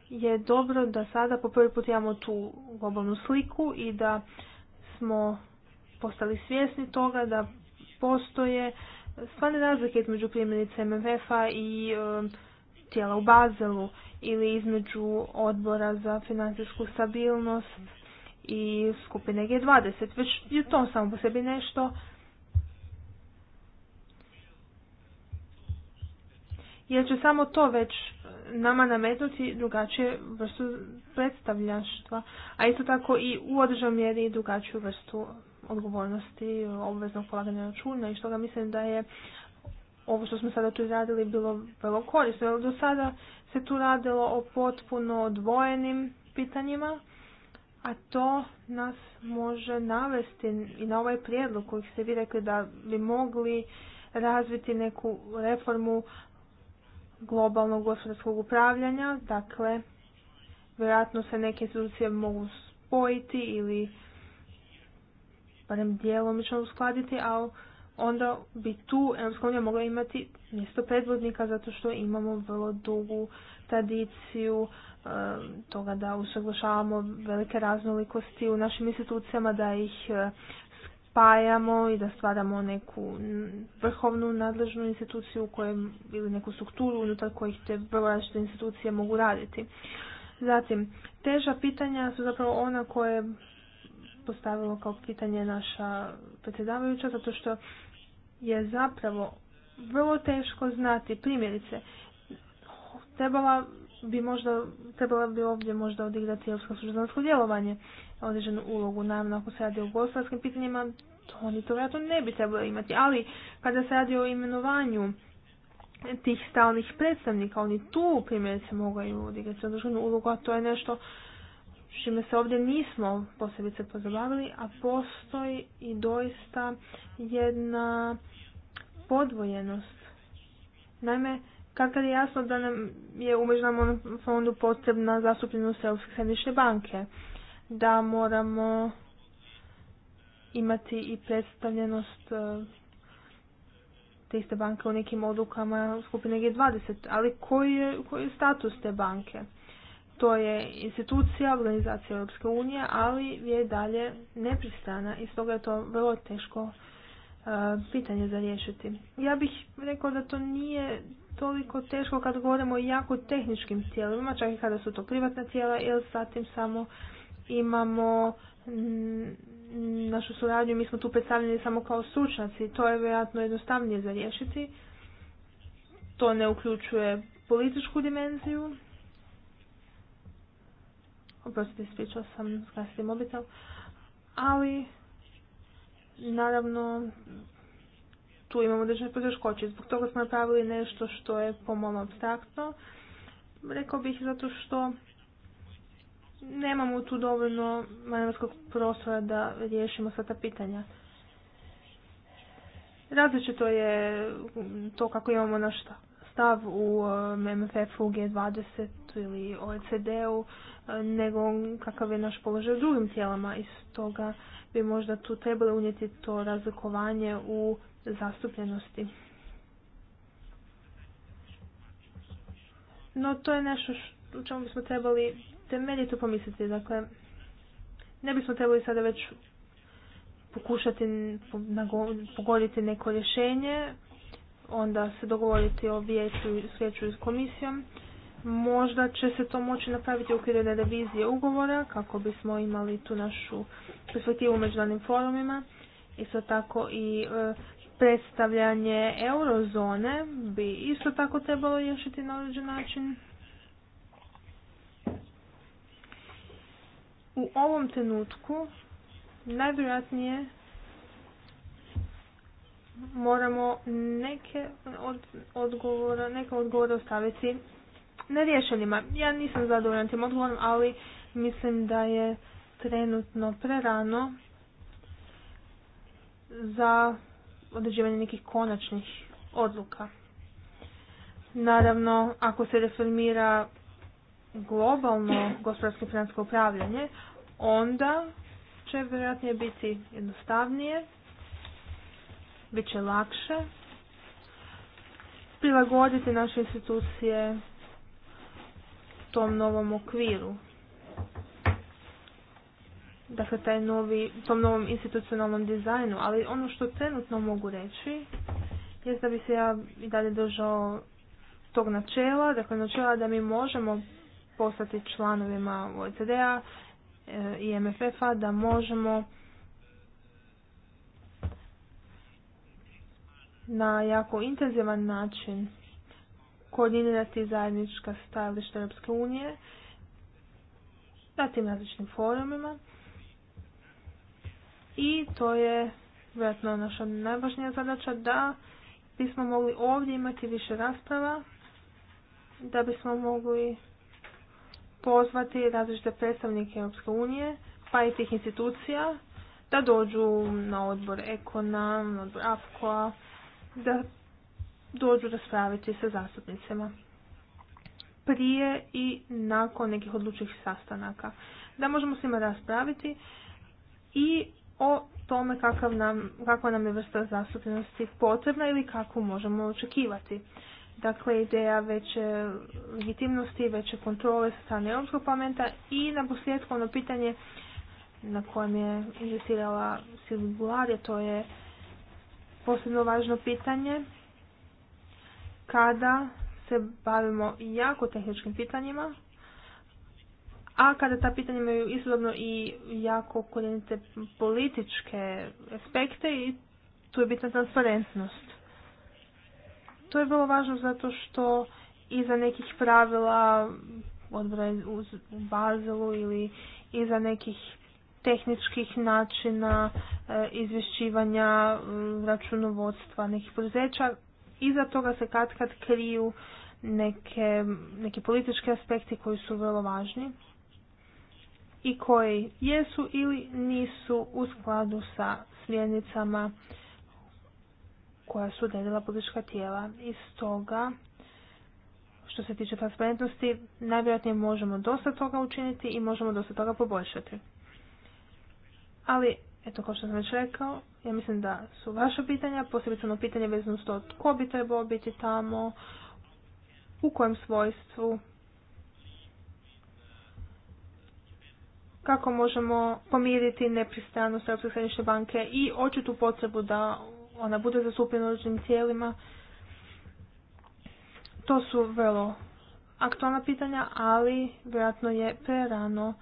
C: je dobro da sada po prvi put imamo tu globalnu sliku i da smo postali svjesni toga da postoje stvarne razlike između primjerice MMF-a i e, tijela u Bazelu ili između odbora za financijsku stabilnost i skupine G20. Već je to samo po sebi nešto jer će samo to već nama nametnuti drugačije vrstu predstavljaštva, a isto tako i u određenoj mjeri drugačiju vrstu odgovornosti, obveznog polaganja računa i što ga mislim da je ovo što smo sada tu izradili bilo vrlo korisno, jer do sada se tu radilo o potpuno odvojenim pitanjima, a to nas može navesti i na ovaj prijedlog kojeg ste vi rekli da bi mogli razviti neku reformu globalnog gospodarskog upravljanja, dakle, vjerojatno se neke institucije mogu spojiti ili barem djelomično uskladiti, ali onda bi tu EU mogla imati mjesto predvodnika zato što imamo vrlo dugu tradiciju e, toga da usaglašavamo velike raznolikosti u našim institucijama, da ih e, spajamo i da stvaramo neku vrhovnu nadležnu instituciju ili neku strukturu unutar kojih te vrlo različite institucije mogu raditi. Zatim, teža pitanja su zapravo ona koje postavilo kao pitanje naša predsjedavajuća, zato što je zapravo vrlo teško znati. Primjerice, trebala bi možda, trebala bi ovdje možda odigrati europsko službansko djelovanje određenu ulogu, naravno ako se radi o gospodarskim pitanjima, to oni to vjerojatno ne bi trebalo imati, ali kada se radi o imenovanju tih stalnih predstavnika, oni tu primjerice mogu odigrati određenu ulogu, a to je nešto čime se ovdje nismo posebice pozabavili, a postoji i doista jedna podvojenost. Naime, kako je jasno da nam je u Međunarodnom fondu potrebna zastupljenost Europske središnje banke, da moramo imati i predstavljenost e, te iste banke u nekim odlukama skupine G20, ali koji je, koji je status te banke? To je institucija, organizacija Europske unije, ali je dalje nepristana i stoga je to vrlo teško e, pitanje za riješiti. Ja bih rekao da to nije toliko teško kad govorimo o jako tehničkim tijelima, čak i kada su to privatna tijela, jer zatim samo imamo našu suradnju, mi smo tu predstavljeni samo kao stručnjaci, to je vjerojatno jednostavnije za riješiti. To ne uključuje političku dimenziju, Oprostite, ispričao sam kasnim mobitel. Ali, naravno, tu imamo određene poteškoće. Zbog toga smo napravili nešto što je pomalo abstraktno. Rekao bih zato što nemamo tu dovoljno manevarskog prostora da riješimo sva ta pitanja. Različito je to kako imamo našta stav u MFF-u, um, G20 ili OECD-u, um, nego kakav je naš položaj u drugim tijelama. I stoga bi možda tu trebali unijeti to razlikovanje u zastupljenosti. No to je nešto u čemu bismo trebali temeljito pomisliti. Dakle, ne bismo trebali sada već pokušati pogoditi neko rješenje, onda se dogovoriti o vijeću s vijeću s komisijom. Možda će se to moći napraviti u okviru revizije ugovora kako bismo imali tu našu perspektivu u međunarodnim forumima. Isto tako i e, predstavljanje eurozone bi isto tako trebalo riješiti na određen način. U ovom trenutku najvjerojatnije moramo neke od, odgovora, neke odgovore ostaviti nerješenima. Ja nisam zadovoljan tim odgovorom, ali mislim da je trenutno prerano za određivanje nekih konačnih odluka. Naravno, ako se reformira globalno gospodarsko financijsko upravljanje, onda će vjerojatnije biti jednostavnije bit će lakše prilagoditi naše institucije tom novom okviru. Dakle, taj novi, tom novom institucionalnom dizajnu. Ali ono što trenutno mogu reći je da bi se ja i dalje držao tog načela, dakle načela da mi možemo postati članovima OECD-a e, i MFF-a, da možemo na jako intenzivan način koordinirati zajednička stajališta Europske unije na tim različnim forumima i to je vjerojatno naša najvažnija zadaća da bismo mogli ovdje imati više rasprava, da bismo mogli pozvati različite predstavnike Europske unije, pa i tih institucija, da dođu na odbor Ekona, na odbor APKO-a da dođu raspraviti sa zastupnicima prije i nakon nekih odlučnih sastanaka. Da možemo s njima raspraviti i o tome kakav nam, kakva nam je vrsta zastupnosti potrebna ili kako možemo očekivati. Dakle, ideja veće legitimnosti, veće kontrole sa strane Europskog parlamenta i na posljedku ono pitanje na kojem je inzistirala Silvigular, to je posebno važno pitanje kada se bavimo jako tehničkim pitanjima, a kada ta pitanja imaju istodobno i jako korijenite političke aspekte i tu je bitna transparentnost. To je vrlo važno zato što iza nekih pravila odbora u Bazelu ili iza nekih tehničkih načina e, izvješćivanja računovodstva nekih poduzeća. Iza toga se kad kad kriju neke, neki politički aspekti koji su vrlo važni i koji jesu ili nisu u skladu sa smjernicama koja su odredila politička tijela. I stoga, što se tiče transparentnosti, najvjerojatnije možemo dosta toga učiniti i možemo dosta toga poboljšati. Ali, eto kao što sam već rekao, ja mislim da su vaša pitanja, posebice ono pitanje vezano s to tko bi trebao biti tamo, u kojem svojstvu, kako možemo pomiriti nepristranost Europske središnje banke i očitu potrebu da ona bude zastupljena određenim tijelima. To su vrlo aktualna pitanja, ali vjerojatno je prerano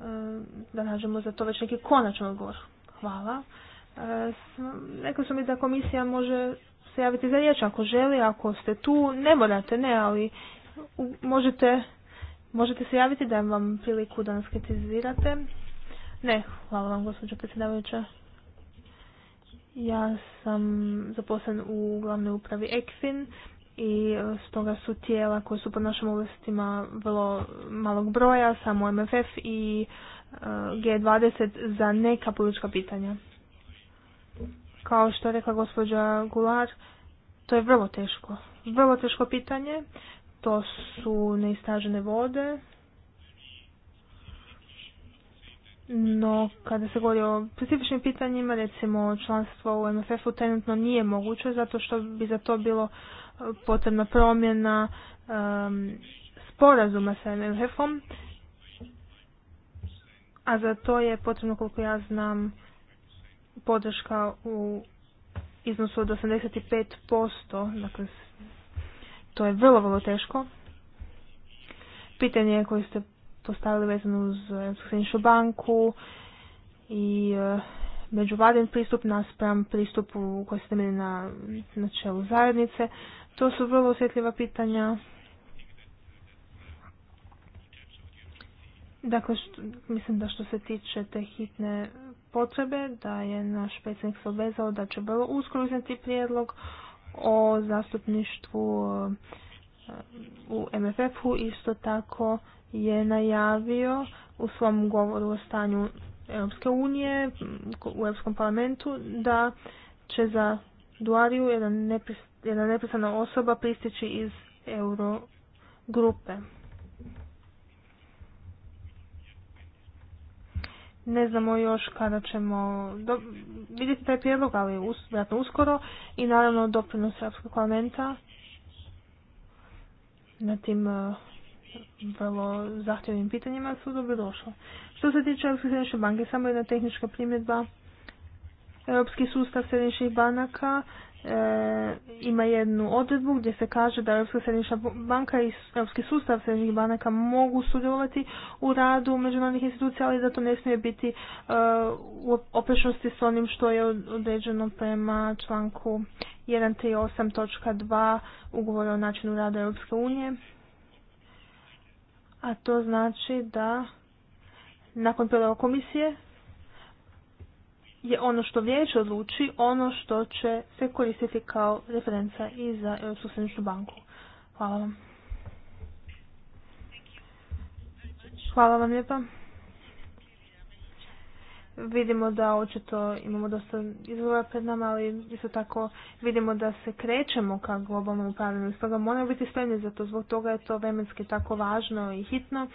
C: Eh, da nađemo za to već neki konačan odgovor. Hvala. Eh, rekli su mi da komisija može se javiti za riječ ako želi, ako ste tu, ne morate, ne, ali možete, možete se javiti da vam priliku da nas kritizirate. Ne, hvala vam gospođo predsjedavajuća. Ja sam zaposlen u glavnoj upravi ECFIN i e, stoga su tijela koje su po našim ovlastima vrlo malog broja, samo MFF i e, G20 za neka politička pitanja. Kao što je rekla gospođa Gular, to je vrlo teško. Vrlo teško pitanje. To su neistažene vode. No, kada se govori o specifičnim pitanjima, recimo članstvo u MFF-u trenutno nije moguće zato što bi za to bilo potrebna promjena sporazuma sa nlf om a za to je potrebno, koliko ja znam, podrška u iznosu od 85%, dakle to je vrlo, vrlo teško. Pitanje koje ste postavili vezano uz Europsku banku i eh, međuvladin pristup naspram pristupu koji se temelji na načelu zajednice. To su vrlo osjetljiva pitanja. Dakle, mislim da što se tiče te hitne potrebe, da je naš predsjednik se obvezao da će vrlo uskoro uzeti prijedlog o zastupništvu eh, u MFF-u. Isto tako je najavio u svom govoru o stanju Europske unije u Europskom parlamentu da će za Duariju jedan jedna nepristana osoba pristići iz Eurogrupe. Ne znamo još kada ćemo Vidite vidjeti taj prijedlog, ali uskoro i naravno doprinos Europskog parlamenta na tim eh, vrlo zahtjevnim pitanjima su došla. Što se tiče Europske središnje banke, samo jedna tehnička primjedba. Europski sustav središnjih banaka e, ima jednu odredbu gdje se kaže da Europska središnja banka i Europski sustav središnjih banaka mogu sudjelovati u radu međunarodnih institucija, ali da to ne smije biti e, u oprešnosti s onim što je određeno prema članku 138.2 ugovora o načinu rada Europske unije a to znači da nakon prijedloga komisije je ono što vijeće odluči ono što će se koristiti kao referenca i za Europsku središnju banku. Hvala vam. Hvala vam lijepa. Vidimo da očito imamo dosta izgleda pred nama, ali isto tako vidimo da se krećemo ka globalnom upravljanju. Stoga moramo biti spremni za to, zbog toga je to vremenski tako važno i hitno.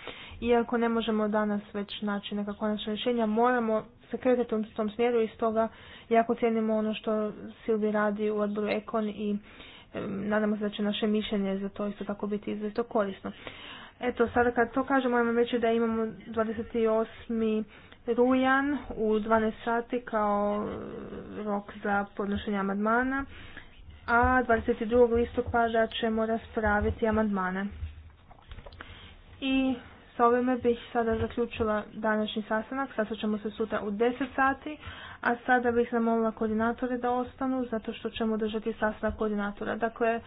C: Iako ne možemo danas već naći neka konačna rješenja, moramo se kretati u tom smjeru i stoga jako cijenimo ono što Silvi radi u odboru Ekon i nadamo se da će naše mišljenje za to isto tako biti izrazito korisno. Eto, sada kad to kažemo, imam reći da imamo 28. rujan u 12 sati kao rok za podnošenje amandmana, a 22. listopada ćemo raspraviti amandmane. I s ovime bih sada zaključila današnji sastanak, sastat ćemo se sutra u 10 sati, a sada bih zamolila koordinatore da ostanu zato što ćemo držati sastanak koordinatora. Dakle,